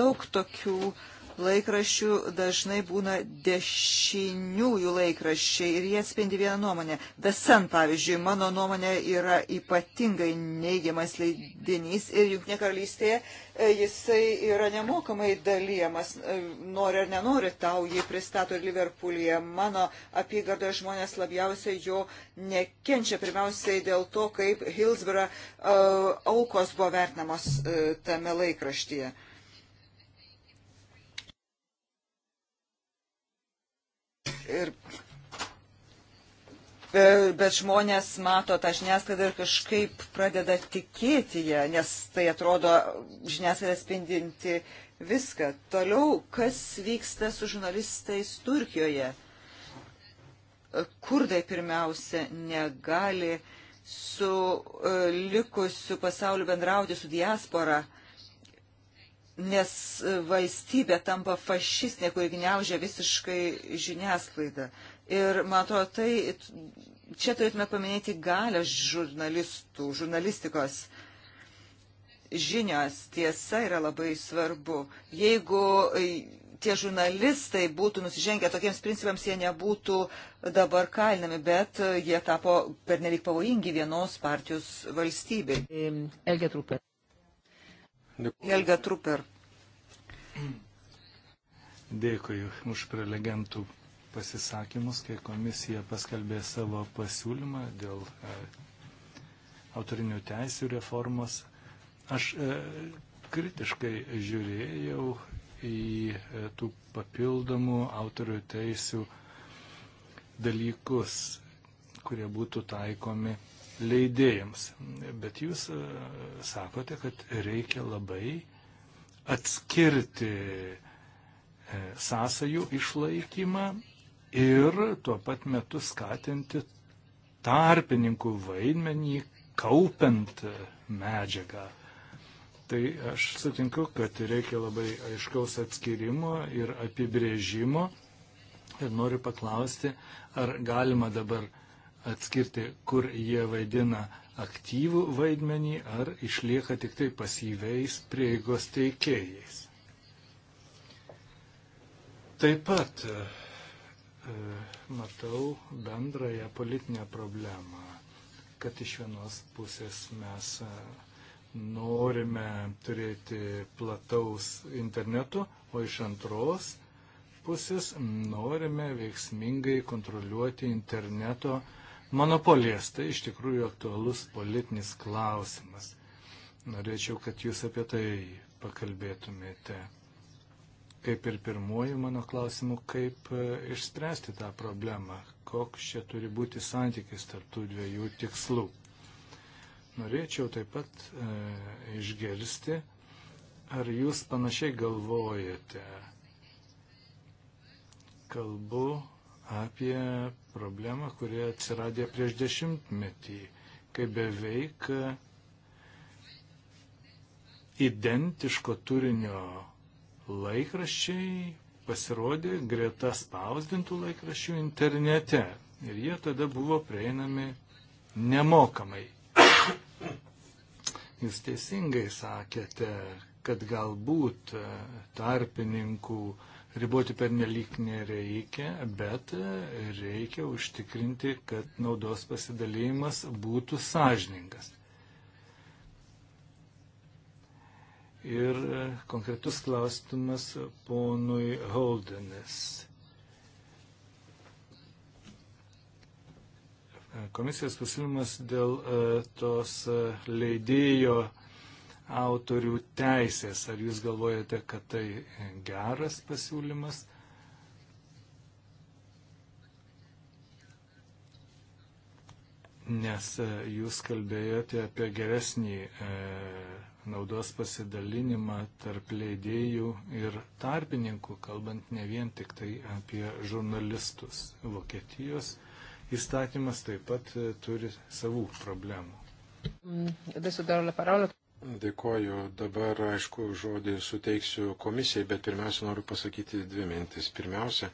Daug tokių uh, laikraščių dažnai būna dešiniųjų laikraščiai ir jie atspindi vieną nuomonę. The Sun, pavyzdžiui, mano nuomonė yra ypatingai neigiamas leidinys ir Junktinė karalystėje jisai yra nemokamai dalyjamas, e, nori ar nenori, tau jį pristato ir Liverpoolyje. Mano apygardoje žmonės labiausiai jo nekenčia, pirmiausiai dėl to, kaip Hillsborough e, aukos buvo vertinamos e, tame laikraštyje. Ir, bet žmonės mato tą žiniasklaidą ir kažkaip pradeda tikėti ją, nes tai atrodo žiniasklaida spindinti viską. Toliau, kas vyksta su žurnalistais Turkijoje? Kurdai pirmiausia negali su e, likusiu pasauliu bendrauti su diaspora. Uh, nes valstybė tampa fašistinė, kuri gniaužia visiškai žiniasklaidą. Ir, man atrodo, tai čia turėtume paminėti galę žurnalistų, žurnalistikos žinios, tiesa yra labai svarbu. Jeigu e, tie žurnalistai būtų nusižengę tokiems principams, jie nebūtų dabar kalinami, bet e, jie tapo pernelyg pavojingi vienos partijos valstybei. Elgė trupė. Helga Truper. Dėkui už prelegentų pasisakymus, kai komisija paskelbė savo pasiūlymą dėl e, autorinių teisų reformos. Aš e, kritiškai žiūrėjau į e, tų papildomų autorių teisų dalykus, kurie būtų taikomi leidėjams. Bet jūs e, sakote, kad reikia labai atskirti e, sąsajų išlaikymą ir tuo pat metu skatinti tarpininkų vaidmenį, kaupiant e, medžiagą. Tai aš sutinku, kad reikia labai aiškaus atskirimo ir apibrėžimo. Ir noriu paklausti, ar galima dabar atskirti, kur jie vaidina aktyvų vaidmenį ar išlieka tik tai pasyviais prieigos teikėjais. Taip pat e, e matau bendrąją politinę problemą, kad iš vienos pusės mes e, norime turėti plataus interneto, o iš antros pusės norime veiksmingai kontroliuoti interneto uh, monopolijas. Tai iš tikrųjų aktualus politinis klausimas. Norėčiau, kad jūs apie tai pakalbėtumėte. Kaip ir pirmuoju mano klausimu, kaip e, išspręsti tą problemą, koks čia turi būti santykis tarptų dviejų tikslų. Norėčiau taip pat e, išgirsti, ar jūs panašiai galvojate. Kalbu apie problemą, kuri atsiradė prieš dešimtmetį, kai beveik identiško turinio laikraščiai pasirodė greta spausdintų laikraščių internete. Ir jie tada buvo prieinami nemokamai. Jūs teisingai sakėte, kad galbūt tarpininkų uh, riboti per nelik nereikia, bet reikia užtikrinti, kad naudos pasidalymas būtų sąžiningas. Ir konkretus klausimas ponui Holdenis. Komisijos pasiūlymas dėl e, tos e, leidėjo autorių teisės. Ar jūs galvojate, kad tai geras pasiūlymas? Nes e, jūs kalbėjote apie geresnį e, naudos pasidalinimą tarp leidėjų ir tarpininkų, kalbant ne vien tik tai apie žurnalistus. Vokietijos įstatymas taip pat e, turi savų problemų. Mm, adesso darò la parola. Dėkoju. Dabar, aišku, žodį suteiksiu komisijai, bet pirmiausia noriu pasakyti dvi mintis. Pirmiausia,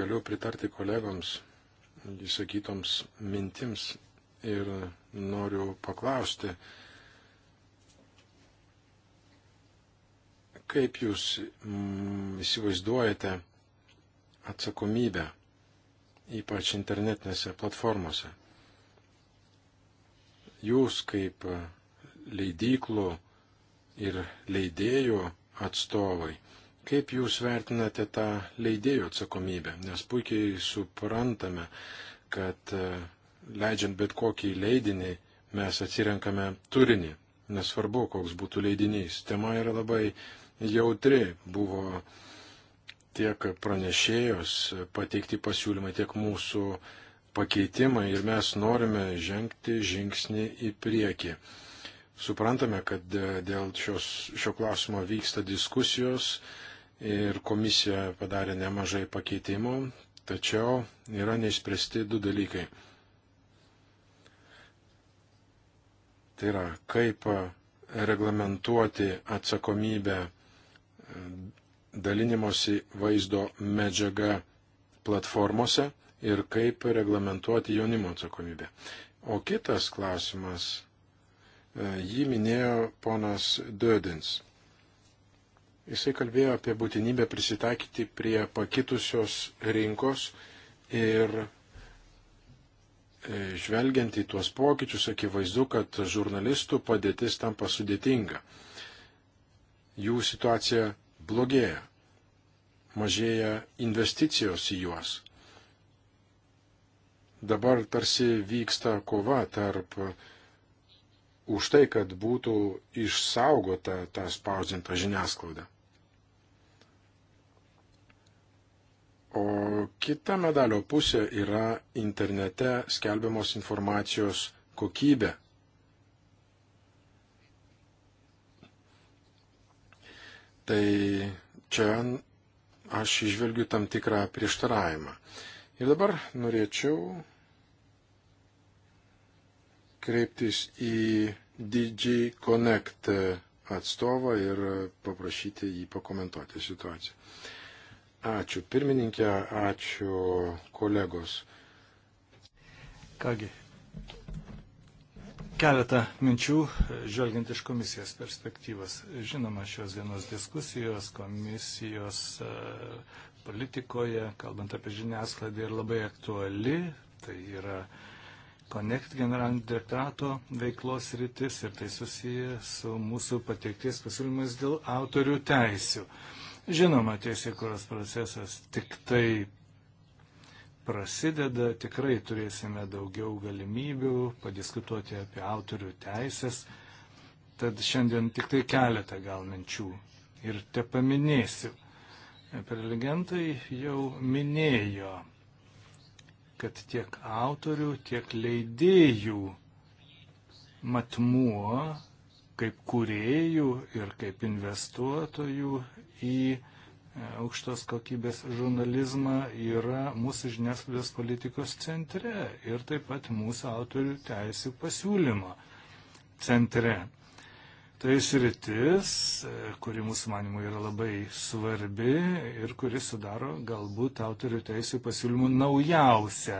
galiu pritarti kolegoms įsakytoms mintims ir noriu paklausti, kaip jūs mm, įsivaizduojate atsakomybę, ypač internetinėse platformose jūs kaip leidyklų ir leidėjų atstovai, kaip jūs vertinate tą leidėjų atsakomybę? Nes puikiai suprantame, kad e, leidžiant bet kokį leidinį mes atsirenkame turinį, nesvarbu, koks būtų leidinys. Tema yra labai jautri, buvo tiek pranešėjos pateikti pasiūlymai, tiek mūsų uh, pakeitimai ir mes norime žengti žingsnį į priekį. Suprantame, kad dėl šios, šio klausimo vyksta diskusijos ir komisija padarė nemažai pakeitimų, tačiau yra neišspręsti du dalykai. Tai yra, kaip reglamentuoti atsakomybę dalinimosi vaizdo medžiaga platformose ir kaip reglamentuoti jaunimo atsakomybę. O kitas klausimas, e, jį minėjo ponas Dödins. Jisai kalbėjo apie būtinybę prisitaikyti prie pakitusios rinkos ir e, žvelgiant į tuos pokyčius, akivaizdu, kad žurnalistų padėtis tampa sudėtinga. Jų situacija blogėja, mažėja investicijos į juos. Dabar tarsi vyksta kova tarp už tai, kad būtų išsaugota ta spausdinta žiniasklaida. O kita medalio pusė yra internete skelbiamos informacijos kokybė. Tai čia aš išvelgiu tam tikrą prieštaravimą. Ir dabar norėčiau kreiptis į DJ Connect atstovą ir paprašyti jį pakomentuoti situaciją. Ačiū pirmininkė, ačiū kolegos. Kągi, keletą minčių, žvelgiant iš komisijos perspektyvos. Žinoma, šios dienos diskusijos komisijos e, politikoje, kalbant apie žiniasklaidą, yra labai aktuali. Tai yra uh, Connect generalinio direktorato veiklos rytis ir tai susiję su mūsų pateikties pasiūlymais dėl autorių teisių. Žinoma, teisėkuros procesas tik tai prasideda, tikrai turėsime daugiau galimybių padiskutuoti apie autorių teisės, tad šiandien tik tai keletą gal minčių ir te paminėsiu. Prelegentai jau minėjo kad tiek autorių, tiek leidėjų matmuo kaip kuriejų ir kaip investuotojų į e, aukštos kokybės žurnalizmą yra mūsų žiniasklaidos politikos centre ir taip pat mūsų autorių teisų pasiūlymo centre. Tai sritis, e, kuri mūsų manimų yra labai svarbi ir kuri sudaro galbūt autorių teisų pasiūlymų naujausią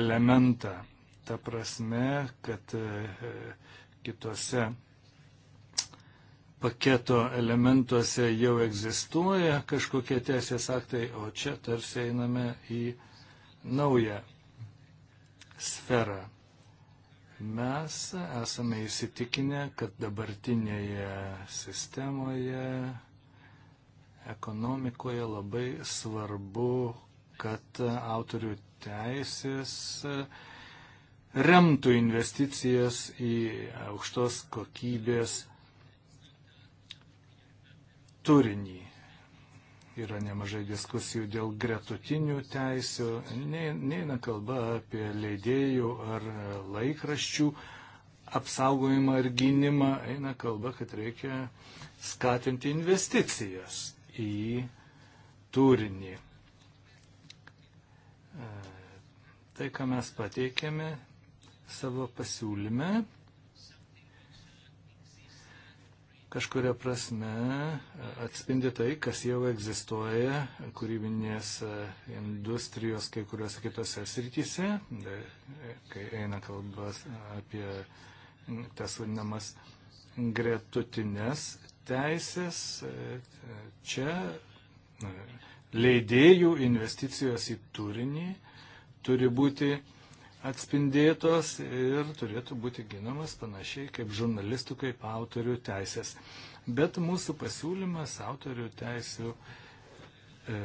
elementą. Ta prasme, kad e, e, kitose paketo elementuose jau egzistuoja kažkokie teisės aktai, o čia tarsi einame į naują sferą. Mes esame įsitikinę, kad dabartinėje sistemoje, ekonomikoje labai svarbu, kad autorių teisės remtų investicijas į aukštos kokybės turinį yra nemažai diskusijų dėl gretutinių teisių, neina kalba apie leidėjų ar e, laikraščių apsaugojimą ar gynimą, eina kalba, kad reikia skatinti investicijas į turinį. E, tai, ką mes pateikėme savo pasiūlyme, kažkuria prasme atspindi tai, kas jau egzistuoja kūrybinės e, industrijos kai kuriuose kitose srityse, e, kai eina kalbas apie tas vadinamas gretutinės teisės. E, čia leidėjų investicijos į turinį turi būti atspindėtos ir turėtų būti ginamas panašiai kaip žurnalistų, kaip autorių teisės. Bet mūsų pasiūlymas autorių teisų e,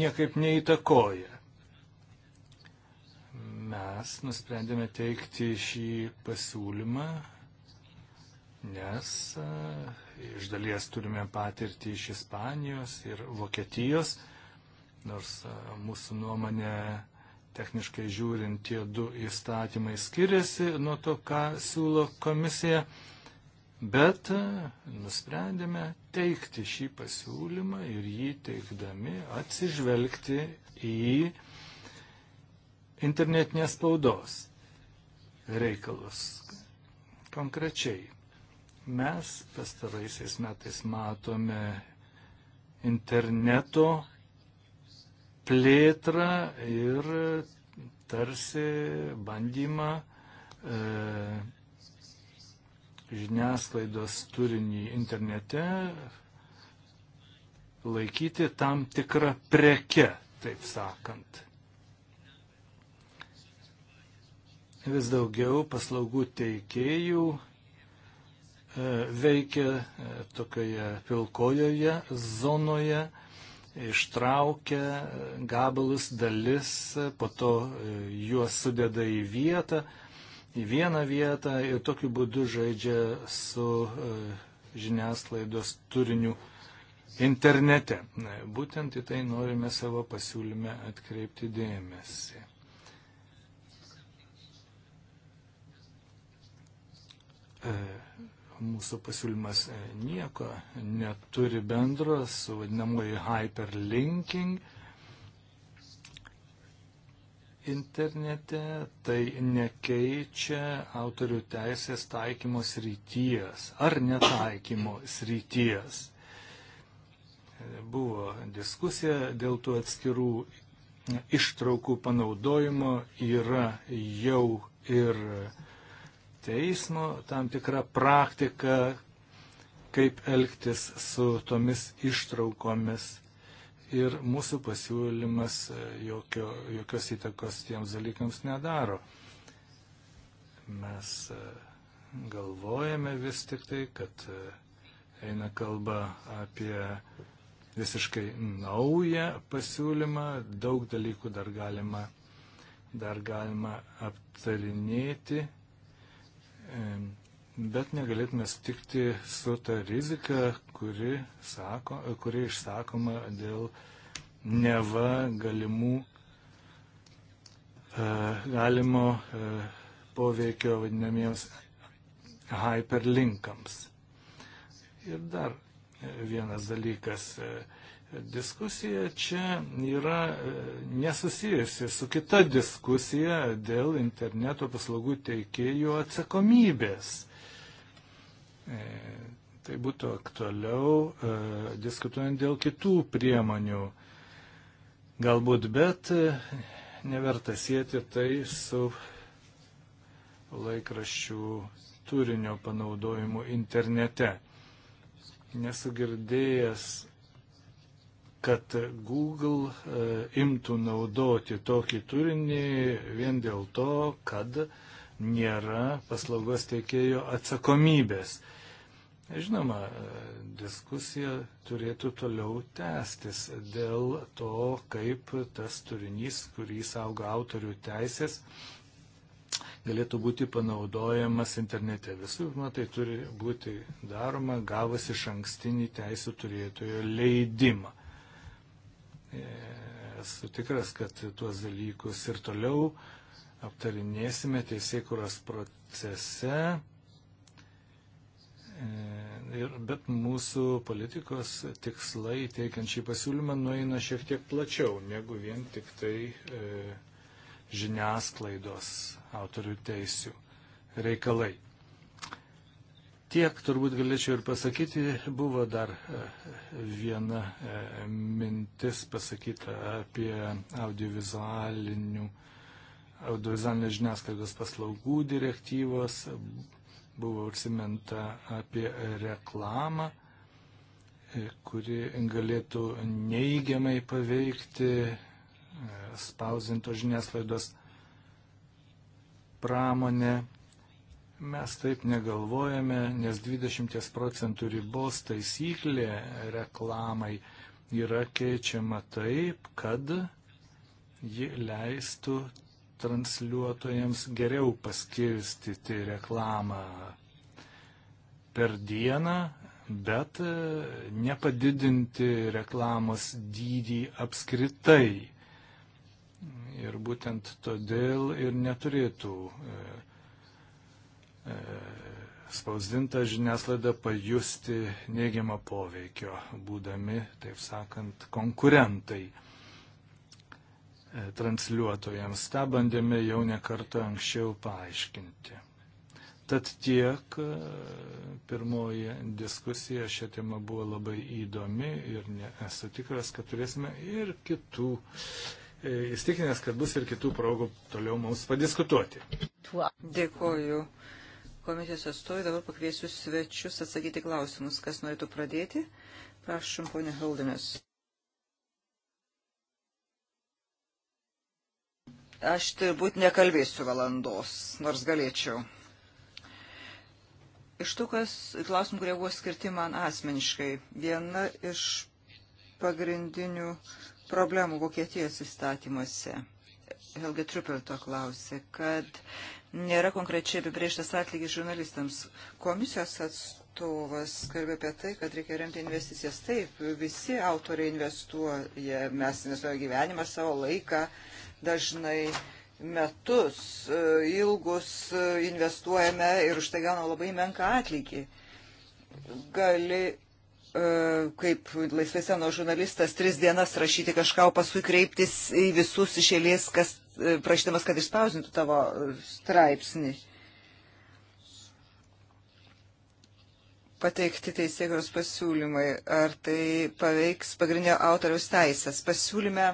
niekaip neįtakoja. Mes nusprendėme teikti šį pasiūlymą, nes e, iš dalies turime patirtį iš Ispanijos ir Vokietijos, nors e, mūsų nuomonė techniškai žiūrint tie du įstatymai skiriasi nuo to, ką siūlo komisija, bet e, nusprendėme teikti šį pasiūlymą ir jį teikdami atsižvelgti į internetinės spaudos reikalus. Konkrečiai, mes pastaraisiais metais matome interneto plėtrą ir tarsi bandymą e, žiniasklaidos turinį internete laikyti tam tikrą preke, taip sakant. Vis daugiau paslaugų teikėjų e, veikia e, tokioje pilkojoje zonoje, ištraukia gabalus, dalis, po to e, juos sudeda į vietą, į vieną vietą ir tokiu būdu žaidžia su e, žiniasklaidos turiniu internete. E, būtent į tai norime savo pasiūlyme atkreipti dėmesį mūsų pasiūlymas e, nieko neturi bendro su vadinamoji hyperlinking internete, tai nekeičia autorių teisės taikymo srities ar netaikymo srities. Buvo diskusija dėl tų atskirų ištraukų panaudojimo, yra jau ir uh, teismo tam tikra praktika, kaip elgtis su tomis ištraukomis. Ir mūsų pasiūlymas e, jokio, jokios įtakos tiems dalykams nedaro. Mes e, galvojame vis tik tai, kad e, eina kalba apie visiškai naują pasiūlymą, daug dalykų dar galima, dar galima aptarinėti bet negalėtume stikti su ta rizika, kuri, sako, kuri išsakoma dėl neva galimų e, galimo e, poveikio vadinamiems hyperlinkams. Ir dar e, vienas dalykas. E, Diskusija čia yra e, nesusijusi su kita diskusija dėl interneto paslaugų teikėjų atsakomybės. E, tai būtų aktualiau e, diskutuojant dėl kitų priemonių. Galbūt, bet neverta sėti tai su laikraščių turinio panaudojimu internete. Nesugirdėjęs kad Google e, imtų naudoti tokį turinį vien dėl to, kad nėra paslaugos teikėjo atsakomybės. Žinoma, e, diskusija turėtų toliau tęstis dėl to, kaip tas turinys, kurį saugo autorių teisės, galėtų būti panaudojamas internete. Visų pirma, tai turi būti daroma gavus iš ankstinį teisų turėtojo leidimą. Esu tikras, kad tuos dalykus ir toliau aptarinėsime teisėkuros procese. E, ir, bet mūsų politikos tikslai teikiant šį pasiūlymą nueina šiek tiek plačiau negu vien tik tai e, žiniasklaidos autorių teisių reikalai. Tiek turbūt galėčiau ir pasakyti, buvo dar e, viena e, mintis pasakyta apie audiovizualinių, audiovizualinės žiniasklaidos paslaugų direktyvos, buvo užsiminta apie reklamą, e, kuri galėtų neigiamai paveikti spausintos žiniasklaidos pramonę Mes taip negalvojame, nes 20 procentų ribos taisyklė reklamai yra keičiama taip, kad ji leistų transliuotojams geriau paskirstyti reklamą per dieną, bet nepadidinti reklamos dydį apskritai. Ir būtent todėl ir neturėtų e, E, spausdinta žiniaslaida pajusti neigiamą poveikio, būdami, taip sakant, konkurentai e, transliuotojams. Ta bandėme jau nekartą anksčiau paaiškinti. Tad tiek e, pirmoji diskusija šią temą buvo labai įdomi ir ne, esu tikras, kad turėsime ir kitų, įstikinęs, kad bus ir kitų progų toliau mums padiskutuoti. Dėkuoju komisijos atstovai. Dabar pakviesiu svečius atsakyti klausimus. Kas norėtų pradėti? Prašom, ponė Haldinas. Aš turbūt nekalbėsiu valandos, nors galėčiau. Iš tų klausimų, kurie buvo skirti man asmeniškai, viena iš pagrindinių problemų Vokietijos įstatymuose. Helge Trupelto klausė, kad nėra konkrečiai apibrėžtas atlygis žurnalistams. Komisijos atstovas kalbė apie tai, kad reikia remti investicijas. Taip, visi autoriai investuoja, mes investuojame gyvenimą, savo laiką, dažnai metus e, ilgus e, investuojame ir už tai gauname labai menką atlygį. Gali e, kaip laisvai seno žurnalistas tris dienas rašyti kažką, o paskui kreiptis į visus išėlės, kas prašydamas, kad išspausintų tavo straipsnį. Pateikti teisėkos pasiūlymai, ar tai paveiks pagrindinio autoriaus teisės. Pasiūlyme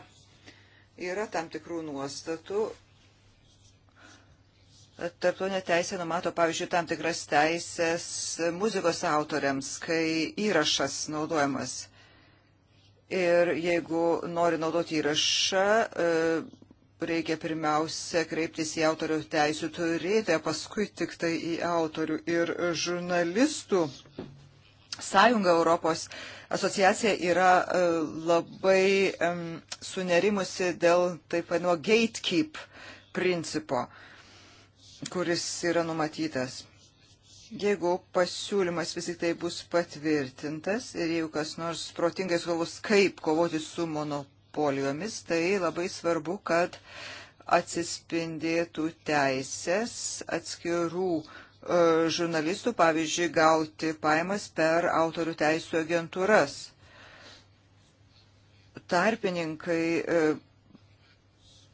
yra tam tikrų nuostatų. Tarptautinė teisė numato, pavyzdžiui, tam tikras teisės muzikos autoriams, kai įrašas naudojamas. Ir jeigu nori naudoti įrašą, reikia pirmiausia kreiptis į autorių teisų turėtoją, paskui tik tai į autorių ir žurnalistų. Sąjunga Europos asociacija yra e, labai sunerimusi dėl taip vadinamo gatekeep principo, kuris yra numatytas. Jeigu pasiūlymas vis tik tai bus patvirtintas ir jeigu kas nors protingai sugalvos, kaip kovoti su monopoliu, monopolijomis, tai labai svarbu, kad atsispindėtų teisės atskirų e, žurnalistų, pavyzdžiui, gauti paimas per autorių teisų agentūras. Tarpininkai e,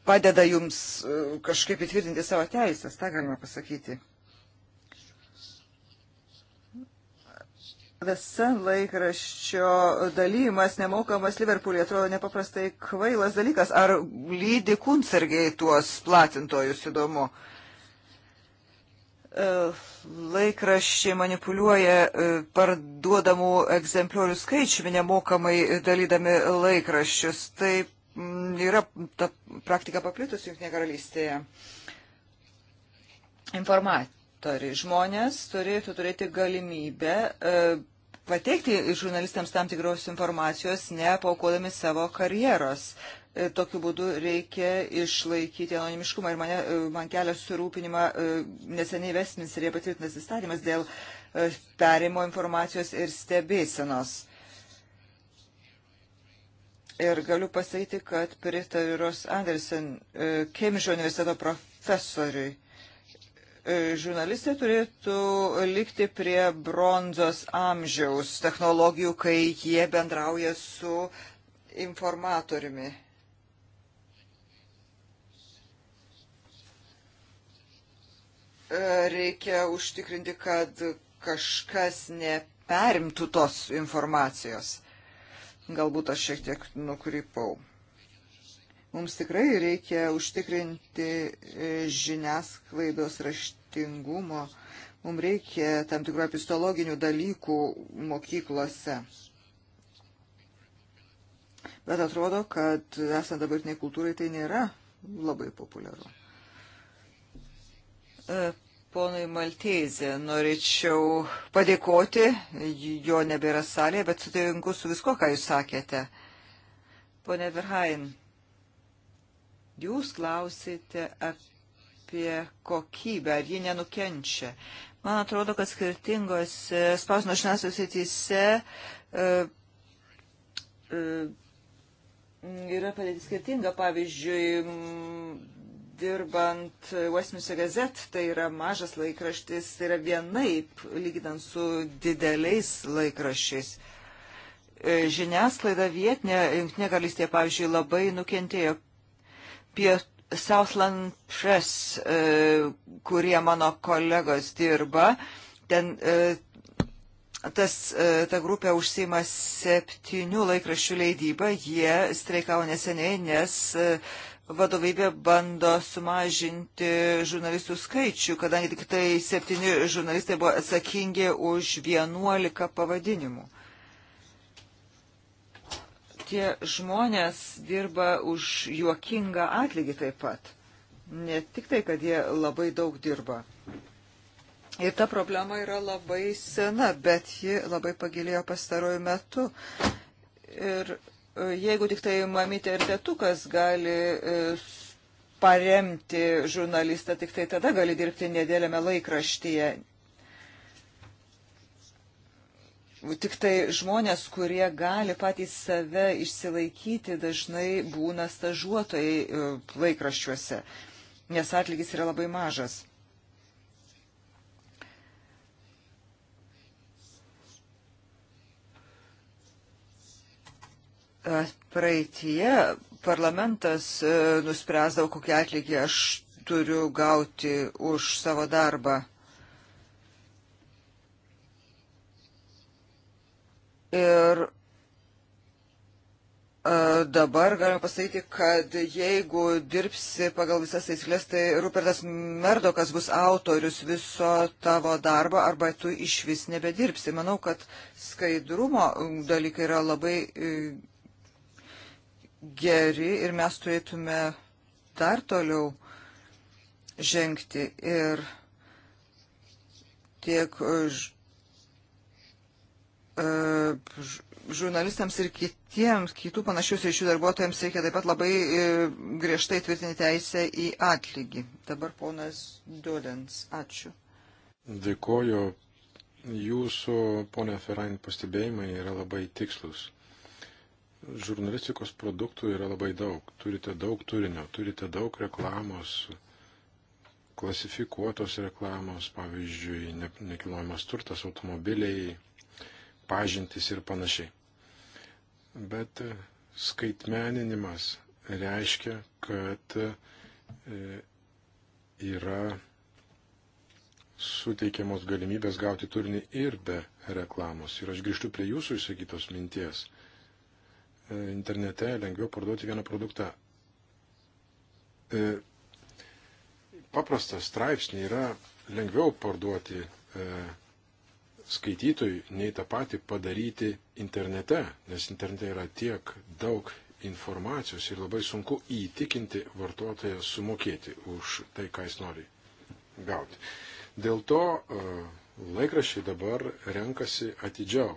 padeda jums e, kažkaip įtvirtinti savo teisės, tą galima pasakyti. Visa laikraščio dalymas nemokamas Liverpoolį atrodo nepaprastai kvailas dalykas. Ar lydi kunsargiai tuos platintojus įdomu? E, laikraščiai manipuliuoja e, parduodamų egzempliorių skaičiumi nemokamai dalydami laikraščius. Tai mm, yra ta praktika paplitus Junktinė karalystėje. Informat, notari. Žmonės turėtų turėti galimybę e, pateikti žurnalistams tam tikros informacijos, nepaukodami savo karjeros. E, tokiu būdu reikia išlaikyti anonimiškumą ir mane, e, man kelia surūpinimą neseniai Vestminsterėje patvirtinas įstatymas dėl perimo informacijos ir stebėsenos. Ir galiu pasakyti, kad pritariu Ros Andersen, Kemžio universiteto profesoriui E, žurnalistė turėtų likti prie bronzos amžiaus technologijų, kai jie bendrauja su informatoriumi. E, reikia užtikrinti, kad kažkas neperimtų tos informacijos. Galbūt aš šiek tiek nukrypau. Mums tikrai reikia užtikrinti e, žiniasklaidos raštingumo. Mums reikia tam tikrų epistologinių dalykų mokyklose. Bet atrodo, kad esant dabartiniai kultūrai tai nėra labai populiaru. E, ponui Maltėzė, norėčiau padėkoti, jo nebėra salėje, bet sutinku su visko, ką jūs sakėte. Pone Verhain, Jūs klausite apie kokybę, ar ji nenukenčia. Man atrodo, kad skirtingose spausino žiniasklaidos srityse uh, uh, yra padėtis skirtinga. Pavyzdžiui, dirbant Westminster Gazette, tai yra mažas laikraštis, tai yra vienaip, lyginant su dideliais laikraščiais. E, žiniasklaida vietinė, jungtinė karalystė, pavyzdžiui, labai nukentėjo Piet, Southland Press, e, kurie mano kolegos dirba, ten e, tas, e, ta grupė užsima septynių laikraščių leidybą, jie streikavo neseniai, nes vadovybė bando sumažinti žurnalistų skaičių, kadangi tik tai septyni žurnalistai buvo atsakingi už vienuolika pavadinimų tie žmonės dirba už juokingą atlygį taip pat. Ne tik tai, kad jie labai daug dirba. Ir ta problema yra labai sena, bet ji labai pagilėjo pastaruoju metu. Ir e, jeigu tik tai mamytė ir tėtukas gali e, paremti žurnalistą, tik tai tada gali dirbti nedėlėme laikraštyje. Tik tai žmonės, kurie gali patys save išsilaikyti, dažnai būna stažuotojai e, laikraščiuose, nes atlygis yra labai mažas. Praeitie parlamentas e, nuspręsdavo, kokį atlygį aš turiu gauti už savo darbą. Ir e, dabar galima pasakyti, kad jeigu dirbsi pagal visas taisyklės, tai Rupertas Merdokas bus autorius viso tavo darbo arba tu iš vis nebedirbsi. Manau, kad skaidrumo dalykai yra labai e, geri ir mes turėtume dar toliau žengti ir tiek E, žurnalistams ir kitiems, kitų panašių sričių darbuotojams reikia taip pat labai e, griežtai tvirtinti teisę į atlygį. Dabar ponas Dodens, ačiū. Dėkoju. Jūsų, ponė Ferain, pastebėjimai yra labai tikslus. Žurnalistikos produktų yra labai daug. Turite daug turinio, turite daug reklamos, klasifikuotos reklamos, pavyzdžiui, nekilnojamas turtas, automobiliai, pažintis ir panašiai. Bet e, skaitmeninimas reiškia, kad e, yra suteikiamos galimybės gauti turinį ir be reklamos. Ir aš grįžtu prie jūsų išsakytos minties. E, internete lengviau parduoti vieną produktą. Paprastą straipsnį yra lengviau parduoti skaitytojui, nei tą patį padaryti internete, nes internete yra tiek daug informacijos ir labai sunku įtikinti vartotoją sumokėti už tai, ką jis nori gauti. Dėl to e, laikrašiai dabar renkasi atidžiau.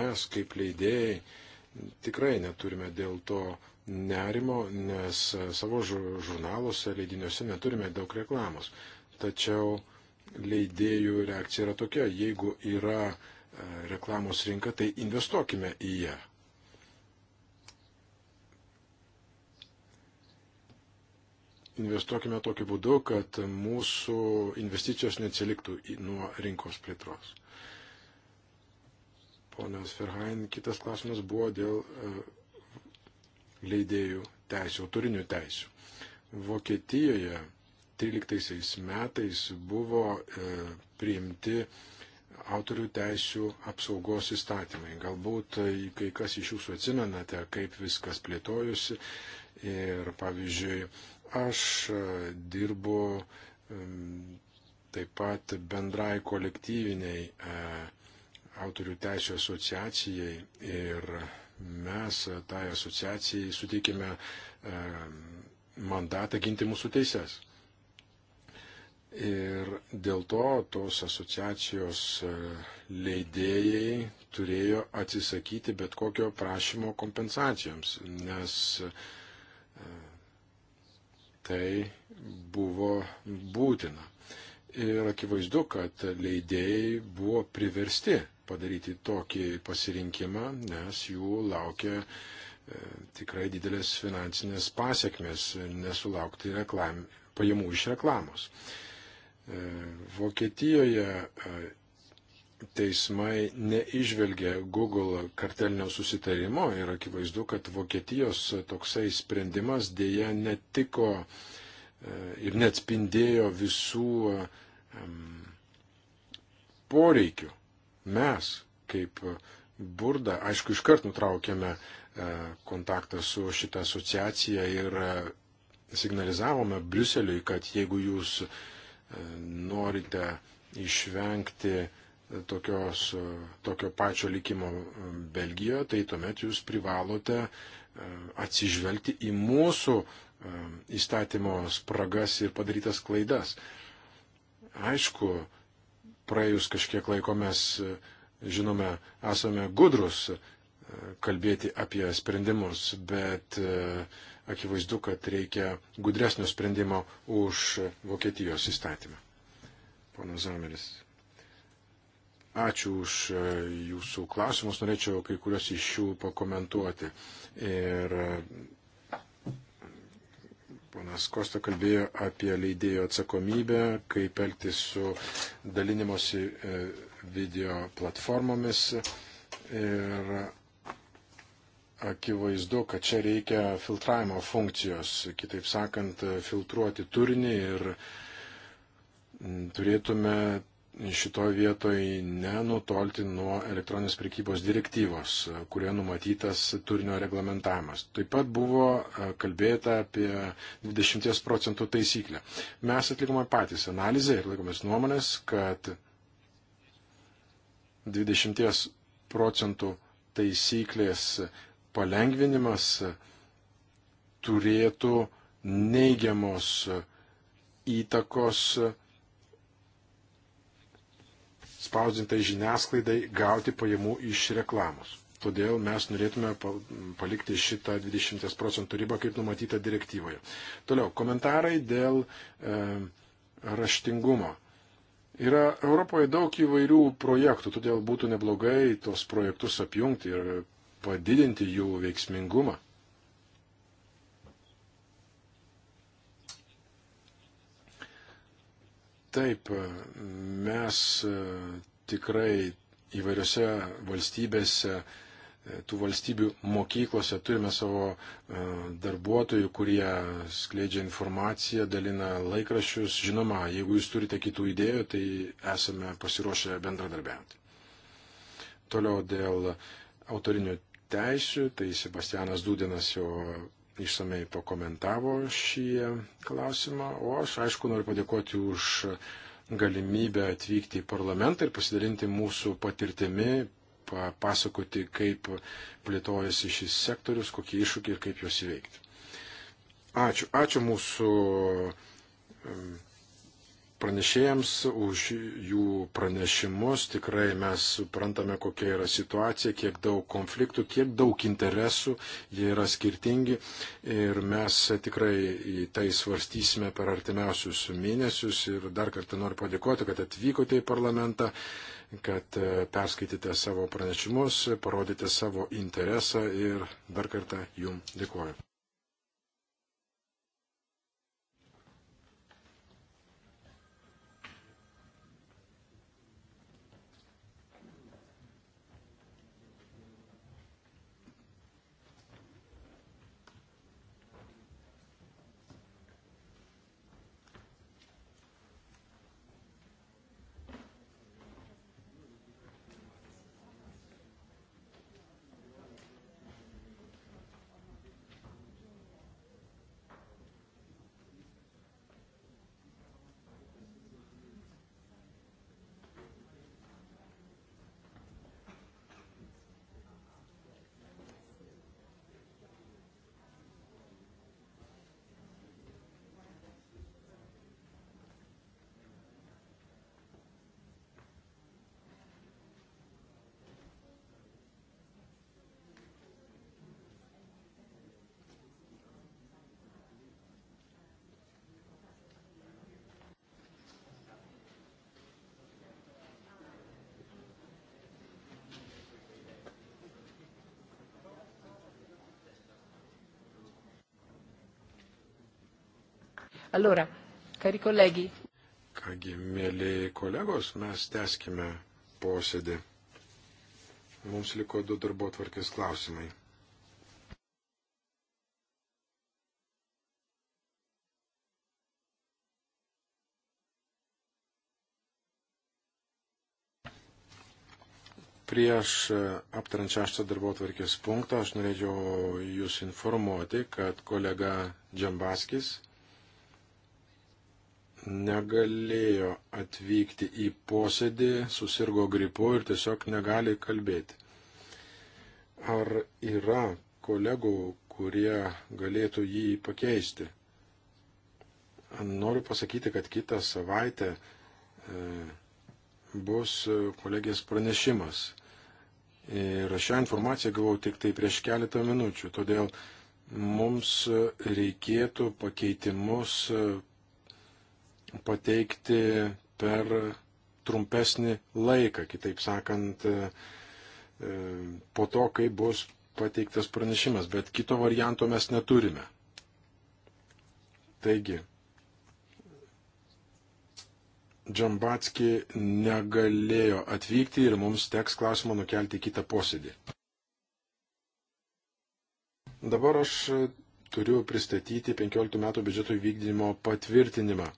Mes kaip leidėjai tikrai neturime dėl to nerimo, nes savo žurnaluose, leidiniuose neturime daug reklamos. Tačiau leidėjų reakcija yra tokia, jeigu yra e, reklamos rinka, tai investuokime į ją. Investuokime tokiu būdu, kad mūsų investicijos neatsiliktų nuo rinkos plėtros. Ponas Ferhain, kitas klausimas buvo dėl e, leidėjų teisų, autorinių teisų. Vokietijoje 2013 metais buvo e, priimti autorių teisų apsaugos įstatymai. Galbūt e, kai kas iš jūsų atsimenate, kaip viskas plėtojusi. Ir pavyzdžiui, aš e, dirbu taip pat bendrai kolektyviniai autorių teisų asociacijai ir mes tai asociacijai suteikėme mandatą ginti mūsų teises. Ir dėl to tos asociacijos e, leidėjai turėjo atsisakyti bet kokio prašymo kompensacijoms, nes e, tai buvo būtina. Ir akivaizdu, kad leidėjai buvo priversti padaryti tokį pasirinkimą, nes jų laukia e, tikrai didelės finansinės pasiekmes nesulaukti reklam, pajamų iš reklamos. E, Vokietijoje e, teismai neižvelgia Google kartelinio susitarimo ir akivaizdu, kad Vokietijos toksai sprendimas dėja netiko e, ir neatspindėjo visų poreikių. Mes, kaip burda, aišku, iškart nutraukėme kontaktą su šitą asociaciją ir signalizavome Briuseliui, kad jeigu jūs norite išvengti tokios, tokio pačio likimo Belgijoje, tai tuomet jūs privalote e, atsižvelgti į mūsų e, įstatymo spragas ir padarytas klaidas. Aišku, praėjus kažkiek laiko mes, e, žinome, esame gudrus kalbėti apie sprendimus, bet uh, akivaizdu, kad reikia gudresnio sprendimo už Vokietijos įstatymą. Pana Zameris. Ačiū už e, jūsų klausimus. Norėčiau kai kurios iš jų pakomentuoti. Ir e, Ponas Kosta kalbėjo apie leidėjo atsakomybę, kaip elgtis su dalinimosi e, video platformomis ir akivaizdu, kad čia reikia filtravimo funkcijos, kitaip sakant, filtruoti turinį ir mm, turėtume šitoje vietoje nenutolti nuo elektroninės prekybos direktyvos, kurioje numatytas turinio reglamentavimas. Taip pat buvo e, kalbėta apie 20 procentų taisyklę. Mes atlikome patys analizę ir laikomės nuomonės, kad 20 procentų taisyklės palengvinimas turėtų neigiamos įtakos spausdintai žiniasklaidai gauti pajamų iš reklamos. Todėl mes norėtume palikti šitą 20 procentų ribą, kaip numatyta direktyvoje. Toliau, komentarai dėl e, raštingumo. Yra Europoje daug įvairių projektų, todėl būtų neblogai tos projektus apjungti ir padidinti jų veiksmingumą. Taip, mes e, tikrai įvairiose valstybėse, e, tų valstybių mokyklose turime savo e, darbuotojų, kurie skleidžia informaciją, dalina laikrašius. Žinoma, jeigu jūs turite kitų idėjų, tai esame pasiruošę bendradarbiauti. Toliau dėl autorinių teisių, tai Sebastianas Dūdinas jau išsamei pakomentavo šį klausimą, o aš aišku noriu padėkoti už galimybę atvykti į parlamentą ir pasidalinti mūsų patirtimi, papasakoti, kaip plėtojasi šis sektorius, kokie iššūkiai ir kaip juos įveikti. Ačiū. Ačiū mūsų pranešėjams už jų pranešimus. Tikrai mes suprantame, kokia yra situacija, kiek daug konfliktų, kiek daug interesų, jie yra skirtingi ir mes tikrai į tai svarstysime per artimiausius mėnesius ir dar kartą noriu padėkoti, kad atvykote į parlamentą kad e, perskaitėte savo pranešimus, parodėte savo interesą ir dar kartą jum dėkuoju. Allora, cari colleghi. Kągi, mėly kolegos, mes teskime posėdį. Mums liko du darbo tvarkės klausimai. prieš e, aptarant šeštą darbo tvarkės punktą aš norėčiau Jūs informuoti, kad kolega Džambaskis negalėjo atvykti į posėdį, susirgo gripu ir tiesiog negali kalbėti. Ar yra kolegų, kurie galėtų jį pakeisti? Noriu pasakyti, kad kitą savaitę e, bus e, kolegės pranešimas. Ir šią informaciją gavau tik tai prieš keletą minučių, todėl mums reikėtų pakeitimus e, pateikti per trumpesnį laiką, kitaip sakant, e, e, po to, kai bus pateiktas pranešimas, bet kito varianto mes neturime. Taigi, Džambatski negalėjo atvykti ir mums teks klausimą nukelti į kitą posėdį. Dabar aš turiu pristatyti 15 metų biudžeto įvykdymo patvirtinimą.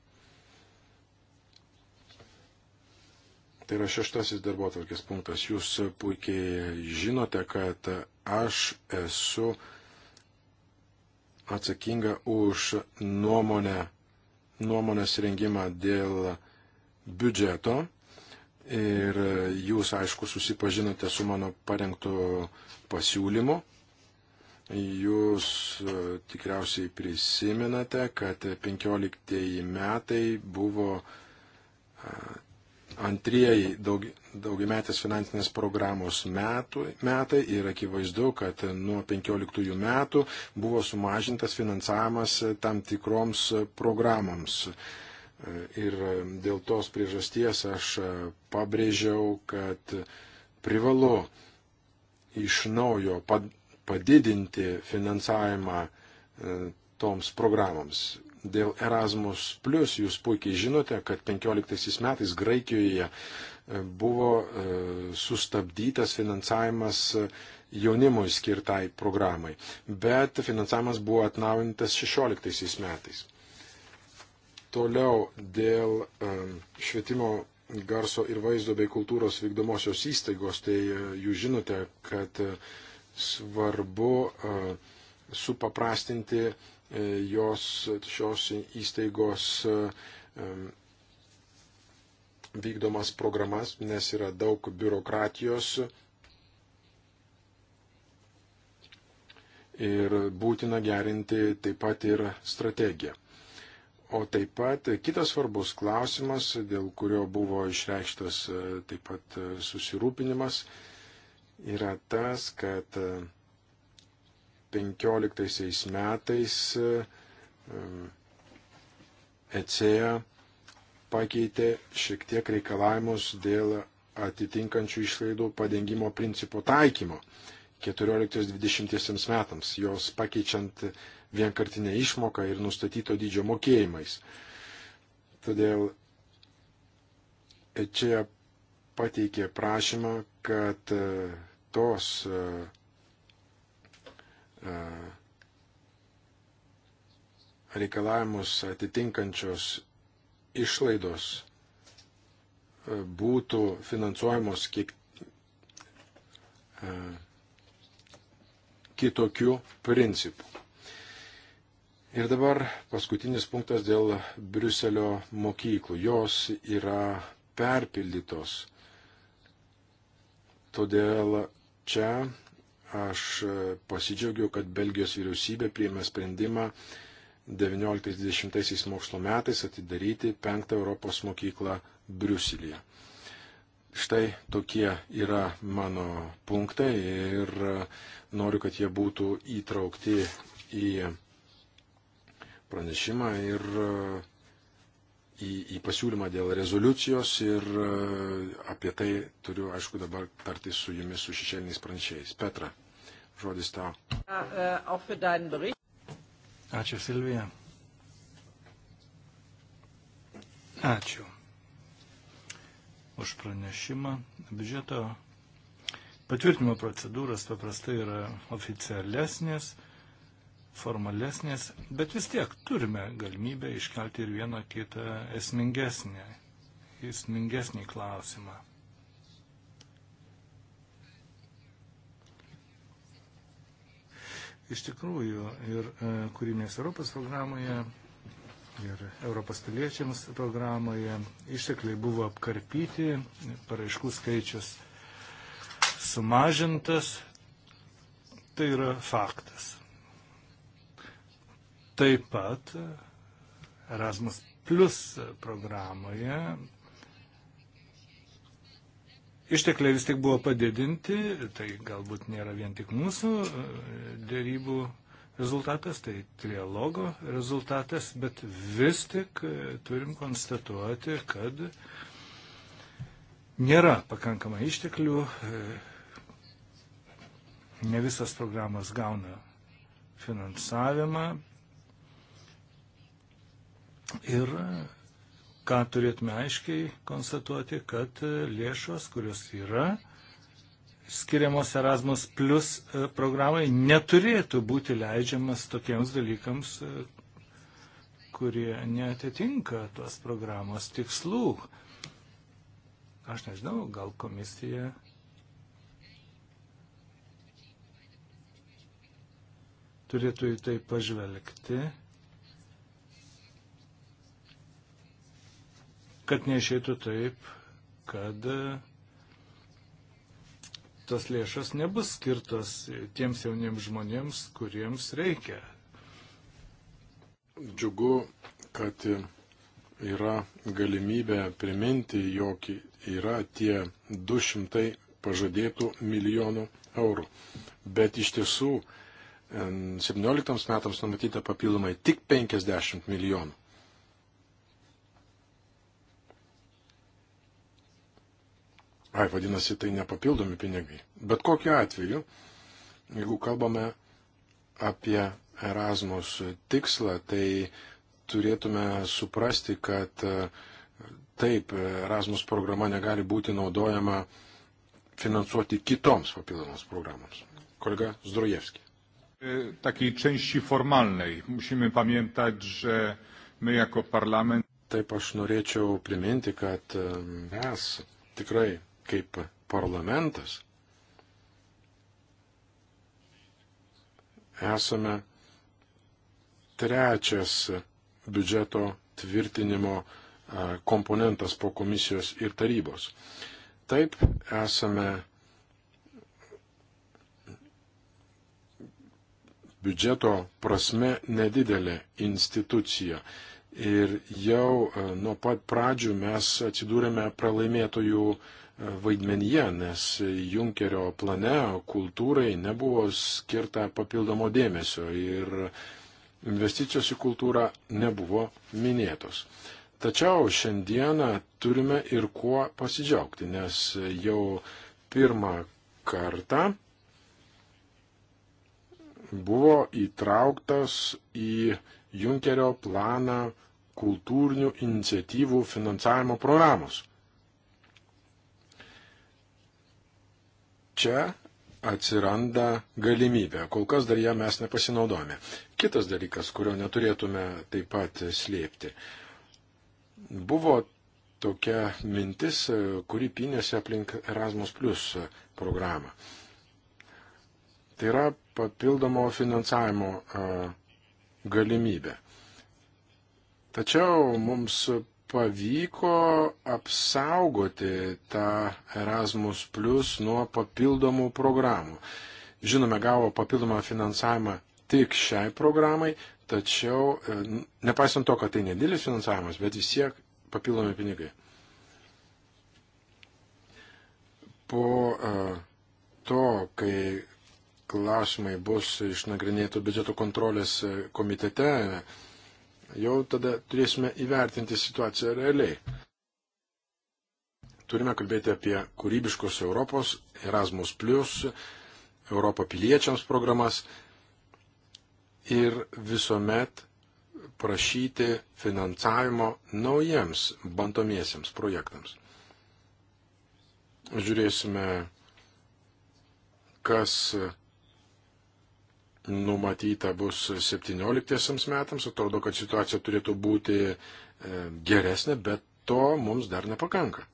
Tai yra šeštasis darbo atvarkės punktas. Jūs puikiai žinote, kad aš esu atsakinga už nuomonę, nuomonės rengimą dėl biudžeto. Ir jūs, aišku, susipažinote su mano parengtu pasiūlymu. Jūs e, tikriausiai prisimenate, kad 15 metai buvo e, antrieji daug, daugiametės finansinės programos metų, metai ir akivaizdu, kad nuo 15 metų buvo sumažintas finansavimas tam tikroms programoms. Ir dėl tos priežasties aš pabrėžiau, kad privalu iš naujo padidinti finansavimą e, toms programoms. Dėl Erasmus, Plus, jūs puikiai žinote, kad 15 metais Graikijoje e, buvo e, sustabdytas finansavimas e, jaunimui skirtai programai, bet finansavimas buvo atnaujintas 16 metais. Toliau dėl švietimo garso ir vaizdo bei kultūros vykdomosios įstaigos, tai jūs žinote, kad svarbu supaprastinti E, jos šios įstaigos e, e, vykdomas programas, nes yra daug biurokratijos ir būtina gerinti taip pat ir strategiją. O taip pat kitas svarbus klausimas, dėl kurio buvo išreikštas taip pat susirūpinimas, yra tas, kad 15 metais ECEA pakeitė šiek tiek reikalavimus dėl atitinkančių išlaidų padengimo principo taikymo 14-20 metams, jos pakeičiant vienkartinę išmoką ir nustatyto dydžio mokėjimais. Todėl čia pateikė prašymą, kad e, tos e, reikalavimus atitinkančios išlaidos būtų finansuojamos kiek kitokių principų. Ir dabar paskutinis punktas dėl Briuselio mokyklų. Jos yra perpildytos. Todėl čia Aš e, pasidžiaugiu, kad Belgijos vyriausybė priėmė sprendimą 19-20 mokslo metais atidaryti penktą Europos mokyklą Briuselėje. Štai tokie yra mano punktai ir e, noriu, kad jie būtų įtraukti į pranešimą ir e, į, į pasiūlymą dėl rezoliucijos ir apie tai turiu, aišku, dabar tartis su jumis, su šešėliniais pranešėjais. Petra. Žodis tau. Äh, Ačiū, Silvija. Ačiū už pranešimą. Biudžeto patvirtinimo procedūros paprastai yra oficialesnės, formalesnės, bet vis tiek turime galimybę iškelti ir vieną kitą esmingesnį, esmingesnį klausimą. Iš tikrųjų, ir e, kūrybinės Europos programoje, ir Europos piliečiams programoje ištekliai buvo apkarpyti, paraiškų skaičius sumažintas. Tai yra faktas. Taip pat Erasmus Plus programoje Ištekliai vis tik buvo padidinti, tai galbūt nėra vien tik mūsų e, dėrybų rezultatas, tai trialogo rezultatas, bet vis tik e, turim konstatuoti, kad nėra pakankamai išteklių, e, ne visas programas gauna finansavimą ir ką turėtume aiškiai konstatuoti, kad e, lėšos, kurios yra skiriamos Erasmus Plus e, programai, neturėtų būti leidžiamas tokiems dalykams, e, kurie netitinka tos programos tikslų. Aš nežinau, gal komisija turėtų į tai pažvelgti. kad neišėtų taip, kad e, tas lėšas nebus skirtas tiems jauniems žmonėms, kuriems reikia. Džiugu, kad yra galimybė priminti, jog yra tie 200 pažadėtų milijonų eurų. Bet iš tiesų 17 metams numatyta papildomai tik 50 milijonų. Ai, vadinasi, tai nepapildomi pinigai. Bet kokiu atveju, jeigu kalbame apie Erasmus tikslą, tai turėtume suprasti, kad e, taip, Erasmus programa negali būti naudojama finansuoti kitoms papildomoms programoms. Kolega Zdrojewski. E, takiej części formalnej. Musimy pamiętać, że my jako parlament. Taip aš norėčiau priminti, kad e, mes tikrai kaip parlamentas esame trečias biudžeto tvirtinimo komponentas po komisijos ir tarybos. Taip esame biudžeto prasme nedidelė institucija. Ir jau nuo pat pradžių mes atsidūrėme pralaimėtojų uh, vaidmenyje, nes Junkerio plane kultūrai nebuvo skirta papildomo dėmesio ir investicijos į kultūrą nebuvo minėtos. Tačiau šiandieną turime ir kuo pasidžiaugti, nes jau pirmą kartą buvo įtrauktas į Junkerio planą kultūrinių iniciatyvų finansavimo programos. čia atsiranda galimybė. Kol kas dar ją mes nepasinaudojame. Kitas dalykas, kurio neturėtume taip pat slėpti. Buvo tokia mintis, kuri pinėsi aplink Erasmus Plus programą. Tai yra papildomo finansavimo galimybė. Tačiau mums pavyko apsaugoti tą Erasmus Plus nuo papildomų programų. Žinome, gavo papildomą finansavimą tik šiai programai, tačiau e, nepaisant to, kad tai nedėlis finansavimas, bet vis tiek papildomi pinigai. Po e, to, kai klausimai bus išnagrinėto biudžeto kontrolės e, komitete, Jau tada turėsime įvertinti situaciją realiai. Turime kalbėti apie kūrybiškos Europos, Erasmus, Europą piliečiams programas ir visuomet prašyti finansavimo naujiems bandomiesiems projektams. Žiūrėsime, kas numatyta bus 17 metams. Atrodo, kad situacija turėtų būti e, geresnė, bet to mums dar nepakanka.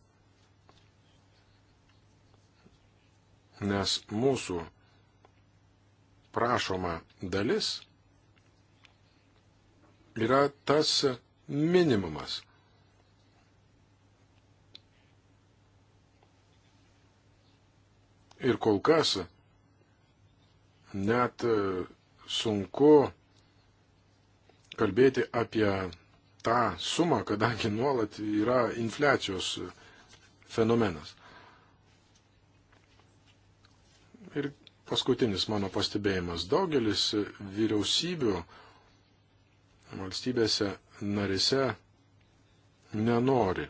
Nes mūsų prašoma dalis yra tas minimumas. Ir kol kas net e, sunku kalbėti apie tą sumą, kadangi nuolat yra infliacijos fenomenas. Ir paskutinis mano pastebėjimas. Daugelis vyriausybių valstybėse narise nenori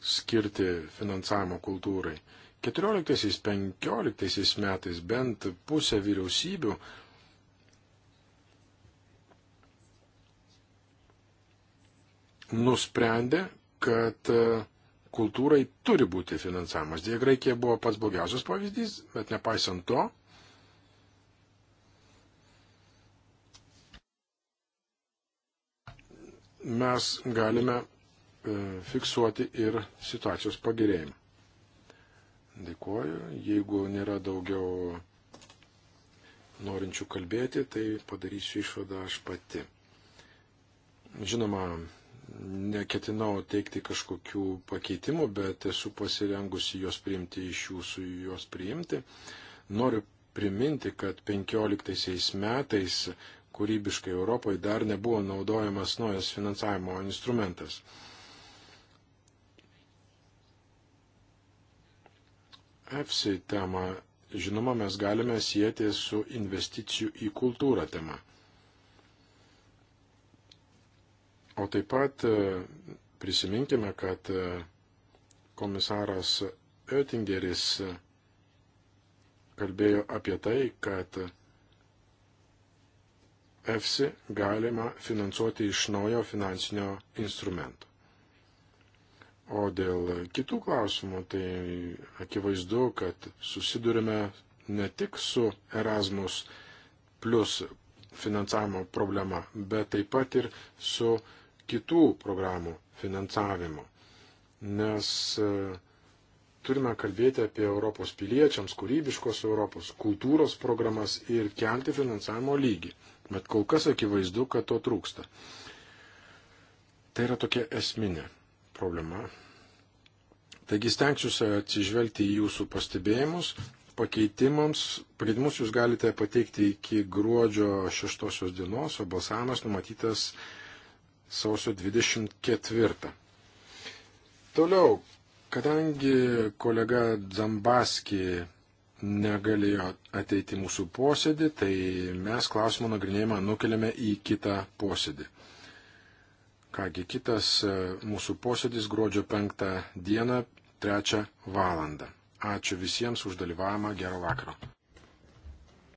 skirti finansavimo kultūrai. 14-15 metais bent pusė vyriausybių nusprendė, kad e, kultūrai turi būti finansavimas. Dėja, Graikija buvo pats blogiausias pavyzdys, bet nepaisant to, mes galime e, fiksuoti ir situacijos pagerėjimą. Dėkuoju. Jeigu nėra daugiau norinčių kalbėti, tai padarysiu išvadą aš pati. Žinoma, neketinau teikti kažkokių pakeitimų, bet esu pasirengusi juos priimti iš jūsų, juos priimti. Noriu priminti, kad 15 metais kūrybiškai Europoje dar nebuvo naudojamas naujas finansavimo instrumentas. EFSI temą, žinoma, mes galime sieti su investicijų į kultūrą tema. O taip pat e, prisiminkime, kad e, komisaras Oettingeris e, kalbėjo apie tai, kad EFSI galima finansuoti iš naujo finansinio instrumento. O dėl kitų klausimų, tai akivaizdu, kad susidurime ne tik su Erasmus plus finansavimo problema, bet taip pat ir su kitų programų finansavimu. Nes e, turime kalbėti apie Europos piliečiams, kūrybiškos Europos, kultūros programas ir kelti finansavimo lygį. Bet kol kas akivaizdu, kad to trūksta. Tai yra tokia esminė problema. Taigi stengsiuosi atsižvelgti į jūsų pastebėjimus. Pakeitimams, pakeitimus jūs galite pateikti iki gruodžio 6 dienos, o balsavimas numatytas sausio 24. Toliau, kadangi kolega Zambaski negalėjo ateiti mūsų posėdį, tai mes klausimą nagrinėjimą nukeliame į kitą posėdį. Kągi kitas e, mūsų posėdis gruodžio 5 dieną, 3 valandą. Ačiū visiems už dalyvavimą, gero vakaro.